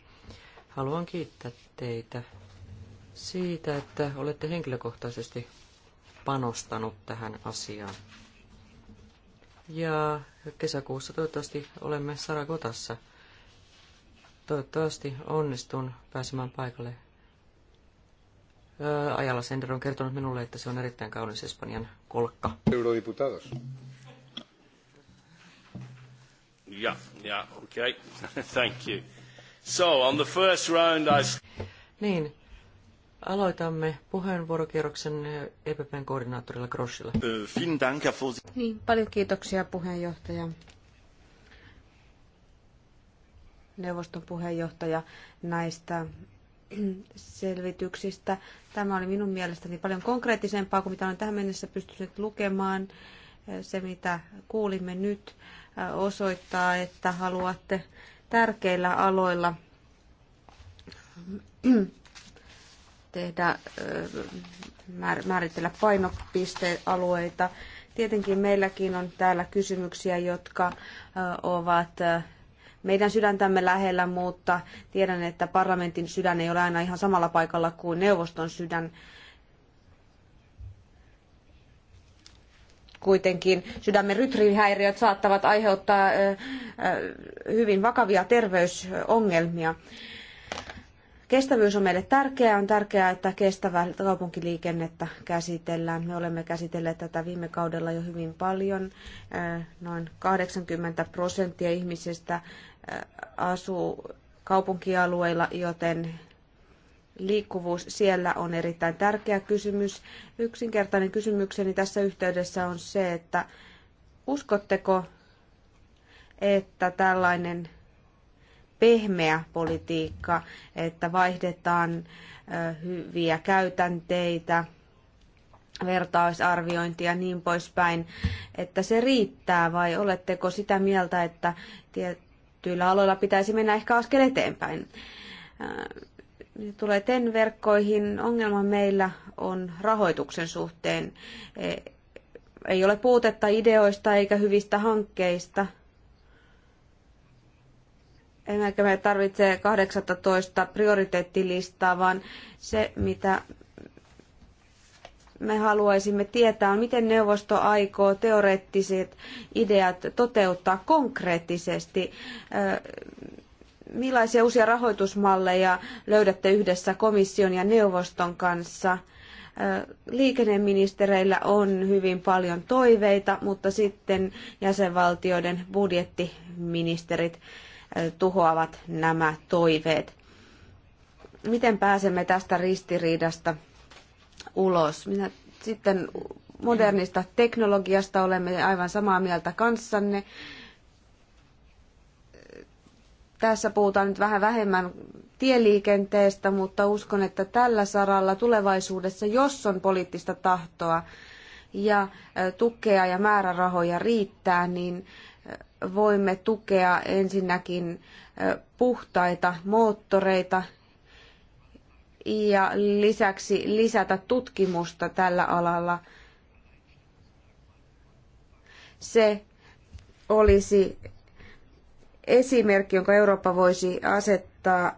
Haluan kiittää teitä siitä, että olette henkilökohtaisesti panostanut tähän asiaan. Ja kesäkuussa toivottavasti olemme Saragotassa. Toivottavasti onnistun pääsemään paikalle. Ajala Sender on kertonut minulle, että se on erittäin kaunis Espanjan kolkka. Eurodiputados. Yeah, yeah, okay. Thank you. So, on the first round I... Niin, Aloitamme puheenvuorokierroksen EPPn eh, e koordinaattorilla Groschilla. Niin, paljon kiitoksia puheenjohtaja. Neuvoston puheenjohtaja näistä selvityksistä. Tämä oli minun mielestäni paljon konkreettisempaa kuin mitä olen tähän mennessä pystynyt lukemaan. Se, mitä kuulimme nyt, osoittaa, että haluatte tärkeillä aloilla tehdä, määritellä painopistealueita. Tietenkin meilläkin on täällä kysymyksiä, jotka ovat meidän sydäntämme lähellä, mutta tiedän, että parlamentin sydän ei ole aina ihan samalla paikalla kuin neuvoston sydän. kuitenkin sydämen rytmihäiriöt saattavat aiheuttaa hyvin vakavia terveysongelmia. Kestävyys on meille tärkeää. On tärkeää, että kestävää kaupunkiliikennettä käsitellään. Me olemme käsitelleet tätä viime kaudella jo hyvin paljon. Noin 80 prosenttia ihmisistä asuu kaupunkialueilla, joten liikkuvuus siellä on erittäin tärkeä kysymys. Yksinkertainen kysymykseni tässä yhteydessä on se, että uskotteko, että tällainen pehmeä politiikka, että vaihdetaan hyviä käytänteitä, vertaisarviointia ja niin poispäin, että se riittää vai oletteko sitä mieltä, että tietyillä aloilla pitäisi mennä ehkä askel eteenpäin? tulee TEN-verkkoihin, ongelma meillä on rahoituksen suhteen. E, ei ole puutetta ideoista eikä hyvistä hankkeista. Emmekä me tarvitse 18 prioriteettilistaa, vaan se, mitä me haluaisimme tietää, on miten neuvosto aikoo teoreettiset ideat toteuttaa konkreettisesti millaisia uusia rahoitusmalleja löydätte yhdessä komission ja neuvoston kanssa? Liikenneministereillä on hyvin paljon toiveita, mutta sitten jäsenvaltioiden budjettiministerit tuhoavat nämä toiveet. Miten pääsemme tästä ristiriidasta ulos? Minä sitten modernista teknologiasta olemme aivan samaa mieltä kanssanne. Tässä puhutaan nyt vähän vähemmän tieliikenteestä, mutta uskon, että tällä saralla tulevaisuudessa, jos on poliittista tahtoa ja tukea ja määrärahoja riittää, niin voimme tukea ensinnäkin puhtaita moottoreita ja lisäksi lisätä tutkimusta tällä alalla. Se olisi esimerkki, jonka Eurooppa voisi asettaa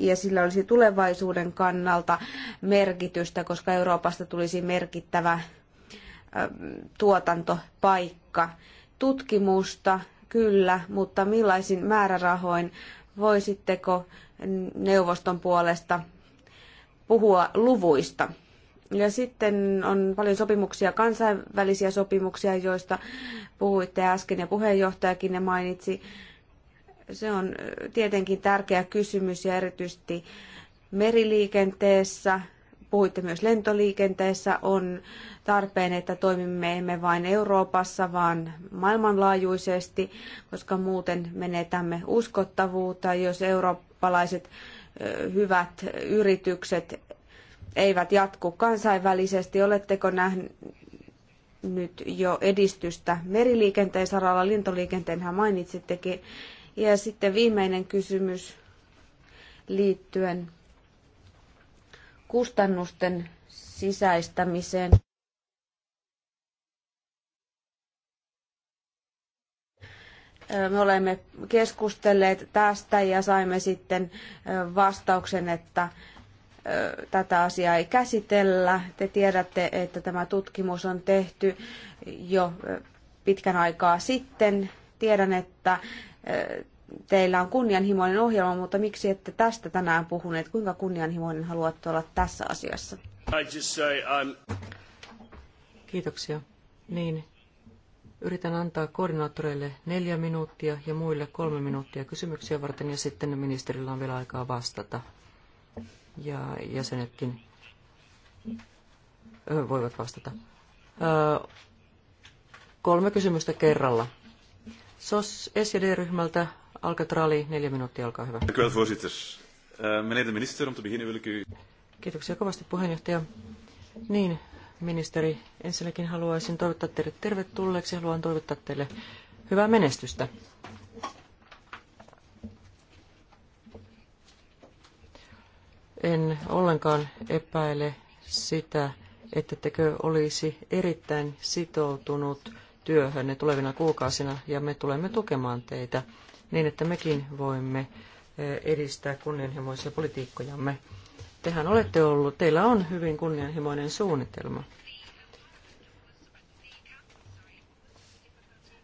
ja sillä olisi tulevaisuuden kannalta merkitystä, koska Euroopasta tulisi merkittävä tuotantopaikka. Tutkimusta kyllä, mutta millaisin määrärahoin voisitteko neuvoston puolesta puhua luvuista? Ja sitten on paljon sopimuksia, kansainvälisiä sopimuksia, joista puhuitte äsken ja puheenjohtajakin ne mainitsi. Se on tietenkin tärkeä kysymys ja erityisesti meriliikenteessä, puhuitte myös lentoliikenteessä, on tarpeen, että toimimme emme vain Euroopassa, vaan maailmanlaajuisesti, koska muuten menetämme uskottavuutta, jos eurooppalaiset hyvät yritykset eivät jatku kansainvälisesti. Oletteko nähnyt jo edistystä meriliikenteen saralla? Lintoliikenteenhän mainitsittekin. Ja sitten viimeinen kysymys liittyen kustannusten sisäistämiseen. Me olemme keskustelleet tästä ja saimme sitten vastauksen, että tätä asiaa ei käsitellä. Te tiedätte, että tämä tutkimus on tehty jo pitkän aikaa sitten. Tiedän, että teillä on kunnianhimoinen ohjelma, mutta miksi ette tästä tänään puhuneet? Kuinka kunnianhimoinen haluatte olla tässä asiassa? Kiitoksia. Niin, yritän antaa koordinaattoreille neljä minuuttia ja muille kolme minuuttia kysymyksiä varten ja sitten ministerillä on vielä aikaa vastata. Ja jäsenetkin voivat vastata. Kolme kysymystä kerralla. SOS SED-ryhmältä Alcatrali, neljä minuuttia, olkaa hyvä. Kiitoksia kovasti puheenjohtaja. Niin, ministeri, ensinnäkin haluaisin toivottaa teille tervetulleeksi. Haluan toivottaa teille hyvää menestystä. En ollenkaan epäile sitä, että tekö olisi erittäin sitoutunut työhönne tulevina kuukausina ja me tulemme tukemaan teitä niin, että mekin voimme eh, edistää kunnianhimoisia politiikkojamme. Tehän olette ollut, teillä on hyvin kunnianhimoinen suunnitelma.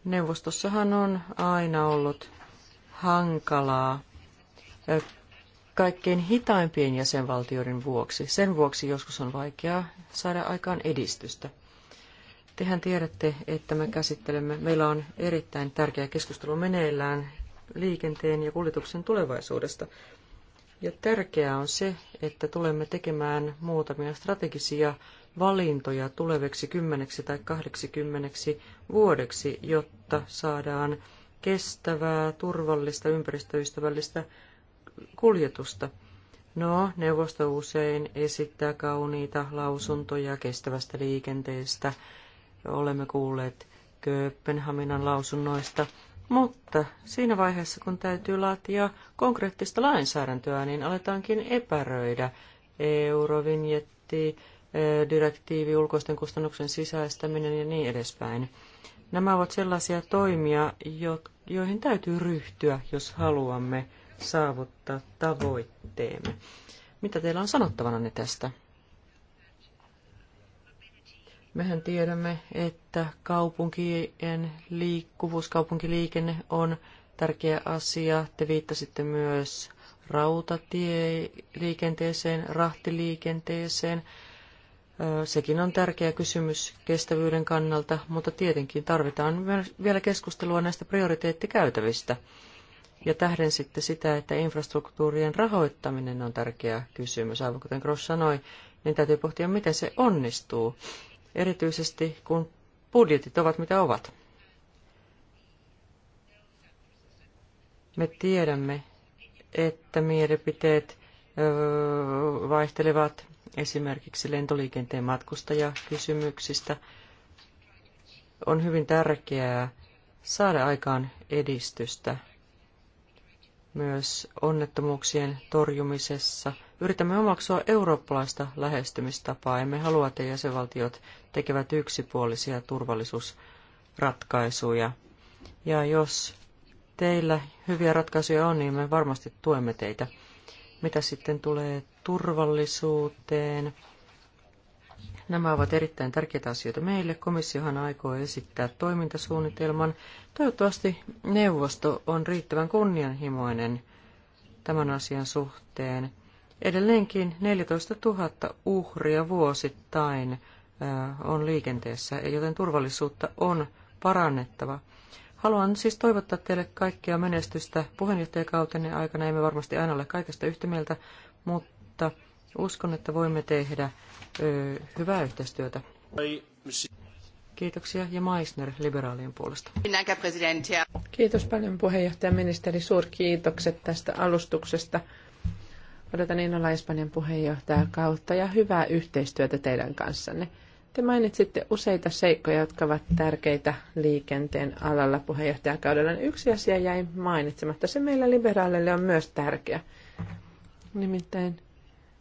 Neuvostossahan on aina ollut hankalaa eh, kaikkein hitaimpien jäsenvaltioiden vuoksi. Sen vuoksi joskus on vaikeaa saada aikaan edistystä. Tehän tiedätte, että me käsittelemme, meillä on erittäin tärkeä keskustelu meneillään liikenteen ja kuljetuksen tulevaisuudesta. Ja tärkeää on se, että tulemme tekemään muutamia strategisia valintoja tuleviksi kymmeneksi tai kahdeksikymmeneksi vuodeksi, jotta saadaan kestävää, turvallista, ympäristöystävällistä kuljetusta. No, neuvosto usein esittää kauniita lausuntoja kestävästä liikenteestä – olemme kuulleet Kööpenhaminan lausunnoista, mutta siinä vaiheessa, kun täytyy laatia konkreettista lainsäädäntöä, niin aletaankin epäröidä eurovinjetti, eh, direktiivi, ulkoisten kustannuksen sisäistäminen ja niin edespäin. Nämä ovat sellaisia toimia, joihin täytyy ryhtyä, jos haluamme saavuttaa tavoitteemme. Mitä teillä on sanottavana ne tästä? Mehän tiedämme, että kaupunkien liikkuvuus, kaupunkiliikenne on tärkeä asia. Te viittasitte myös rautatieliikenteeseen, rahtiliikenteeseen. Sekin on tärkeä kysymys kestävyyden kannalta, mutta tietenkin tarvitaan vielä keskustelua näistä prioriteettikäytävistä. Ja tähden sitten sitä, että infrastruktuurien rahoittaminen on tärkeä kysymys. Aivan kuten Gross sanoi, niin täytyy pohtia, miten se onnistuu erityisesti kun budjetit ovat mitä ovat. Me tiedämme, että mielipiteet vaihtelevat esimerkiksi lentoliikenteen matkustajakysymyksistä. On hyvin tärkeää saada aikaan edistystä myös onnettomuuksien torjumisessa – Yritämme omaksua eurooppalaista lähestymistapaa. Emme halua, että jäsenvaltiot tekevät yksipuolisia turvallisuusratkaisuja. Ja jos teillä hyviä ratkaisuja on, niin me varmasti tuemme teitä. Mitä sitten tulee turvallisuuteen? Nämä ovat erittäin tärkeitä asioita meille. Komissiohan aikoo esittää toimintasuunnitelman. Toivottavasti neuvosto on riittävän kunnianhimoinen tämän asian suhteen. Edelleenkin 14 000 uhria vuosittain äh, on liikenteessä, joten turvallisuutta on parannettava. Haluan siis toivottaa teille kaikkia menestystä puheenjohtajakauten aikana. Emme varmasti aina ole kaikesta yhtä mieltä, mutta uskon, että voimme tehdä ö, hyvää yhteistyötä. Kiitoksia ja Meissner liberaalien puolesta. Kiitos paljon puheenjohtaja ministeri. Suurkiitokset tästä alustuksesta. Odotan innolla Espanjan puheenjohtajan kautta ja hyvää yhteistyötä teidän kanssanne. Te mainitsitte useita seikkoja, jotka ovat tärkeitä liikenteen alalla puheenjohtajakaudella. Yksi asia jäi mainitsematta. Se meillä liberaaleille on myös tärkeä. Nimittäin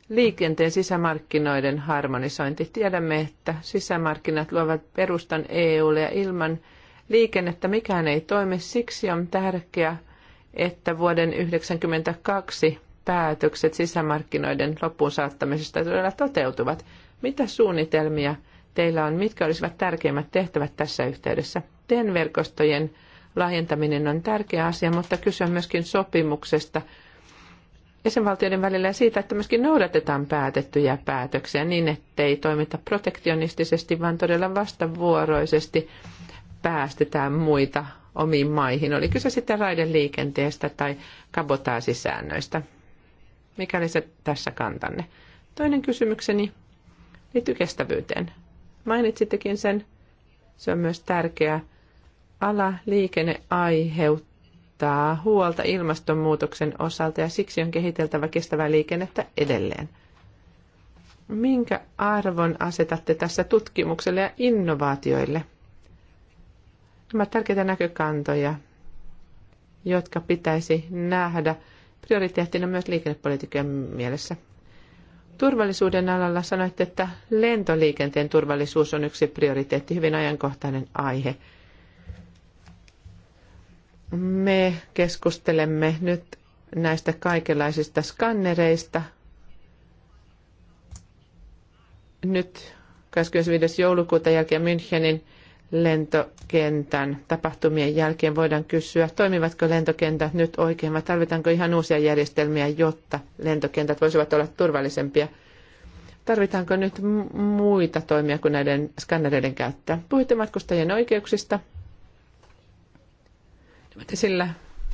liikenteen sisämarkkinoiden harmonisointi. Tiedämme, että sisämarkkinat luovat perustan EUlle ja ilman liikennettä mikään ei toimi. Siksi on tärkeää, että vuoden 1992 päätökset sisämarkkinoiden loppuun saattamisesta todella toteutuvat? Mitä suunnitelmia teillä on? Mitkä olisivat tärkeimmät tehtävät tässä yhteydessä? TEN-verkostojen laajentaminen on tärkeä asia, mutta kyse on myöskin sopimuksesta jäsenvaltioiden välillä ja siitä, että myöskin noudatetaan päätettyjä päätöksiä niin, ettei toimita protektionistisesti, vaan todella vastavuoroisesti päästetään muita omiin maihin. Oli kyse sitten raideliikenteestä tai kabotaasisäännöistä mikäli se tässä kantanne. Toinen kysymykseni liittyy kestävyyteen. Mainitsittekin sen, se on myös tärkeää. Ala liikenne aiheuttaa huolta ilmastonmuutoksen osalta ja siksi on kehiteltävä kestävää liikennettä edelleen. Minkä arvon asetatte tässä tutkimukselle ja innovaatioille? Nämä tärkeitä näkökantoja, jotka pitäisi nähdä – prioriteettina myös liikennepolitiikan mielessä. Turvallisuuden alalla sanoitte, että lentoliikenteen turvallisuus on yksi prioriteetti, hyvin ajankohtainen aihe. Me keskustelemme nyt näistä kaikenlaisista skannereista. Nyt 25. joulukuuta jälkeen Münchenin lentokentän tapahtumien jälkeen voidaan kysyä, toimivatko lentokentät nyt oikein vai tarvitaanko ihan uusia järjestelmiä, jotta lentokentät voisivat olla turvallisempia. Tarvitaanko nyt muita toimia kuin näiden skannereiden käyttöä? Puhuitte matkustajien oikeuksista. Sillä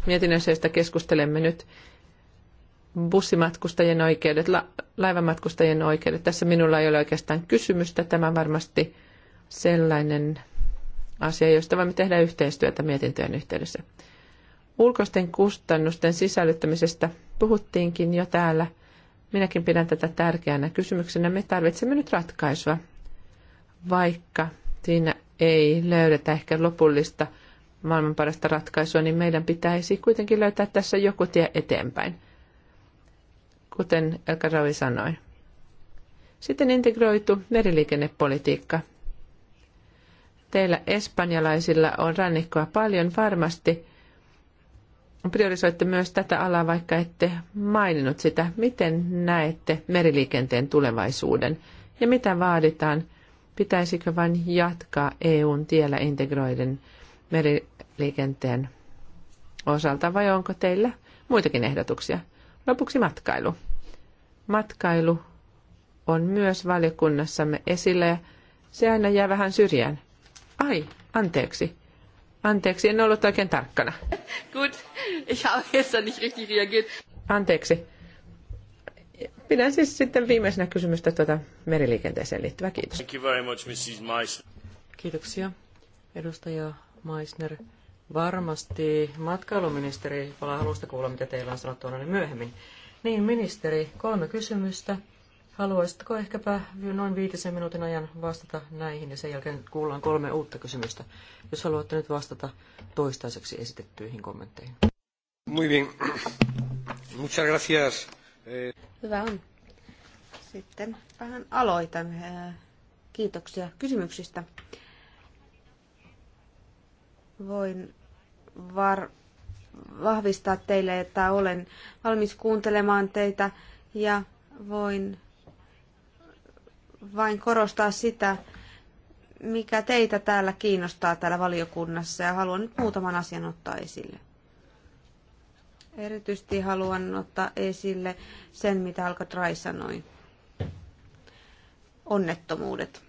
mietinnössä, josta keskustelemme nyt, bussimatkustajien oikeudet, la- laivamatkustajien oikeudet. Tässä minulla ei ole oikeastaan kysymystä. Tämä varmasti sellainen asia, josta voimme tehdä yhteistyötä mietintöjen yhteydessä. Ulkoisten kustannusten sisällyttämisestä puhuttiinkin jo täällä. Minäkin pidän tätä tärkeänä kysymyksenä. Me tarvitsemme nyt ratkaisua, vaikka siinä ei löydetä ehkä lopullista maailman parasta ratkaisua, niin meidän pitäisi kuitenkin löytää tässä joku tie eteenpäin, kuten Elkaravi sanoi. Sitten integroitu meriliikennepolitiikka. Teillä espanjalaisilla on rannikkoa paljon varmasti. Priorisoitte myös tätä alaa, vaikka ette maininnut sitä. Miten näette meriliikenteen tulevaisuuden ja mitä vaaditaan? Pitäisikö vain jatkaa EUn tiellä integroiden meriliikenteen osalta vai onko teillä muitakin ehdotuksia? Lopuksi matkailu. Matkailu on myös valiokunnassamme esillä ja se aina jää vähän syrjään. Ai, anteeksi. Anteeksi, en ollut oikein tarkkana. Gut, ich habe gestern nicht richtig reagiert. Anteeksi. Pidän siis sitten viimeisenä kysymystä tuota meriliikenteeseen liittyvä. Kiitos. Thank you very much, Mrs. Meissner. Kiitoksia, edustaja Meissner. Varmasti matkailuministeri palaa halusta kuulla, mitä teillä on sanottu niin myöhemmin. Niin, ministeri, kolme kysymystä. Haluaisitko ehkäpä noin viitisen minuutin ajan vastata näihin ja sen jälkeen kuullaan kolme uutta kysymystä, jos haluatte nyt vastata toistaiseksi esitettyihin kommentteihin. Muy bien. Muchas gracias. Eh, Hyvä on. Sitten vähän aloitan. Eh, kiitoksia kysymyksistä. Voin var- vahvistaa teille, että olen valmis kuuntelemaan teitä ja voin vain korostaa sitä, mikä teitä täällä kiinnostaa täällä valiokunnassa ja haluan nyt muutaman asian ottaa esille. Erityisesti haluan ottaa esille sen, mitä Alcatraz sanoi. Onnettomuudet.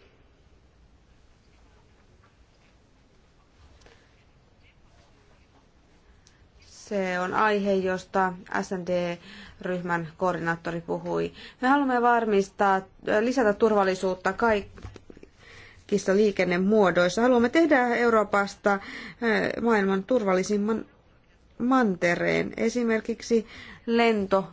Se on aihe, josta SND-ryhmän koordinaattori puhui. Me haluamme varmistaa, lisätä turvallisuutta kaikissa liikennemuodoissa. Haluamme tehdä Euroopasta eh, maailman turvallisimman mantereen. Esimerkiksi lento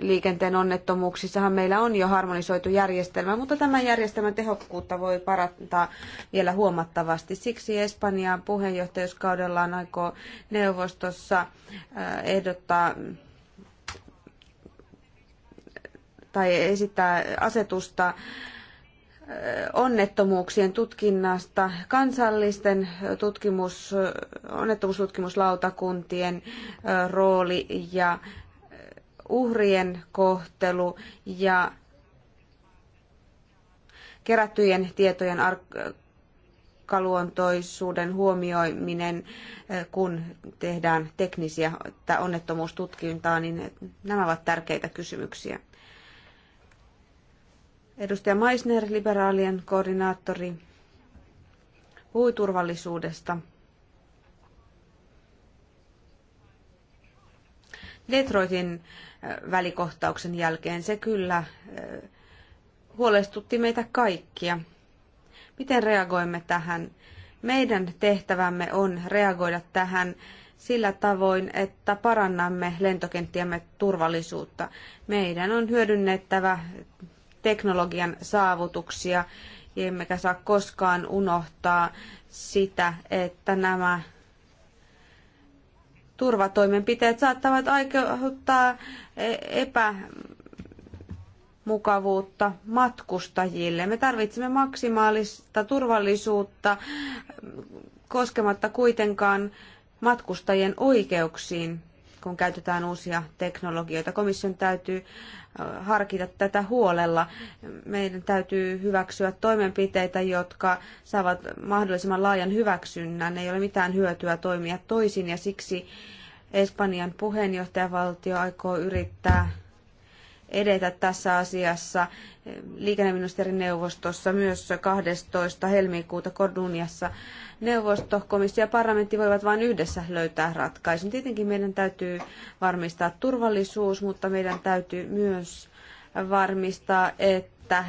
liikenteen onnettomuuksissahan meillä on jo harmonisoitu järjestelmä, mutta tämän järjestelmän tehokkuutta voi parantaa vielä huomattavasti. Siksi Espanjan puheenjohtajuuskaudellaan aikoo neuvostossa äh, ehdottaa tai esittää asetusta äh, onnettomuuksien tutkinnasta kansallisten tutkimus, onnettomuustutkimuslautakuntien äh, rooli ja uhrien kohtelu ja kerättyjen tietojen arkaluontoisuuden huomioiminen, eh, kun tehdään teknisiä onnettomuustutkintaa, niin nämä ovat tärkeitä kysymyksiä. Edustaja Meisner, liberaalien koordinaattori, puhui turvallisuudesta – Detroitin välikohtauksen jälkeen. Se kyllä huolestutti meitä kaikkia. Miten reagoimme tähän? Meidän tehtävämme on reagoida tähän sillä tavoin, että parannamme lentokenttiämme turvallisuutta. Meidän on hyödynnettävä teknologian saavutuksia, emmekä saa koskaan unohtaa sitä, että nämä turvatoimenpiteet saattavat aiheuttaa e- epämukavuutta matkustajille. Me tarvitsemme maksimaalista turvallisuutta koskematta kuitenkaan matkustajien oikeuksiin, kun käytetään uusia teknologioita. Komission täytyy harkita tätä huolella. Meidän täytyy hyväksyä toimenpiteitä, jotka saavat mahdollisimman laajan hyväksynnän. Ei ole mitään hyötyä toimia toisin ja siksi Espanjan puheenjohtajavaltio aikoo yrittää edetä tässä asiassa liikenneministerineuvostossa myös 12. helmikuuta Korduniassa. Neuvosto, komissio ja parlamentti voivat vain yhdessä löytää ratkaisun. Tietenkin meidän täytyy varmistaa turvallisuus, mutta meidän täytyy myös varmistaa, että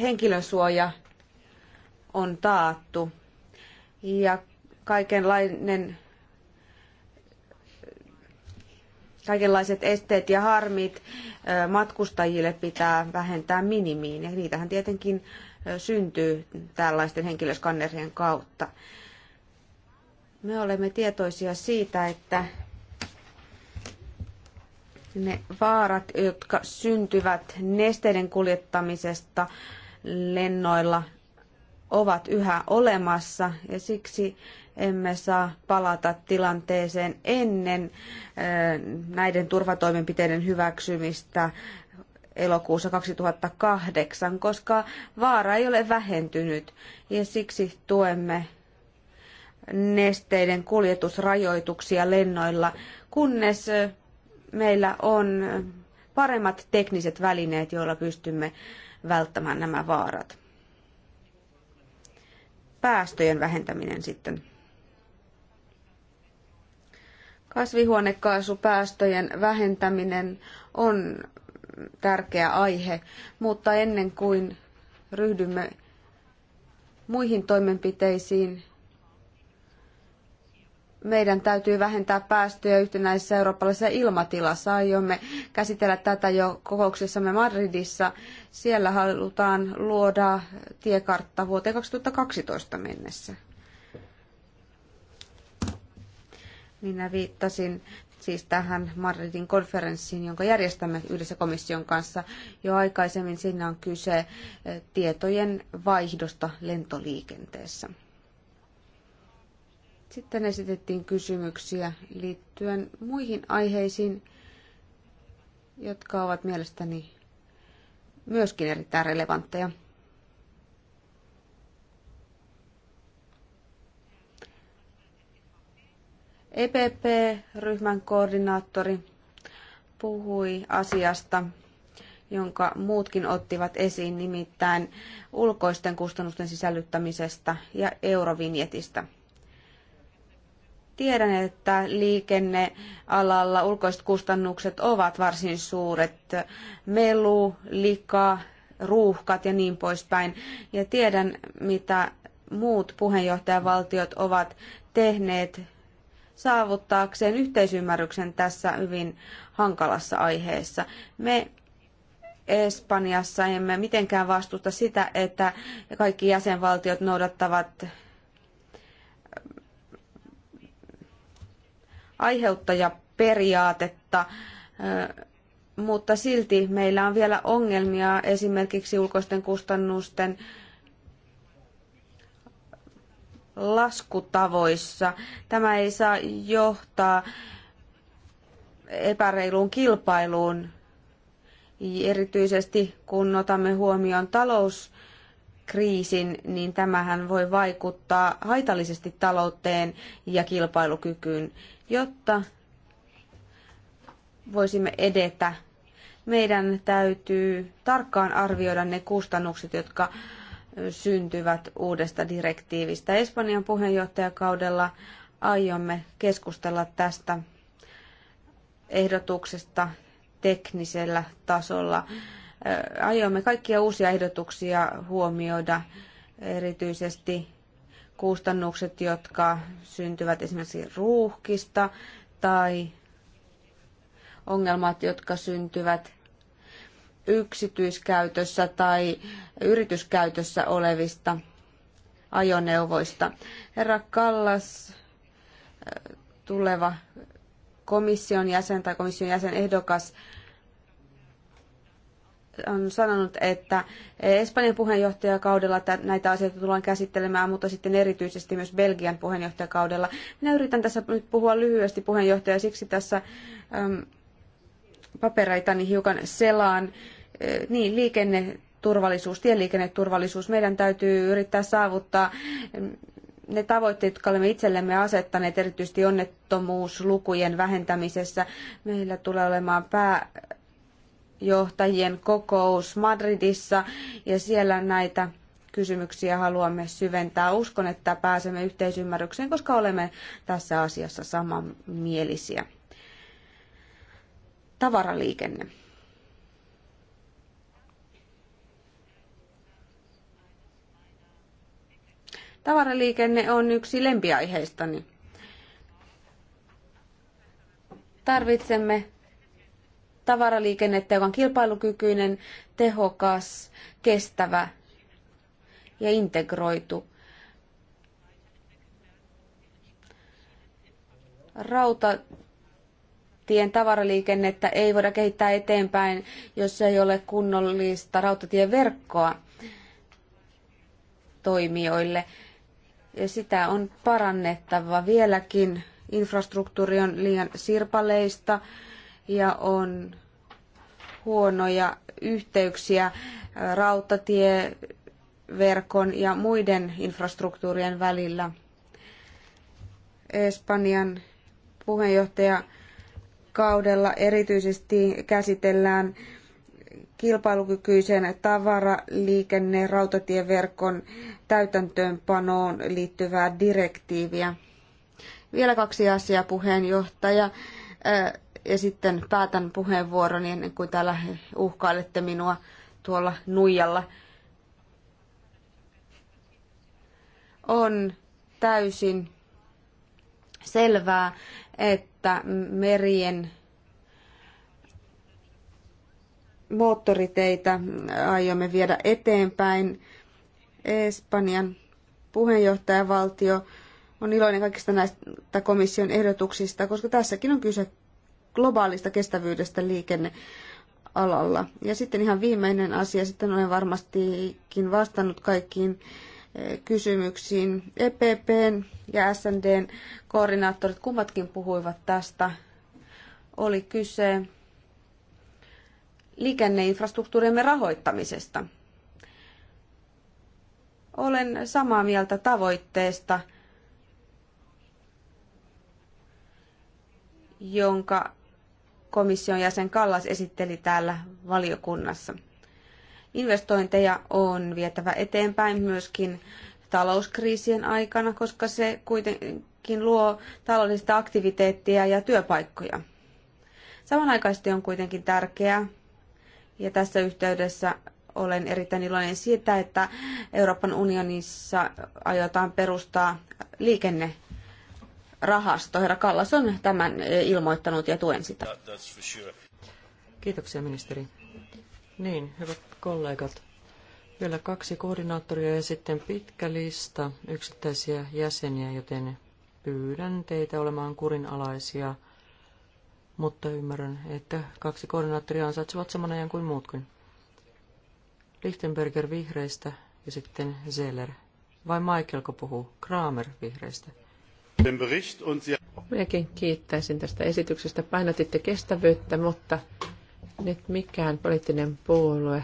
henkilösuoja on taattu ja kaikenlainen kaikenlaiset esteet ja harmit matkustajille pitää vähentää minimiin. Ja niitähän tietenkin syntyy tällaisten henkilöskannerien kautta. Me olemme tietoisia siitä, että ne vaarat, jotka syntyvät nesteiden kuljettamisesta lennoilla, ovat yhä olemassa ja siksi emme saa palata tilanteeseen ennen eh, näiden turvatoimenpiteiden hyväksymistä elokuussa 2008, koska vaara ei ole vähentynyt ja siksi tuemme nesteiden kuljetusrajoituksia lennoilla, kunnes eh, meillä on paremmat tekniset välineet, joilla pystymme välttämään nämä vaarat päästöjen vähentäminen sitten? Kasvihuonekaasupäästöjen vähentäminen on tärkeä aihe, mutta ennen kuin ryhdymme muihin toimenpiteisiin, meidän täytyy vähentää päästöjä yhtenäisessä eurooppalaisessa ilmatilassa. Aiomme käsitellä tätä jo kokouksessamme Madridissa. Siellä halutaan luoda tiekartta vuoteen 2012 mennessä. Minä viittasin siis tähän Madridin konferenssiin, jonka järjestämme yhdessä komission kanssa jo aikaisemmin. Siinä on kyse eh, tietojen vaihdosta lentoliikenteessä. Sitten esitettiin kysymyksiä liittyen muihin aiheisiin, jotka ovat mielestäni myöskin erittäin relevantteja. EPP-ryhmän koordinaattori puhui asiasta, jonka muutkin ottivat esiin, nimittäin ulkoisten kustannusten sisällyttämisestä ja eurovinjetistä. Tiedän, että liikennealalla ulkoiset kustannukset ovat varsin suuret. Melu, lika, ruuhkat ja niin poispäin. Ja tiedän, mitä muut puheenjohtajavaltiot ovat tehneet saavuttaakseen yhteisymmärryksen tässä hyvin hankalassa aiheessa. Me Espanjassa emme mitenkään vastusta sitä, että kaikki jäsenvaltiot noudattavat aiheuttajaperiaatetta, mutta silti meillä on vielä ongelmia esimerkiksi ulkoisten kustannusten laskutavoissa. Tämä ei saa johtaa epäreiluun kilpailuun, erityisesti kun otamme huomioon talous- kriisin, niin tämähän voi vaikuttaa haitallisesti talouteen ja kilpailukykyyn, jotta voisimme edetä. Meidän täytyy tarkkaan arvioida ne kustannukset, jotka syntyvät uudesta direktiivistä. Espanjan puheenjohtajakaudella aiomme keskustella tästä ehdotuksesta teknisellä tasolla. Mm aiomme kaikkia uusia ehdotuksia huomioida, erityisesti kustannukset, jotka syntyvät esimerkiksi ruuhkista tai ongelmat, jotka syntyvät yksityiskäytössä tai yrityskäytössä olevista ajoneuvoista. Herra Kallas, tuleva komission jäsen tai komission jäsenehdokas ehdokas on sanonut, että Espanjan puheenjohtajakaudella näitä asioita tullaan käsittelemään, mutta sitten erityisesti myös Belgian puheenjohtajakaudella. Minä yritän tässä nyt puhua lyhyesti puheenjohtaja, siksi tässä äm, papereitani hiukan selaan. Niin, liikenne turvallisuus, tieliikenneturvallisuus. Meidän täytyy yrittää saavuttaa ne tavoitteet, jotka olemme itsellemme asettaneet, erityisesti onnettomuuslukujen vähentämisessä. Meillä tulee olemaan pää, johtajien kokous Madridissa ja siellä näitä kysymyksiä haluamme syventää. Uskon, että pääsemme yhteisymmärrykseen, koska olemme tässä asiassa samanmielisiä. Tavaraliikenne. Tavaraliikenne on yksi lempiaiheistani. Tarvitsemme tavaraliikennettä, joka on kilpailukykyinen, tehokas, kestävä ja integroitu. Rautatien tavaraliikennettä ei voida kehittää eteenpäin, jos ei ole kunnollista rautatieverkkoa toimijoille. Ja sitä on parannettava vieläkin. Infrastruktuuri on liian sirpaleista ja on huonoja yhteyksiä rautatieverkon ja muiden infrastruktuurien välillä. Espanjan puheenjohtajakaudella erityisesti käsitellään kilpailukykyisen tavaraliikenne rautatieverkon täytäntöönpanoon liittyvää direktiiviä. Vielä kaksi asiaa puheenjohtaja ja sitten päätän puheenvuoroni ennen kuin täällä uhkailette minua tuolla nuijalla. On täysin selvää, että merien moottoriteitä aiomme viedä eteenpäin. Espanjan puheenjohtajavaltio on iloinen kaikista näistä komission ehdotuksista, koska tässäkin on kyse globaalista kestävyydestä liikenne alalla. Ja sitten ihan viimeinen asia, sitten olen varmastikin vastannut kaikkiin eh, kysymyksiin. EPP ja SNDn koordinaattorit kummatkin puhuivat tästä. Oli kyse liikenneinfrastruktuurimme rahoittamisesta. Olen samaa mieltä tavoitteesta, jonka komission jäsen Kallas esitteli täällä valiokunnassa. Investointeja on vietävä eteenpäin myöskin talouskriisien aikana, koska se kuitenkin luo taloudellista aktiviteettia ja työpaikkoja. Samanaikaisesti on kuitenkin tärkeää, ja tässä yhteydessä olen erittäin iloinen siitä, että Euroopan unionissa aiotaan perustaa liikenne rahasto. Herra Kallas on tämän e, ilmoittanut ja tuen sitä. Kiitoksia ministeri. Niin, hyvät kollegat. Vielä kaksi koordinaattoria ja sitten pitkä lista yksittäisiä jäseniä, joten pyydän teitä olemaan kurinalaisia, mutta ymmärrän, että kaksi koordinaattoria ansaitsevat saman ajan kuin muutkin. Lichtenberger vihreistä ja sitten Zeller. Vai Michaelko puhuu? Kramer vihreistä. Minäkin kiittäisin tästä esityksestä. Painotitte kestävyyttä, mutta nyt mikään poliittinen puolue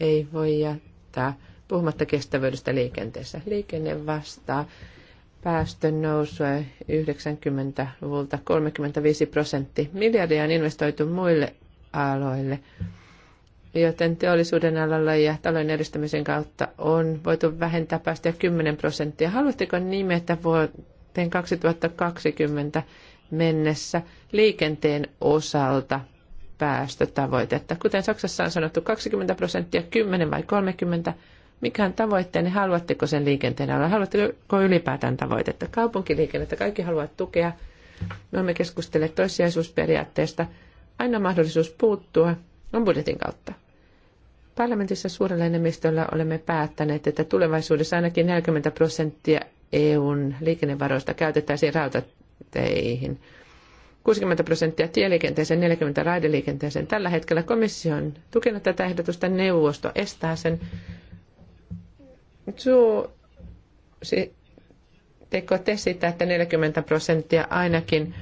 ei voi jättää puhumatta kestävyydestä liikenteessä. Liikenne vastaa päästön nousua 90-luvulta 35 prosenttia. Miljardia on investoitu muille aloille, joten teollisuuden alalla ja talouden edistämisen kautta on voitu vähentää päästöjä 10 prosenttia. Haluatteko nimetä vuotta? vuoteen 2020 mennessä liikenteen osalta päästötavoitetta. Kuten Saksassa on sanottu, 20 prosenttia, 10 vai 30, mikä on tavoitteenne, niin haluatteko sen liikenteen alla, haluatteko ylipäätään tavoitetta. Kaupunkiliikennettä kaikki haluavat tukea. Me olemme keskustelleet toissijaisuusperiaatteesta. Aina mahdollisuus puuttua on budjetin kautta. Parlamentissa suurella enemmistöllä olemme päättäneet, että tulevaisuudessa ainakin 40 prosenttia EUn liikennevaroista käytettäisiin rautateihin. 60 prosenttia tieliikenteeseen, 40 raideliikenteeseen. Tällä hetkellä komissio on tukenut tätä ehdotusta, neuvosto estää sen. teko te sitä, että 40 prosenttia ainakin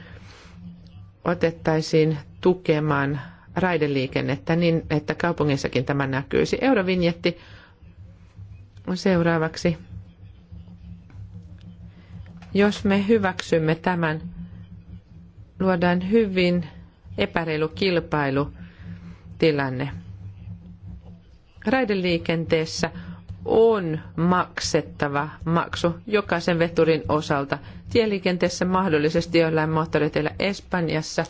otettaisiin tukemaan raideliikennettä niin, että kaupungissakin tämä näkyisi. Eurovinjetti on seuraavaksi jos me hyväksymme tämän, luodaan hyvin epäreilu kilpailutilanne. Raideliikenteessä on maksettava maksu jokaisen veturin osalta. Tieliikenteessä mahdollisesti jollain moottoriteillä Espanjassa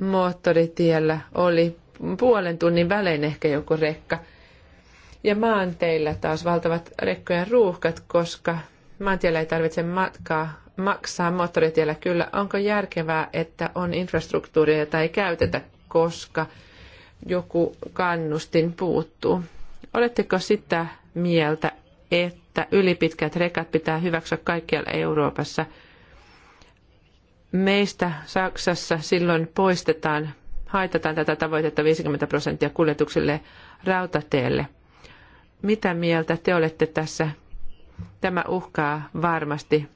moottoritiellä oli puolen tunnin välein ehkä joku rekka – ja maanteillä taas valtavat rekkojen ruuhkat, koska maantiellä ei tarvitse matkaa maksaa, moottoritiellä kyllä. Onko järkevää, että on infrastruktuuria, jota ei käytetä, koska joku kannustin puuttuu? Oletteko sitä mieltä, että ylipitkät rekat pitää hyväksyä kaikkialla Euroopassa? Meistä Saksassa silloin poistetaan, haitataan tätä tavoitetta 50 prosenttia kuljetuksille rautateelle – mitä mieltä te olette tässä? Tämä uhkaa varmasti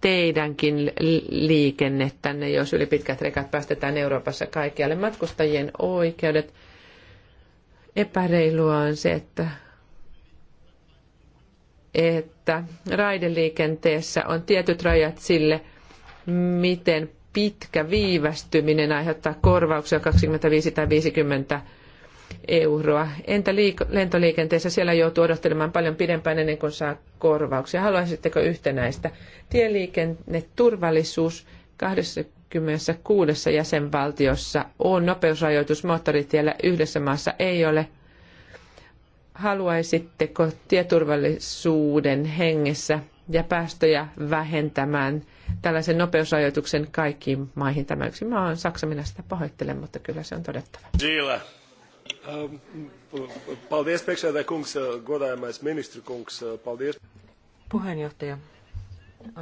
teidänkin liikennettänne, jos pitkät rekat päästetään Euroopassa kaikkialle. Matkustajien oikeudet. Epäreilua on se, että, että raideliikenteessä on tietyt rajat sille, miten pitkä viivästyminen aiheuttaa korvauksia 25 tai 50 euroa. Entä lentoliikenteessä siellä joutuu odottelemaan paljon pidempään ennen kuin saa korvauksia? Haluaisitteko yhtenäistä? Tieliikenneturvallisuus 26 jäsenvaltiossa on nopeusrajoitus moottoritiellä yhdessä maassa ei ole. Haluaisitteko tieturvallisuuden hengessä ja päästöjä vähentämään tällaisen nopeusrajoituksen kaikkiin maihin. Tämä yksi maa on Saksa, minä sitä pahoittelen, mutta kyllä se on todettava. Siellä. Um, paldies, priekšsēdē kungs, uh, godājamais ministri kungs, uh, paldies. Puheenjohtaja,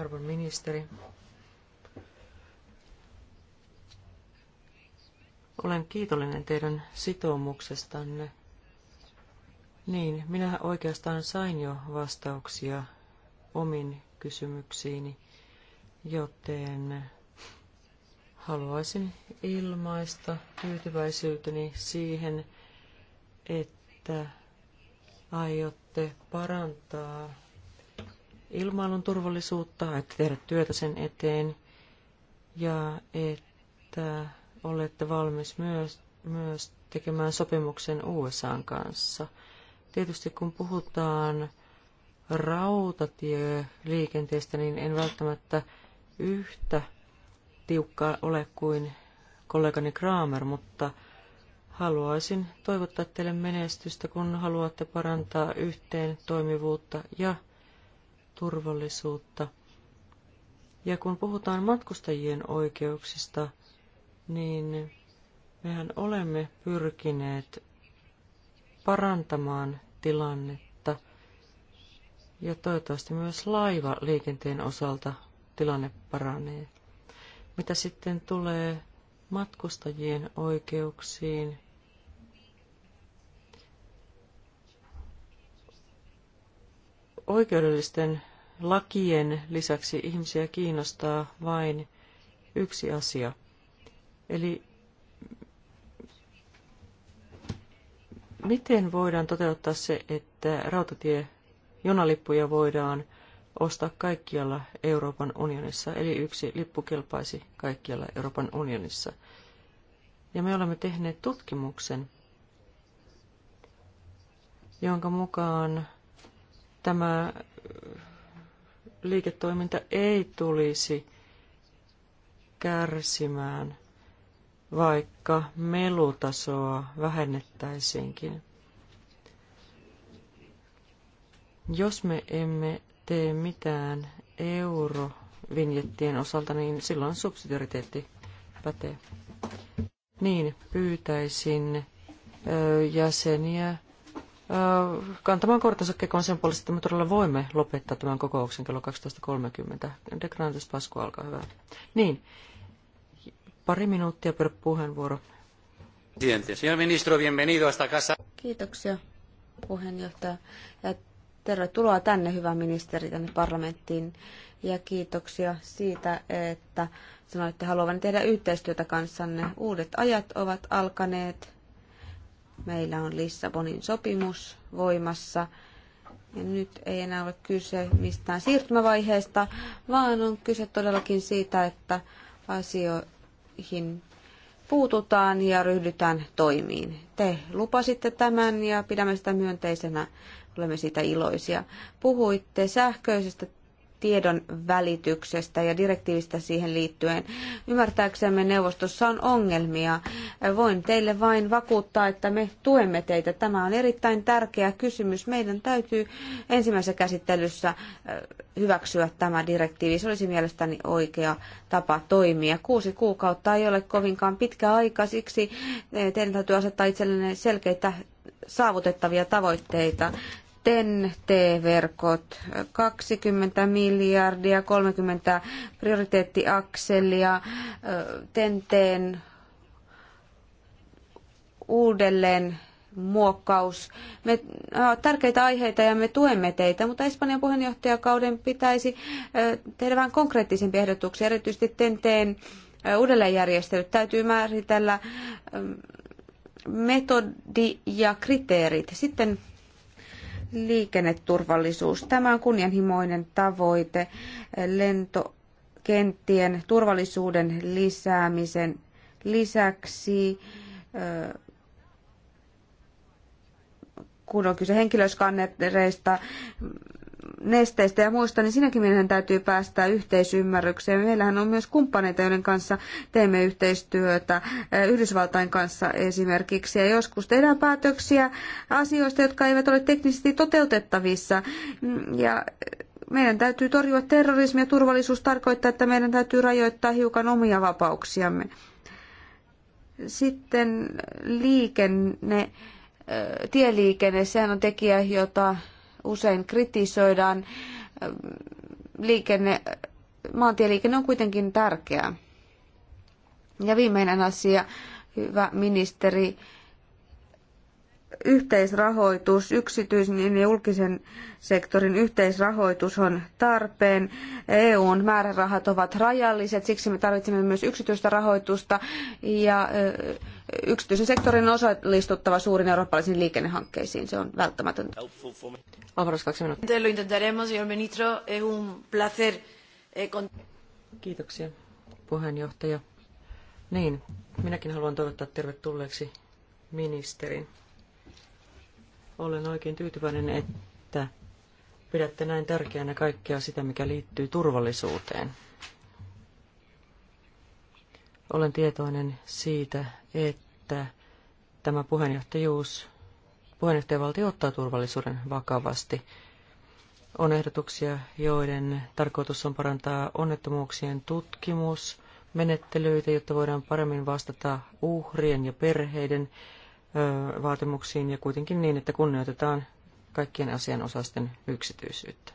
arvon ministeri. Olen kiitollinen teidän sitoumuksestanne. Niin, minä oikeastaan sain jo vastauksia omin kysymyksiini, joten haluaisin ilmaista tyytyväisyyteni siihen, että aiotte parantaa ilmailun turvallisuutta, että tehdä työtä sen eteen ja että olette valmis myös, myös tekemään sopimuksen USAn kanssa. Tietysti kun puhutaan rautatieliikenteestä, niin en välttämättä yhtä tiukka ole kuin kollegani Kramer, mutta Haluaisin toivottaa teille menestystä, kun haluatte parantaa yhteen toimivuutta ja turvallisuutta. Ja kun puhutaan matkustajien oikeuksista, niin mehän olemme pyrkineet parantamaan tilannetta. Ja toivottavasti myös laiva liikenteen osalta tilanne paranee. Mitä sitten tulee matkustajien oikeuksiin, oikeudellisten lakien lisäksi ihmisiä kiinnostaa vain yksi asia. Eli miten voidaan toteuttaa se, että rautatie junalippuja voidaan ostaa kaikkialla Euroopan unionissa, eli yksi lippu kelpaisi kaikkialla Euroopan unionissa. Ja me olemme tehneet tutkimuksen, jonka mukaan tämä liiketoiminta ei tulisi kärsimään, vaikka melutasoa vähennettäisiinkin. Jos me emme tee mitään eurovinjettien osalta, niin silloin subsidiariteetti pätee. Niin, pyytäisin jäseniä kantamaan kortensa kekoon sen puolesta, että me todella voimme lopettaa tämän kokouksen kello 12.30. De Grandes Pasku, alkaa hyvä. Niin, pari minuuttia per puheenvuoro. ministro, bienvenido a esta casa. Kiitoksia puheenjohtaja. Ja tervetuloa tänne, hyvä ministeri, tänne parlamenttiin. Ja kiitoksia siitä, että sanoitte haluavan tehdä yhteistyötä kanssanne. Uudet ajat ovat alkaneet Meillä on Lissabonin sopimus voimassa. Ja nyt ei enää ole kyse mistään siirtymävaiheesta, vaan on kyse todellakin siitä, että asioihin puututaan ja ryhdytään toimiin. Te lupasitte tämän ja pidämme sitä myönteisenä. Olemme siitä iloisia. Puhuitte sähköisestä tiedon välityksestä ja direktiivistä siihen liittyen. Ymmärtääksemme neuvostossa on ongelmia. Voin teille vain vakuuttaa, että me tuemme teitä. Tämä on erittäin tärkeä kysymys. Meidän täytyy ensimmäisessä käsittelyssä eh, hyväksyä tämä direktiivi. Se olisi mielestäni oikea tapa toimia. Kuusi kuukautta ei ole kovinkaan pitkä aika, siksi eh, teidän täytyy asettaa itsellenne selkeitä saavutettavia tavoitteita. TEN-T-verkot, 20 miljardia, 30 prioriteettiakselia, TEN-Tn uudelleen muokkaus. Me ovat tärkeitä aiheita ja me tuemme teitä, mutta Espanjan puheenjohtajakauden pitäisi tehdä vähän konkreettisempia ehdotuksia, erityisesti TEN-Tn uudelleenjärjestelyt. Täytyy määritellä metodi ja kriteerit. Sitten liikenneturvallisuus. Tämä on kunnianhimoinen tavoite lentokenttien turvallisuuden lisäämisen lisäksi, kun on kyse henkilöskannereista, nesteistä ja muista, niin siinäkin meidän täytyy päästä yhteisymmärrykseen. Meillähän on myös kumppaneita, joiden kanssa teemme yhteistyötä, eh, Yhdysvaltain kanssa esimerkiksi. Ja joskus tehdään päätöksiä asioista, jotka eivät ole teknisesti toteutettavissa. Mm, ja eh, meidän täytyy torjua terrorismia ja turvallisuus tarkoittaa, että meidän täytyy rajoittaa hiukan omia vapauksiamme. Sitten liikenne, eh, tieliikenne, sehän on tekijä, jota usein kritisoidaan. Liikenne, maantieliikenne on kuitenkin tärkeää. Ja viimeinen asia, hyvä ministeri, yhteisrahoitus, yksityisen ja julkisen sektorin yhteisrahoitus on tarpeen. EUn määrärahat ovat rajalliset, siksi me tarvitsemme myös yksityistä rahoitusta ja yksityisen sektorin osallistuttava suurin eurooppalaisiin liikennehankkeisiin. Se on välttämätöntä. Alvaros, kaksi minuuttia. Lo intentaremos, señor ministro. Es un placer. Eh, Kiitoksia, puheenjohtaja. Niin, minäkin haluan toivottaa tervetulleeksi ministerin. Olen oikein tyytyväinen, että pidätte näin tärkeänä kaikkea sitä, mikä liittyy turvallisuuteen. Olen tietoinen siitä, että tämä puheenjohtajuus, puheenjohtajavaltio ottaa turvallisuuden vakavasti. On ehdotuksia, joiden tarkoitus on parantaa onnettomuuksien tutkimus, menettelyitä, jotta voidaan paremmin vastata uhrien ja perheiden vaatimuksiin ja kuitenkin niin, että kunnioitetaan kaikkien asianosaisten yksityisyyttä.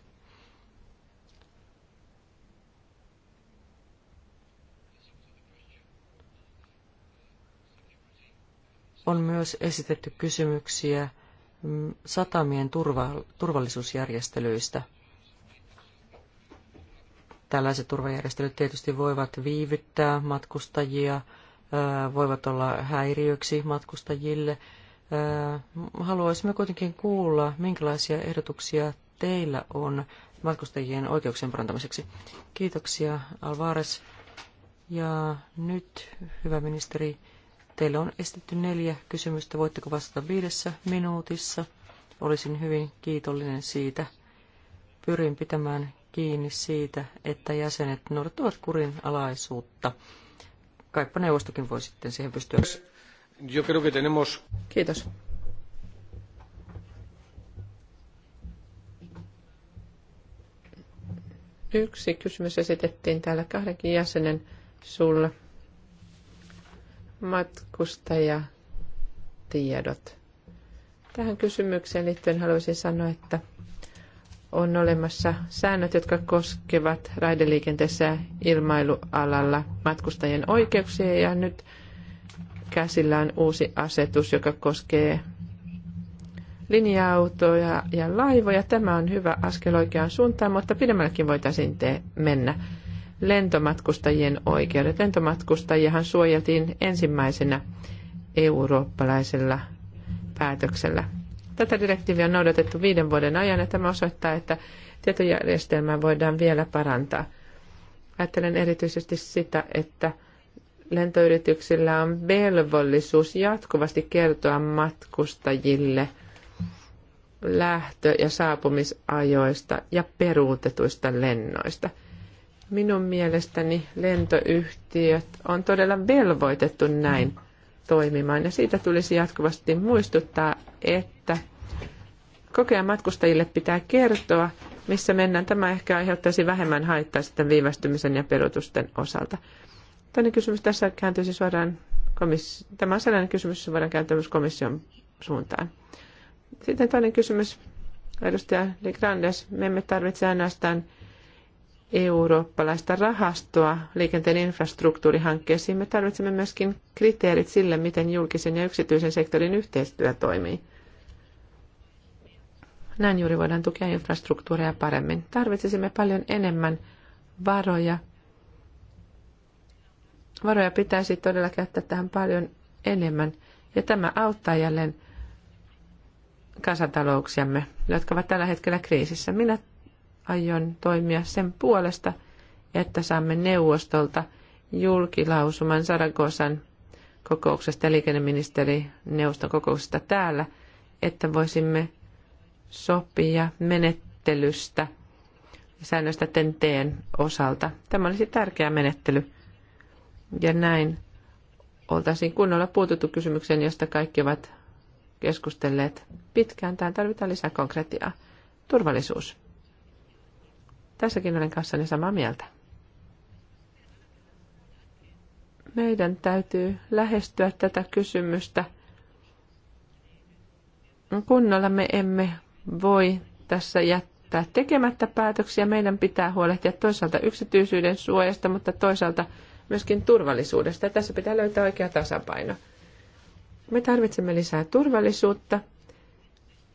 On myös esitetty kysymyksiä mm, satamien turva- turvallisuusjärjestelyistä. Tällaiset turvajärjestelyt tietysti voivat viivyttää matkustajia, Äh, voivat olla häiriöksi matkustajille. Äh, haluaisimme kuitenkin kuulla, minkälaisia ehdotuksia teillä on matkustajien oikeuksien parantamiseksi. Kiitoksia, Alvarez. Ja nyt, hyvä ministeri, teille on estetty neljä kysymystä. Voitteko vastata viidessä minuutissa? Olisin hyvin kiitollinen siitä. Pyrin pitämään kiinni siitä, että jäsenet noudattavat kurinalaisuutta. alaisuutta kaipa neuvostokin voi sitten siihen pystyä. Yo creo que tenemos... Kiitos. Yksi kysymys esitettiin täällä kahdenkin jäsenen sulla. Matkustajatiedot. Tähän kysymykseen liittyen haluaisin sanoa, että – on olemassa säännöt, jotka koskevat raideliikenteessä ja ilmailualalla matkustajien oikeuksia ja nyt käsillä on uusi asetus, joka koskee linja-autoja ja laivoja. Tämä on hyvä askel oikeaan suuntaan, mutta pidemmällekin voitaisiin te- mennä. Lentomatkustajien oikeudet. Lentomatkustajiahan suojeltiin ensimmäisenä eurooppalaisella päätöksellä. Tätä direktiiviä on noudatettu viiden vuoden ajan ja tämä osoittaa, että tietojärjestelmää voidaan vielä parantaa. Ajattelen erityisesti sitä, että lentoyrityksillä on velvollisuus jatkuvasti kertoa matkustajille lähtö- ja saapumisajoista ja peruutetuista lennoista. Minun mielestäni lentoyhtiöt on todella velvoitettu näin toimimaan. Ja siitä tulisi jatkuvasti muistuttaa, että kokea matkustajille pitää kertoa, missä mennään. Tämä ehkä aiheuttaisi vähemmän haittaa sitten viivästymisen ja peruutusten osalta. Toinen kysymys tässä kääntyisi suoraan komissi- Tämä on sellainen kysymys, jossa voidaan kääntyä myös komission suuntaan. Sitten toinen kysymys, edustaja Ligrandes. Me emme tarvitse ainoastaan eurooppalaista rahastoa liikenteen infrastruktuurihankkeisiin, me tarvitsemme myöskin kriteerit sille, miten julkisen ja yksityisen sektorin yhteistyö toimii. Näin juuri voidaan tukea infrastruktuuria paremmin. Tarvitsisimme paljon enemmän varoja. Varoja pitäisi todella käyttää tähän paljon enemmän. Ja tämä auttaa jälleen kansantalouksiamme, jotka ovat tällä hetkellä kriisissä. Minä aion toimia sen puolesta, että saamme neuvostolta julkilausuman Saragosan kokouksesta ja liikenneministerineuvoston kokouksesta täällä, että voisimme sopia menettelystä ja säännöstä tenteen osalta. Tämä olisi tärkeä menettely. Ja näin oltaisiin kunnolla puututtu kysymykseen, josta kaikki ovat keskustelleet pitkään. Tähän tarvitaan lisää konkretiaa. Turvallisuus. Tässäkin olen kanssani samaa mieltä. Meidän täytyy lähestyä tätä kysymystä. Kunnolla me emme voi tässä jättää tekemättä päätöksiä. Meidän pitää huolehtia toisaalta yksityisyyden suojasta, mutta toisaalta myöskin turvallisuudesta. Ja tässä pitää löytää oikea tasapaino. Me tarvitsemme lisää turvallisuutta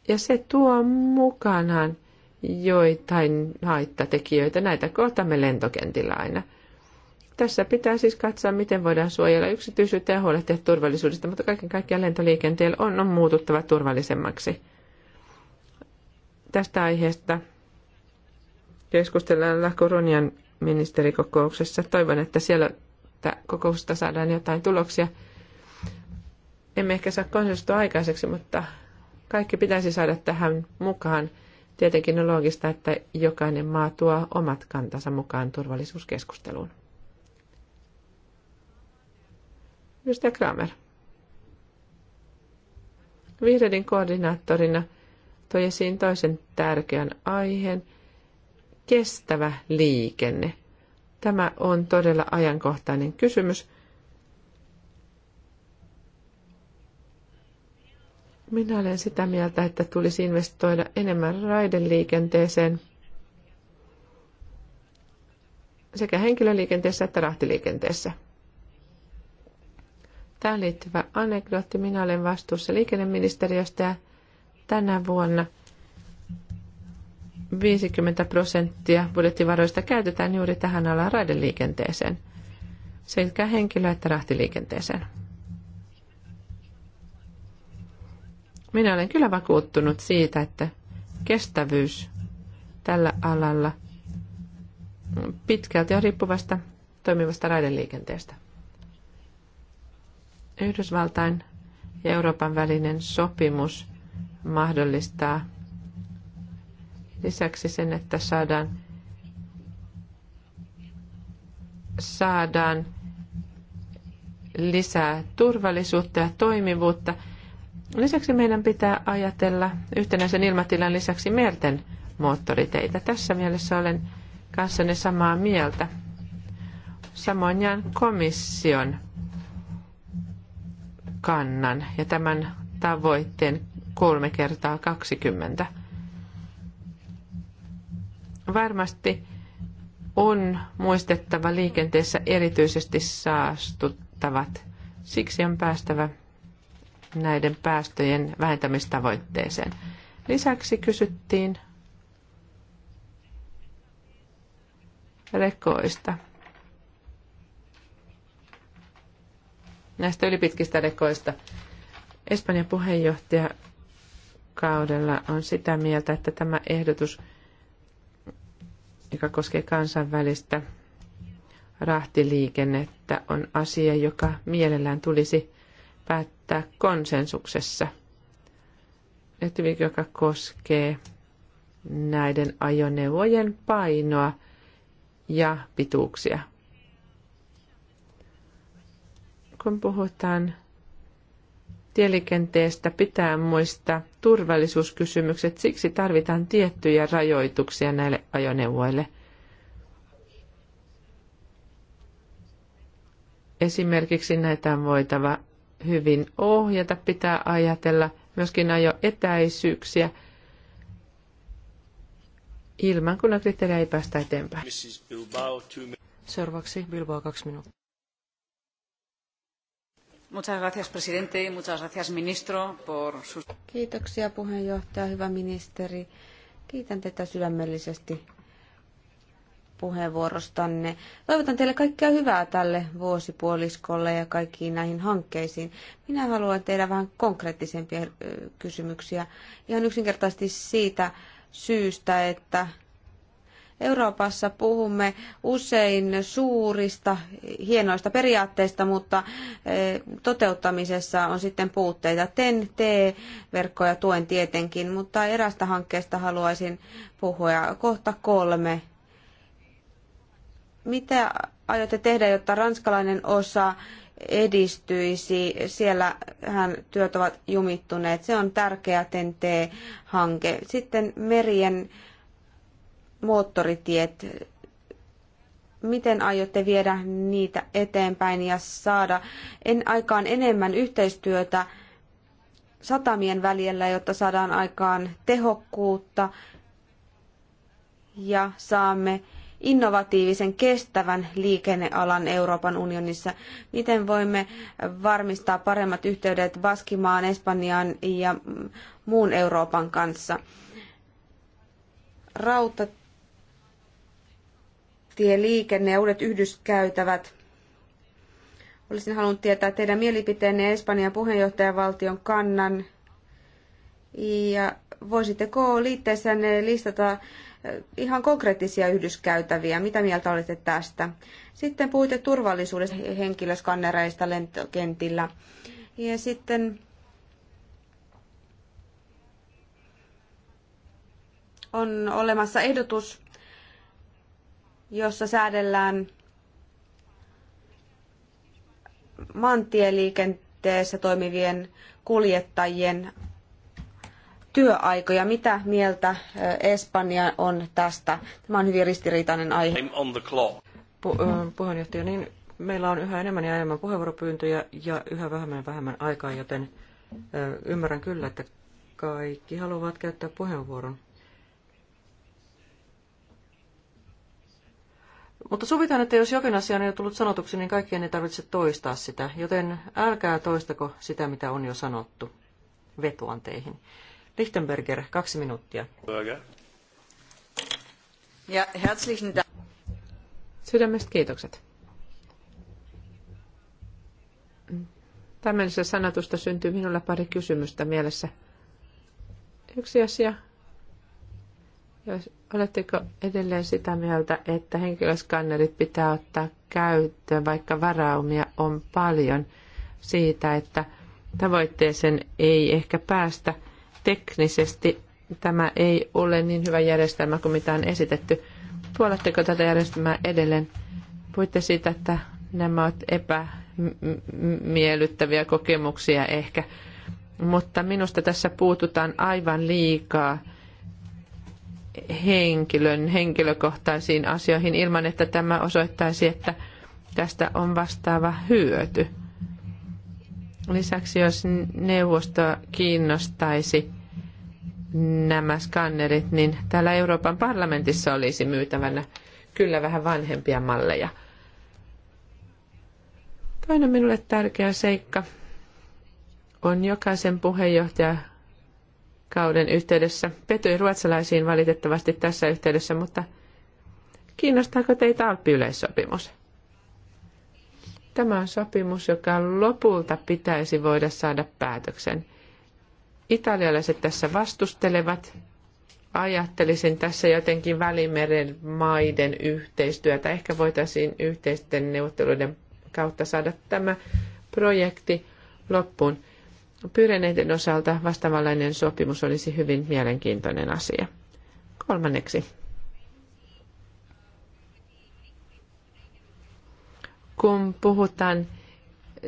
ja se tuo mukanaan joitain haittatekijöitä. Näitä kohtamme lentokentillä aina. Tässä pitää siis katsoa, miten voidaan suojella yksityisyyttä ja huolehtia turvallisuudesta, mutta kaiken kaikkiaan lentoliikenteellä on, on muututtava turvallisemmaksi. Tästä aiheesta keskustellaan La ministerikokouksessa. Toivon, että siellä kokousta saadaan jotain tuloksia. Emme ehkä saa konsensusta aikaiseksi, mutta kaikki pitäisi saada tähän mukaan – Tietenkin on loogista, että jokainen maa tuo omat kantansa mukaan turvallisuuskeskusteluun. Mr. Kramer. Vihreiden koordinaattorina toi esiin toisen tärkeän aiheen, kestävä liikenne. Tämä on todella ajankohtainen kysymys. Minä olen sitä mieltä, että tulisi investoida enemmän raideliikenteeseen sekä henkilöliikenteessä että rahtiliikenteessä. Tähän liittyvä anekdootti. Minä olen vastuussa liikenneministeriöstä ja tänä vuonna 50 prosenttia budjettivaroista käytetään juuri tähän alaan raideliikenteeseen, sekä henkilö- että rahtiliikenteeseen. Minä olen kyllä vakuuttunut siitä, että kestävyys tällä alalla pitkälti on riippuvasta toimivasta raideliikenteestä. Yhdysvaltain ja Euroopan välinen sopimus mahdollistaa lisäksi sen, että saadaan, saadaan lisää turvallisuutta ja toimivuutta – Lisäksi meidän pitää ajatella yhtenäisen ilmatilan lisäksi merten moottoriteitä. Tässä mielessä olen kanssanne samaa mieltä. Samoin jään komission kannan ja tämän tavoitteen kolme kertaa 20. Varmasti on muistettava liikenteessä erityisesti saastuttavat. Siksi on päästävä näiden päästöjen vähentämistavoitteeseen. Lisäksi kysyttiin rekoista. Näistä ylipitkistä rekoista. Espanjan puheenjohtaja kaudella on sitä mieltä, että tämä ehdotus, joka koskee kansainvälistä rahtiliikennettä, on asia, joka mielellään tulisi päättää konsensuksessa. että joka koskee näiden ajoneuvojen painoa ja pituuksia. Kun puhutaan tieliikenteestä, pitää muistaa turvallisuuskysymykset. Siksi tarvitaan tiettyjä rajoituksia näille ajoneuvoille. Esimerkiksi näitä on voitava hyvin ohjata, pitää ajatella myöskin ajo etäisyyksiä. Ilman kun kriteerejä ei päästä eteenpäin. Seuraavaksi Bilbao kaksi minuuttia. Muchas gracias, presidente. Muchas gracias, ministro, por sus... Kiitoksia, puheenjohtaja, hyvä ministeri. Kiitän teitä sydämellisesti puheenvuorostanne. Toivotan teille kaikkea hyvää tälle vuosipuoliskolle ja kaikkiin näihin hankkeisiin. Minä haluan tehdä vähän konkreettisempia kysymyksiä ihan yksinkertaisesti siitä syystä, että Euroopassa puhumme usein suurista, hienoista periaatteista, mutta toteuttamisessa on sitten puutteita. TEN, T-verkkoja tuen tietenkin, mutta erästä hankkeesta haluaisin puhua. Kohta kolme mitä aiotte tehdä, jotta ranskalainen osa edistyisi? Siellähän työt ovat jumittuneet. Se on tärkeä t hanke Sitten merien moottoritiet. Miten aiotte viedä niitä eteenpäin ja saada en aikaan enemmän yhteistyötä satamien välillä, jotta saadaan aikaan tehokkuutta ja saamme innovatiivisen kestävän liikennealan Euroopan unionissa? Miten voimme varmistaa paremmat yhteydet Baskimaan, Espanjaan ja muun Euroopan kanssa? Rautatieliikenne ja uudet yhdyskäytävät. Olisin halunnut tietää teidän mielipiteenne Espanjan puheenjohtajavaltion kannan ja voisitteko liitteessänne listata ihan konkreettisia yhdyskäytäviä. Mitä mieltä olette tästä? Sitten puhuitte turvallisuudesta henkilöskannereista lentokentillä. Ja sitten on olemassa ehdotus, jossa säädellään maantieliikenteessä toimivien kuljettajien työaikoja. Mitä mieltä eh, Espanja on tästä? Tämä on hyvin ristiriitainen aihe. Pu- eh, puheenjohtaja, niin meillä on yhä enemmän ja enemmän puheenvuoropyyntöjä ja yhä vähemmän ja vähemmän aikaa, joten eh, ymmärrän kyllä, että kaikki haluavat käyttää puheenvuoron. Mutta sovitaan, että jos jokin asia on ole tullut sanotuksi, niin kaikkien ei tarvitse toistaa sitä, joten älkää toistako sitä, mitä on jo sanottu. vetuanteihin. teihin. Lichtenberger, kaksi minuuttia. Ja herzlichen Dank. Sydämestä kiitokset. Tämmöisestä sanatusta syntyy minulla pari kysymystä mielessä. Yksi asia. Jos oletteko edelleen sitä mieltä, että henkilöskannerit pitää ottaa käyttöön, vaikka varaumia on paljon siitä, että tavoitteeseen ei ehkä päästä – teknisesti tämä ei ole niin hyvä järjestelmä kuin mitä on esitetty. Puoletteko tätä järjestelmää edelleen? Puhuitte siitä, että nämä ovat epämiellyttäviä kokemuksia ehkä, mutta minusta tässä puututaan aivan liikaa henkilön henkilökohtaisiin asioihin ilman, että tämä osoittaisi, että tästä on vastaava hyöty. Lisäksi jos neuvosto kiinnostaisi nämä skannerit, niin täällä Euroopan parlamentissa olisi myytävänä kyllä vähän vanhempia malleja. Toinen minulle tärkeä seikka on jokaisen puheenjohtaja kauden yhteydessä. Petyin ruotsalaisiin valitettavasti tässä yhteydessä, mutta kiinnostaako teitä alppi Tämä on sopimus, joka lopulta pitäisi voida saada päätöksen. Italialaiset tässä vastustelevat. Ajattelisin tässä jotenkin välimeren maiden yhteistyötä. Ehkä voitaisiin yhteisten neuvotteluiden kautta saada tämä projekti loppuun. Pyreneiden osalta vastaavanlainen sopimus olisi hyvin mielenkiintoinen asia. Kolmanneksi kun puhutaan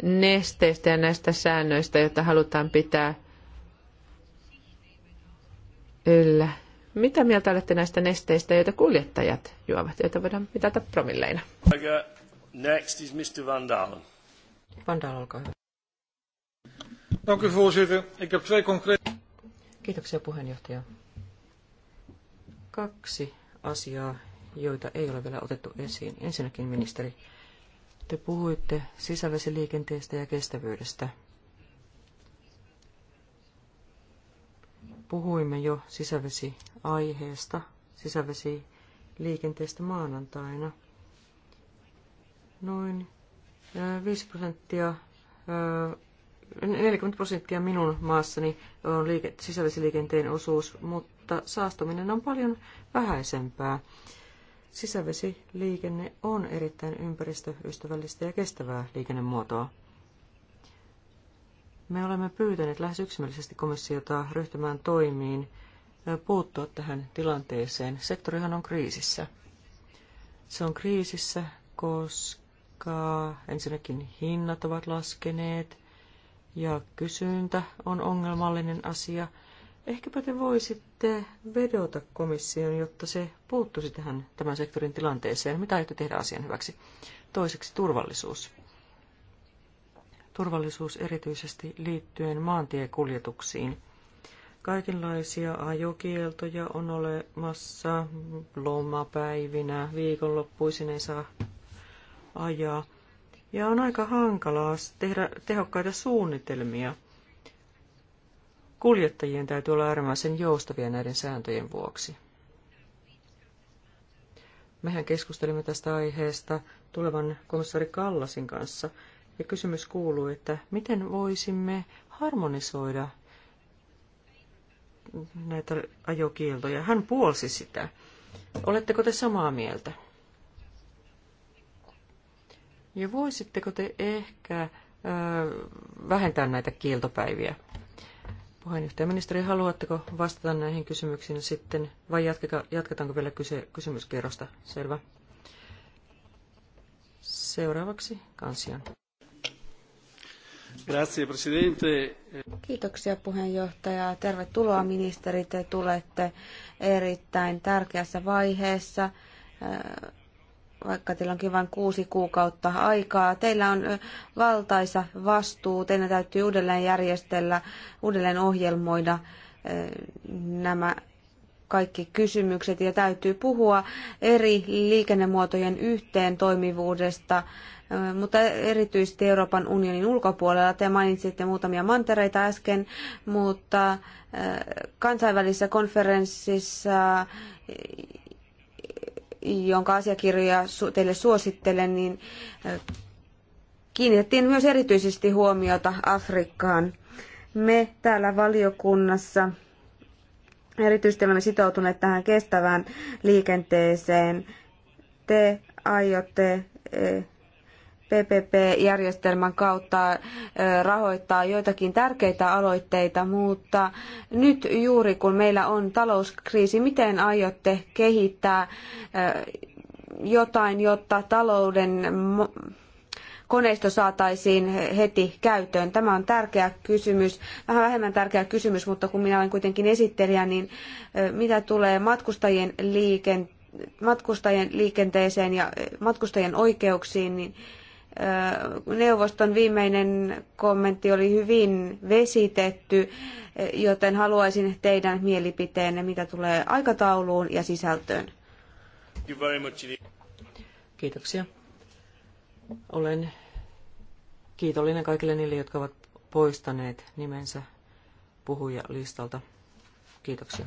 nesteistä ja näistä säännöistä, joita halutaan pitää yllä. Mitä mieltä olette näistä nesteistä, joita kuljettajat juovat, joita voidaan mitata promilleina? Next is Mr. Van Dalen. Van Dalen, olkaa hyvä. Dank u voorzitter. Ik heb twee concrete... Kiitoksia puheenjohtaja. Kaksi asiaa, joita ei ole vielä otettu esiin. Ensinnäkin ministeri te puhuitte sisävesiliikenteestä ja kestävyydestä. Puhuimme jo sisävesiaiheesta, sisävesiliikenteestä maanantaina. Noin 5 prosenttia 40 prosenttia minun maassani on liike, sisävesiliikenteen osuus, mutta saastuminen on paljon vähäisempää. Sisävesiliikenne on erittäin ympäristöystävällistä ja kestävää liikennemuotoa. Me olemme pyytäneet lähes yksimielisesti komissiota ryhtymään toimiin puuttua tähän tilanteeseen. Sektorihan on kriisissä. Se on kriisissä, koska ensinnäkin hinnat ovat laskeneet ja kysyntä on ongelmallinen asia – Ehkäpä te voisitte vedota komission, jotta se puuttuisi tähän tämän sektorin tilanteeseen. Mitä aiotte tehdä asian hyväksi? Toiseksi turvallisuus. Turvallisuus erityisesti liittyen maantiekuljetuksiin. Kaikenlaisia ajokieltoja on olemassa lomapäivinä, viikonloppuisin ei saa ajaa. Ja on aika hankalaa tehdä tehokkaita suunnitelmia – Kuljettajien täytyy olla äärimmäisen joustavia näiden sääntöjen vuoksi. Mehän keskustelimme tästä aiheesta tulevan komissaari Kallasin kanssa, ja kysymys kuuluu, että miten voisimme harmonisoida näitä ajokieltoja. Hän puolsi sitä. Oletteko te samaa mieltä? Ja voisitteko te ehkä ö, vähentää näitä kieltopäiviä? Puheenjohtaja ministeri, haluatteko vastata näihin kysymyksiin sitten, vai jatketa, jatketaanko vielä kyse, kysymyskierrosta? Selvä. Seuraavaksi kansian. Kiitoksia puheenjohtaja. Tervetuloa ministeri. Te tulette erittäin tärkeässä vaiheessa vaikka teillä onkin vain kuusi kuukautta aikaa. Teillä on valtaisa vastuu, teidän täytyy uudelleen järjestellä, uudelleen ohjelmoida nämä kaikki kysymykset ja täytyy puhua eri liikennemuotojen yhteen toimivuudesta, mutta erityisesti Euroopan unionin ulkopuolella. Te mainitsitte muutamia mantereita äsken, mutta kansainvälisessä konferenssissa jonka asiakirjoja teille suosittelen, niin kiinnitettiin myös erityisesti huomiota Afrikkaan. Me täällä valiokunnassa erityisesti olemme sitoutuneet tähän kestävään liikenteeseen. Te aiotte PPP-järjestelmän kautta rahoittaa joitakin tärkeitä aloitteita, mutta nyt juuri kun meillä on talouskriisi, miten aiotte kehittää jotain, jotta talouden koneisto saataisiin heti käyttöön? Tämä on tärkeä kysymys, vähän vähemmän tärkeä kysymys, mutta kun minä olen kuitenkin esittelijä, niin mitä tulee matkustajien liikenteeseen, matkustajien liikenteeseen ja matkustajien oikeuksiin, niin Neuvoston viimeinen kommentti oli hyvin vesitetty, joten haluaisin teidän mielipiteenne, mitä tulee aikatauluun ja sisältöön. Kiitoksia. Olen kiitollinen kaikille niille, jotka ovat poistaneet nimensä puhujalistalta. Kiitoksia.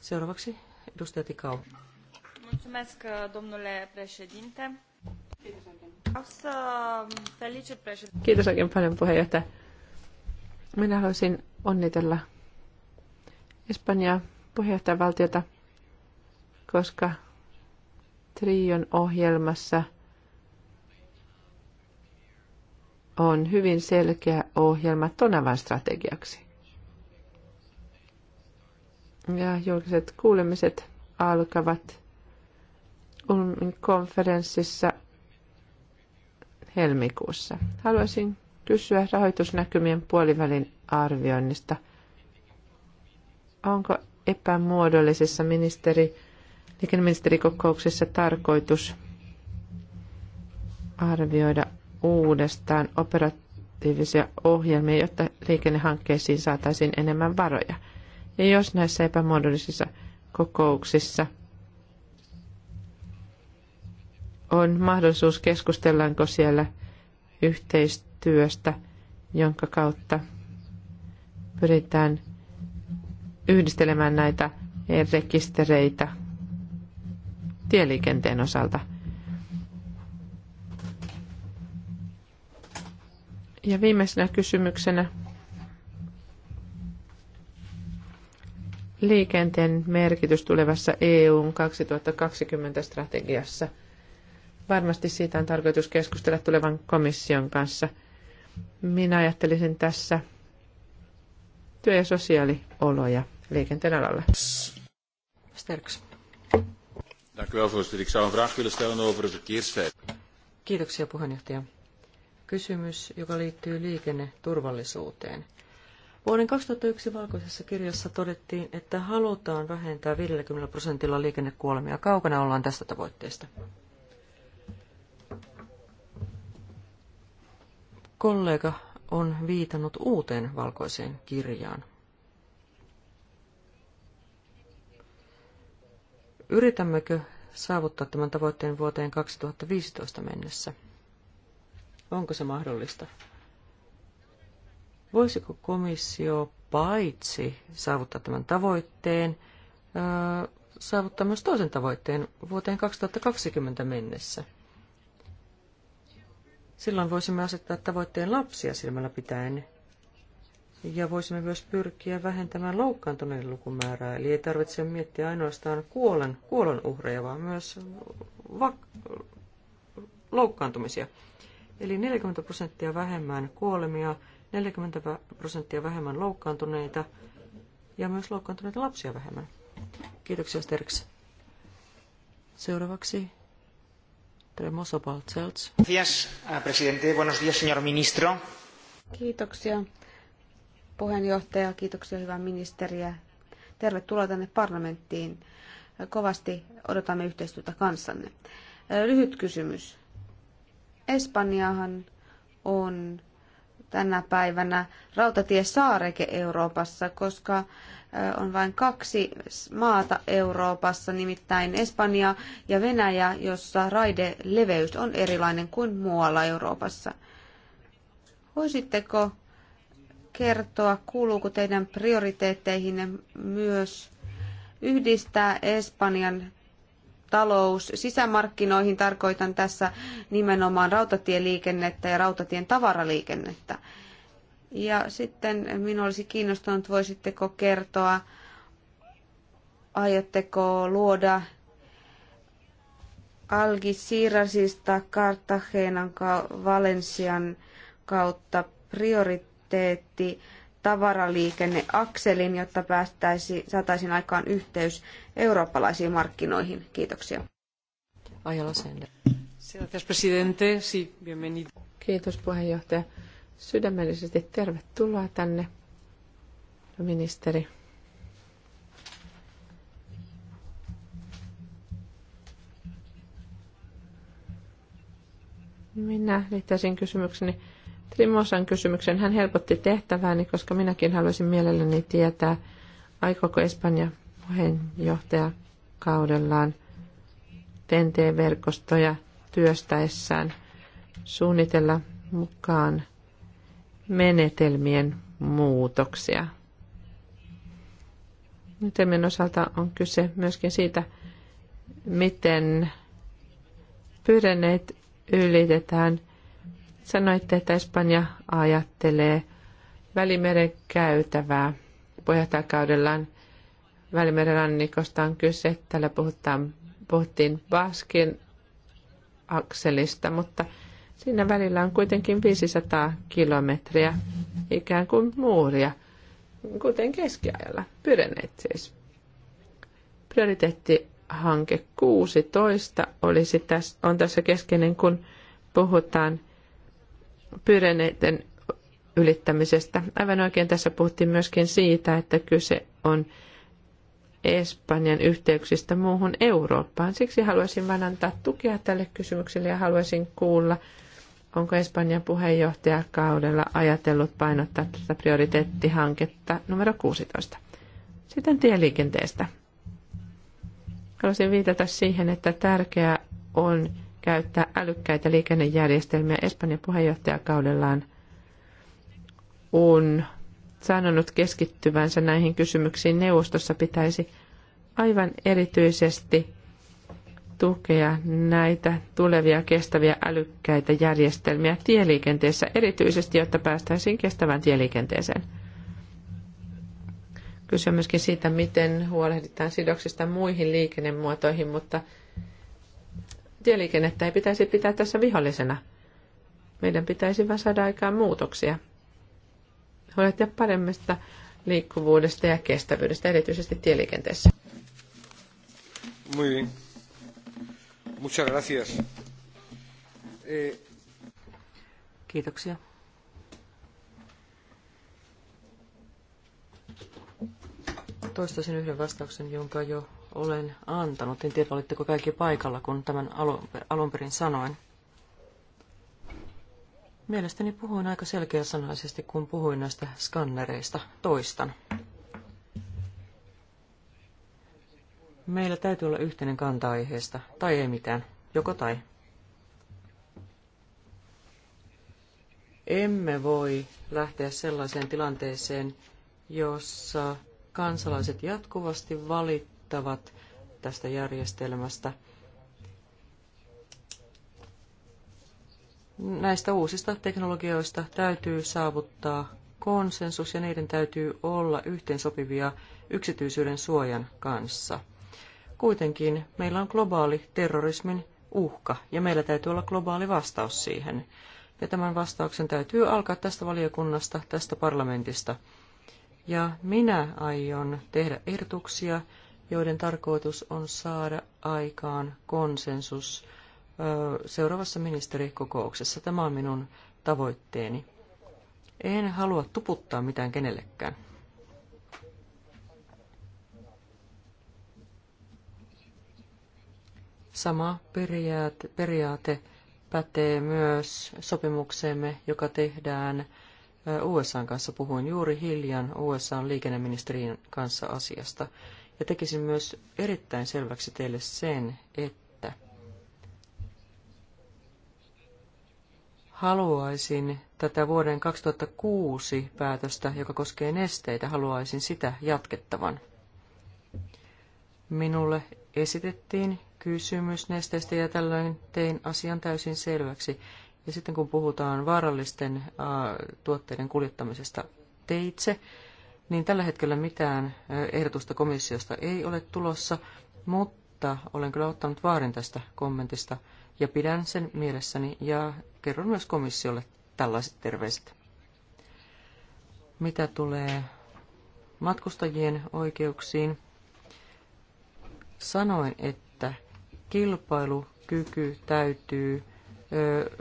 Seuraavaksi edustaja Tikau. Mulțumesc, domnule președinte. Kiitos oikein. Felicit președinte. Kiitos oikein paljon puheenjohtaja. Minä haluaisin onnitella Espanjaa puheenjohtajavaltiota, koska Trion ohjelmassa on hyvin selkeä ohjelma Tonavan strategiaksi. Ja julkiset kuulemiset alkavat konferenssissa helmikuussa. Haluaisin kysyä rahoitusnäkymien puolivälin arvioinnista. Onko epämuodollisessa ministeri, liikenneministerikokouksessa tarkoitus arvioida uudestaan operatiivisia ohjelmia, jotta liikennehankkeisiin saataisiin enemmän varoja? Ja jos näissä epämuodollisissa kokouksissa – on mahdollisuus keskustellaanko siellä yhteistyöstä, jonka kautta pyritään yhdistelemään näitä rekistereitä tieliikenteen osalta. Ja viimeisenä kysymyksenä liikenteen merkitys tulevassa EUn 2020 strategiassa – Varmasti siitä on tarkoitus keskustella tulevan komission kanssa. Minä ajattelisin tässä työ- ja sosiaalioloja liikenteen alalla. Sterks. Kiitoksia, puheenjohtaja. Kysymys, joka liittyy liikenneturvallisuuteen. Vuoden 2001 valkoisessa kirjassa todettiin, että halutaan vähentää 50 prosentilla liikennekuolemia. Kaukana ollaan tästä tavoitteesta. kollega on viitannut uuteen valkoiseen kirjaan. Yritämmekö saavuttaa tämän tavoitteen vuoteen 2015 mennessä? Onko se mahdollista? Voisiko komissio paitsi saavuttaa tämän tavoitteen, saavuttaa myös toisen tavoitteen vuoteen 2020 mennessä? Silloin voisimme asettaa tavoitteen lapsia silmällä pitäen. Ja voisimme myös pyrkiä vähentämään loukkaantuneiden lukumäärää, eli ei tarvitse miettiä ainoastaan kuolen, kuolon uhreja, vaan myös vak- loukkaantumisia. Eli 40 prosenttia vähemmän kuolemia, 40 prosenttia vähemmän loukkaantuneita ja myös loukkaantuneita lapsia vähemmän. Kiitoksia Sterks. Seuraavaksi Tremosa Baltselts. Gracias, ah, presidente. Buenos días, señor ministro. Kiitoksia puheenjohtaja, kiitoksia hyvää ministeriä. Tervetuloa tänne parlamenttiin. Kovasti odotamme yhteistyötä kanssanne. Äh, lyhyt kysymys. Espanjahan on tänä päivänä rautatiesaareke Euroopassa, koska on vain kaksi maata Euroopassa, nimittäin Espanja ja Venäjä, jossa raideleveys on erilainen kuin muualla Euroopassa. Voisitteko kertoa, kuuluuko teidän prioriteetteihinne myös yhdistää Espanjan talous sisämarkkinoihin, tarkoitan tässä nimenomaan rautatieliikennettä ja rautatien tavaraliikennettä. Ja sitten minua olisi kiinnostunut, voisitteko kertoa, aiotteko luoda Algisirasista ka Valensian kautta prioriteetti tavaraliikenneakselin, jotta päästäisi, saataisiin aikaan yhteys eurooppalaisiin markkinoihin. Kiitoksia. Ajala Sender. Kiitos puheenjohtaja. Sydämellisesti tervetuloa tänne, ministeri. Minä liittäisin kysymykseni Trimosan kysymyksen. Hän helpotti tehtävääni, koska minäkin haluaisin mielelläni tietää, aikooko Espanja kaudellaan TNT-verkostoja työstäessään suunnitella mukaan menetelmien muutoksia. Menetelmien osalta on kyse myöskin siitä, miten pyydänneet ylitetään. Sanoitte, että Espanja ajattelee välimeren käytävää. Puheenjohtajakaudellaan välimeren rannikosta on kyse. Täällä puhutaan, puhuttiin Baskin akselista, mutta – Siinä välillä on kuitenkin 500 kilometriä, ikään kuin muuria, kuten keskiajalla, pyreneet siis. Prioriteettihanke 16 olisi tässä, on tässä keskeinen, kun puhutaan pyreneiden ylittämisestä. Aivan oikein tässä puhuttiin myöskin siitä, että kyse on Espanjan yhteyksistä muuhun Eurooppaan. Siksi haluaisin vain antaa tukea tälle kysymykselle ja haluaisin kuulla Onko Espanjan puheenjohtajakaudella ajatellut painottaa tätä prioriteettihanketta numero 16? Sitten tieliikenteestä. Haluaisin viitata siihen, että tärkeää on käyttää älykkäitä liikennejärjestelmiä. Espanjan puheenjohtajakaudellaan on sanonut keskittyvänsä näihin kysymyksiin. Neuvostossa pitäisi aivan erityisesti tukea näitä tulevia kestäviä älykkäitä järjestelmiä tieliikenteessä, erityisesti jotta päästäisiin kestävään tieliikenteeseen. Kyse on myöskin siitä, miten huolehditaan sidoksista muihin liikennemuotoihin, mutta tieliikennettä ei pitäisi pitää tässä vihollisena. Meidän pitäisi vain saada aikaan muutoksia. Huolehtia paremmasta liikkuvuudesta ja kestävyydestä, erityisesti tieliikenteessä. Muy bien. Muchas gracias. Eh, Kiitoksia. Toistaisin yhden vastauksen, jonka jo olen antanut. En tiedä, olitteko kaikki paikalla, kun tämän alun perin sanoin. Mielestäni puhuin aika selkeäsanaisesti, kun puhuin näistä skannereista. Toistan. Meillä täytyy olla yhteinen kanta aiheesta, tai ei mitään, joko tai. Emme voi lähteä sellaiseen tilanteeseen, jossa kansalaiset jatkuvasti valittavat tästä järjestelmästä. Näistä uusista teknologioista täytyy saavuttaa konsensus ja niiden täytyy olla yhteensopivia yksityisyyden suojan kanssa. Kuitenkin meillä on globaali terrorismin uhka ja meillä täytyy olla globaali vastaus siihen. Ja tämän vastauksen täytyy alkaa tästä valiokunnasta, tästä parlamentista. Ja minä aion tehdä ehdotuksia, joiden tarkoitus on saada aikaan konsensus seuraavassa ministerikokouksessa. Tämä on minun tavoitteeni. En halua tuputtaa mitään kenellekään. Sama periaate, periaate pätee myös sopimukseemme, joka tehdään USAn kanssa. Puhuin juuri hiljan USAn liikenneministerin kanssa asiasta. Ja tekisin myös erittäin selväksi teille sen, että haluaisin tätä vuoden 2006 päätöstä, joka koskee nesteitä, haluaisin sitä jatkettavan. Minulle esitettiin kysymys nesteestä ja tällöin tein asian täysin selväksi. Ja sitten kun puhutaan vaarallisten tuotteiden kuljettamisesta teitse, niin tällä hetkellä mitään ehdotusta komissiosta ei ole tulossa, mutta olen kyllä ottanut vaarin tästä kommentista ja pidän sen mielessäni ja kerron myös komissiolle tällaiset terveiset. Mitä tulee matkustajien oikeuksiin, sanoin, että kilpailukyky täytyy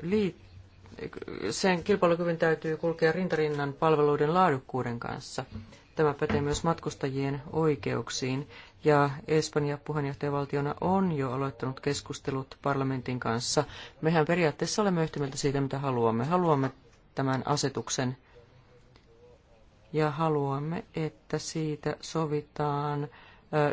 liittyä sen kilpailukyvyn täytyy kulkea rintarinnan palveluiden laadukkuuden kanssa. Tämä pätee myös matkustajien oikeuksiin. Ja Espanja puheenjohtajavaltiona on jo aloittanut keskustelut parlamentin kanssa. Mehän periaatteessa olemme yhtä mieltä siitä, mitä haluamme. Haluamme tämän asetuksen ja haluamme, että siitä sovitaan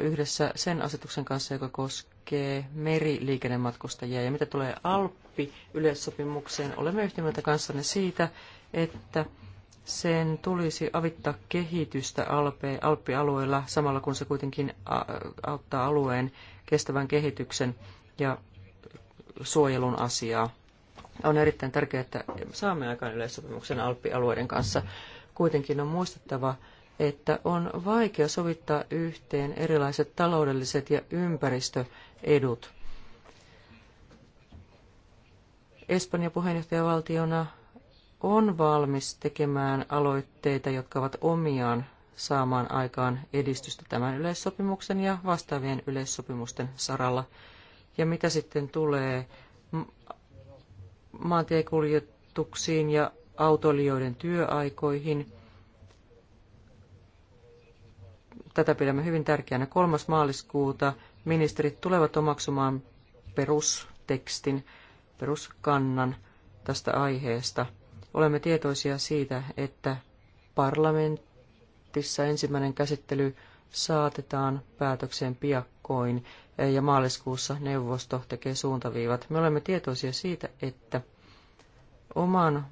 yhdessä sen asetuksen kanssa, joka koskee koskee meriliikennematkustajia. Ja mitä tulee Alppi-yleissopimukseen, olemme yhtä mieltä kanssanne siitä, että sen tulisi avittaa kehitystä Alpe, alueella samalla kun se kuitenkin auttaa alueen kestävän kehityksen ja suojelun asiaa. On erittäin tärkeää, että saamme aikaan yleissopimuksen Alppialueiden kanssa. Kuitenkin on muistettava, että on vaikea sovittaa yhteen erilaiset taloudelliset ja ympäristö- edut. Espanja puheenjohtajavaltiona on valmis tekemään aloitteita, jotka ovat omiaan saamaan aikaan edistystä tämän yleissopimuksen ja vastaavien yleissopimusten saralla. Ja mitä sitten tulee maantiekuljetuksiin ja autolijoiden työaikoihin, tätä pidämme hyvin tärkeänä. 3. maaliskuuta ministerit tulevat omaksumaan perustekstin, peruskannan tästä aiheesta. Olemme tietoisia siitä, että parlamentissa ensimmäinen käsittely saatetaan päätökseen piakkoin ja maaliskuussa neuvosto tekee suuntaviivat. Me olemme tietoisia siitä, että oman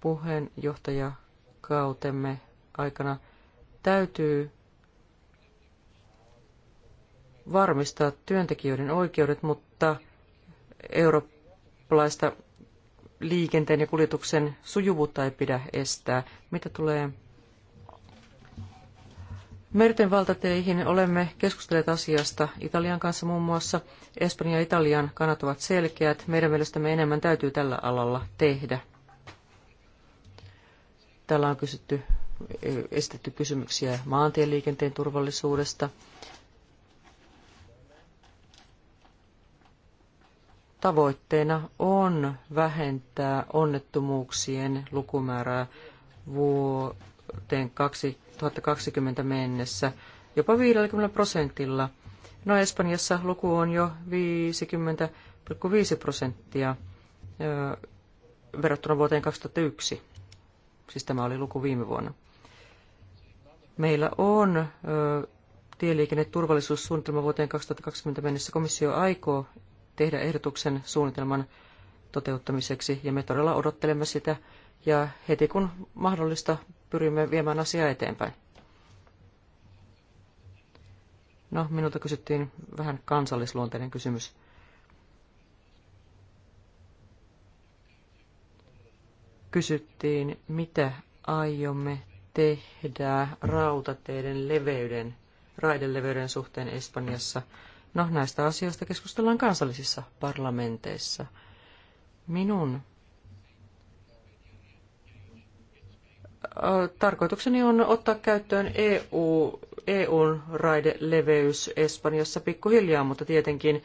puheenjohtajakautemme aikana täytyy varmistaa työntekijöiden oikeudet, mutta eurooppalaista liikenteen ja kuljetuksen sujuvuutta ei pidä estää. Mitä tulee merten valtateihin, olemme keskustelleet asiasta Italian kanssa muun muassa. Espanjan ja Italian kannat ovat selkeät. Meidän mielestämme enemmän täytyy tällä alalla tehdä. Täällä on kysytty, esitetty kysymyksiä maantieliikenteen turvallisuudesta. tavoitteena on vähentää onnettomuuksien lukumäärää vuoteen 2020 mennessä jopa 50 prosentilla. No Espanjassa luku on jo 50,5 prosenttia verrattuna vuoteen 2001. Siis tämä oli luku viime vuonna. Meillä on tieliikenneturvallisuussuunnitelma vuoteen 2020 mennessä. Komissio aikoo tehdä ehdotuksen suunnitelman toteuttamiseksi ja me todella odottelemme sitä ja heti kun mahdollista pyrimme viemään asiaa eteenpäin. No, minulta kysyttiin vähän kansallisluonteinen kysymys. Kysyttiin, mitä aiomme tehdä rautateiden leveyden, raideleveyden suhteen Espanjassa – No, näistä asioista keskustellaan kansallisissa parlamenteissa. Minun tarkoitukseni on ottaa käyttöön EU, EUn raideleveys Espanjassa pikkuhiljaa, mutta tietenkin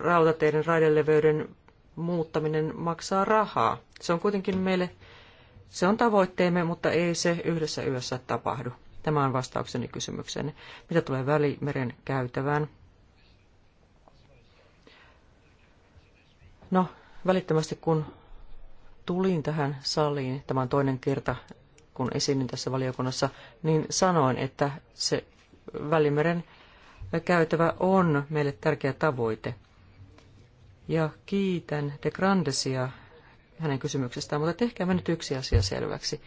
rautateiden raideleveyden muuttaminen maksaa rahaa. Se on kuitenkin meille, se on tavoitteemme, mutta ei se yhdessä yössä tapahdu. Tämä on vastaukseni kysymykseen. Mitä tulee Välimeren käytävään? No, välittömästi kun tulin tähän saliin, tämä on toinen kerta, kun esiinnyin tässä valiokunnassa, niin sanoin, että se Välimeren käytävä on meille tärkeä tavoite. Ja kiitän de Grandesia hänen kysymyksestään, mutta tehkäämme nyt yksi asia selväksi.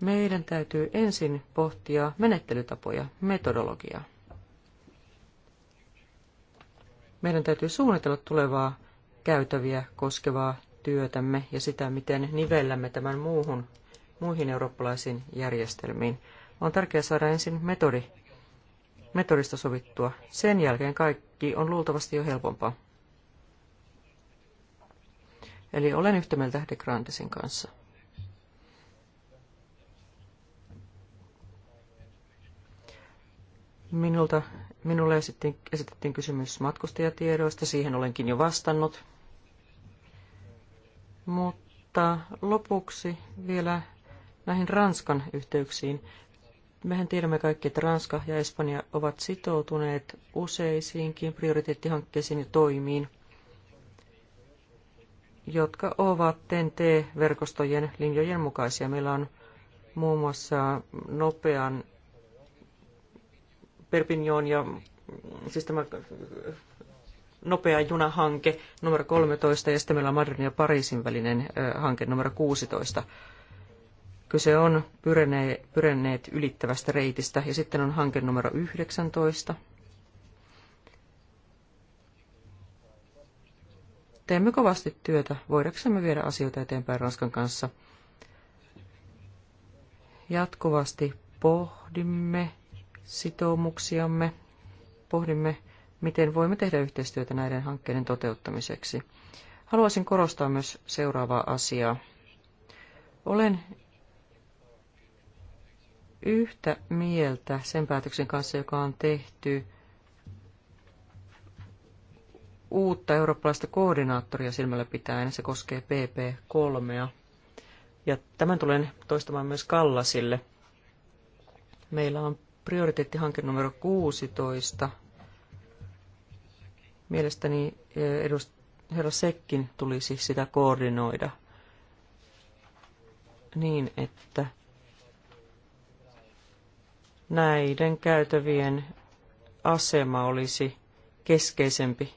Meidän täytyy ensin pohtia menettelytapoja, metodologiaa. Meidän täytyy suunnitella tulevaa käytäviä koskevaa työtämme ja sitä, miten nivellämme tämän muuhun, muihin eurooppalaisiin järjestelmiin. On tärkeää saada ensin metodi, metodista sovittua. Sen jälkeen kaikki on luultavasti jo helpompaa. Eli olen yhtä mieltä De Grandesin kanssa. Minulta, minulle esitettiin, esitettiin kysymys matkustajatiedoista, siihen olenkin jo vastannut. Mutta lopuksi vielä näihin Ranskan yhteyksiin. Mehän tiedämme kaikki, että Ranska ja Espanja ovat sitoutuneet useisiinkin prioriteettihankkeisiin ja toimiin, jotka ovat TNT-verkostojen linjojen mukaisia. Meillä on muun muassa nopean Perpignon ja siis tämä nopea junahanke numero 13 ja sitten meillä on Madridin ja Pariisin välinen hanke numero 16. Kyse on pyreneet ylittävästä reitistä ja sitten on hanke numero 19. Teemme kovasti työtä, voidaksemme viedä asioita eteenpäin Ranskan kanssa. Jatkuvasti pohdimme sitoumuksiamme, pohdimme miten voimme tehdä yhteistyötä näiden hankkeiden toteuttamiseksi. Haluaisin korostaa myös seuraavaa asiaa. Olen yhtä mieltä sen päätöksen kanssa, joka on tehty uutta eurooppalaista koordinaattoria silmällä pitäen. Se koskee PP3. Ja tämän tulen toistamaan myös Kallasille. Meillä on prioriteettihanke numero 16, Mielestäni eh, edust- herra Sekkin tulisi sitä koordinoida niin, että näiden käytävien asema olisi keskeisempi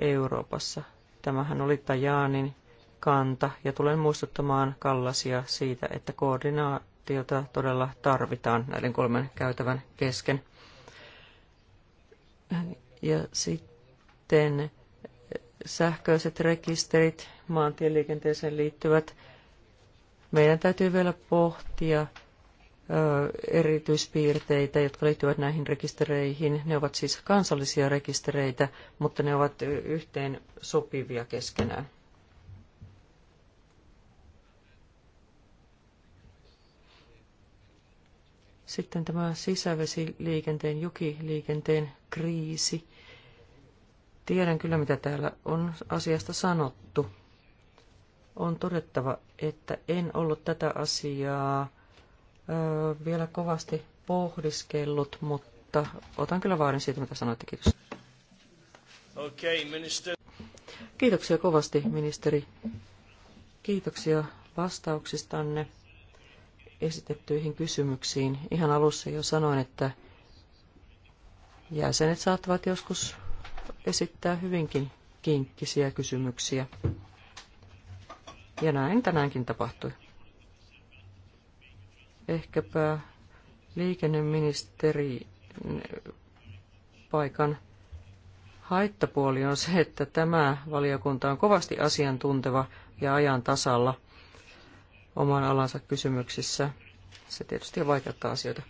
Euroopassa. Tämähän oli Tajaanin kanta ja tulen muistuttamaan Kallasia siitä, että koordinaatiota todella tarvitaan näiden kolmen käytävän kesken. Ja sitten sitten sähköiset rekisterit, maantieliikenteeseen liittyvät. Meidän täytyy vielä pohtia erityispiirteitä, jotka liittyvät näihin rekistereihin. Ne ovat siis kansallisia rekistereitä, mutta ne ovat yhteen sopivia keskenään. Sitten tämä sisävesiliikenteen, jokiliikenteen kriisi. Tiedän kyllä, mitä täällä on asiasta sanottu. On todettava, että en ollut tätä asiaa ö, vielä kovasti pohdiskellut, mutta otan kyllä vaarin siitä, mitä sanoitte. Kiitos. Okay, minister. Kiitoksia kovasti, ministeri. Kiitoksia vastauksistanne esitettyihin kysymyksiin. Ihan alussa jo sanoin, että jäsenet saattavat joskus esittää hyvinkin kinkkisiä kysymyksiä. Ja näin tänäänkin tapahtui. Ehkäpä liikenneministeri paikan haittapuoli on se, että tämä valiokunta on kovasti asiantunteva ja ajan tasalla oman alansa kysymyksissä. Se tietysti vaikeuttaa asioita.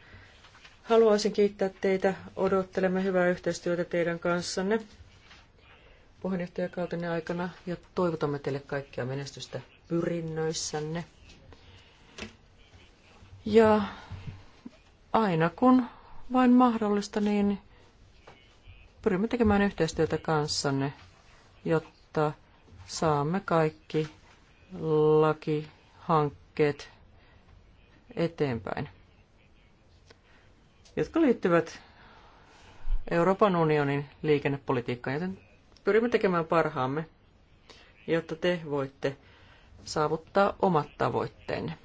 Haluaisin kiittää teitä. Odottelemme hyvää yhteistyötä teidän kanssanne puheenjohtajakautenne aikana ja toivotamme teille kaikkia menestystä pyrinnöissänne. Ja aina kun vain mahdollista, niin pyrimme tekemään yhteistyötä kanssanne, jotta saamme kaikki lakihankkeet eteenpäin jotka liittyvät Euroopan unionin liikennepolitiikkaan, joten pyrimme tekemään parhaamme, jotta te voitte saavuttaa omat tavoitteenne.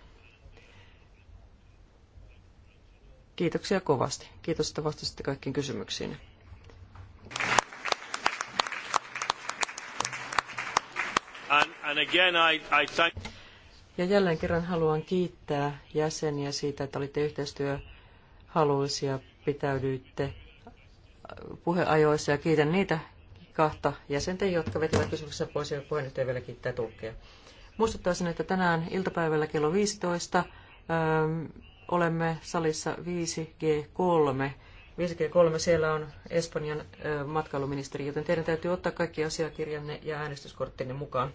Kiitoksia kovasti. Kiitos, että vastasitte kaikkiin kysymyksiin. Ja jälleen kerran haluan kiittää jäseniä siitä, että olitte yhteistyö ja pitäydyitte puheajoissa ja kiitän niitä kahta jäsentä, jotka vetivät kysymyksensä pois ja puheenjohtaja vielä kiittää tukea. Muistuttaisin, että tänään iltapäivällä kello 15 ähm, olemme salissa 5G3. 5G3 siellä on Espanjan äh, matkailuministeri, joten teidän täytyy ottaa kaikki asiakirjanne ja äänestyskorttinne mukaan.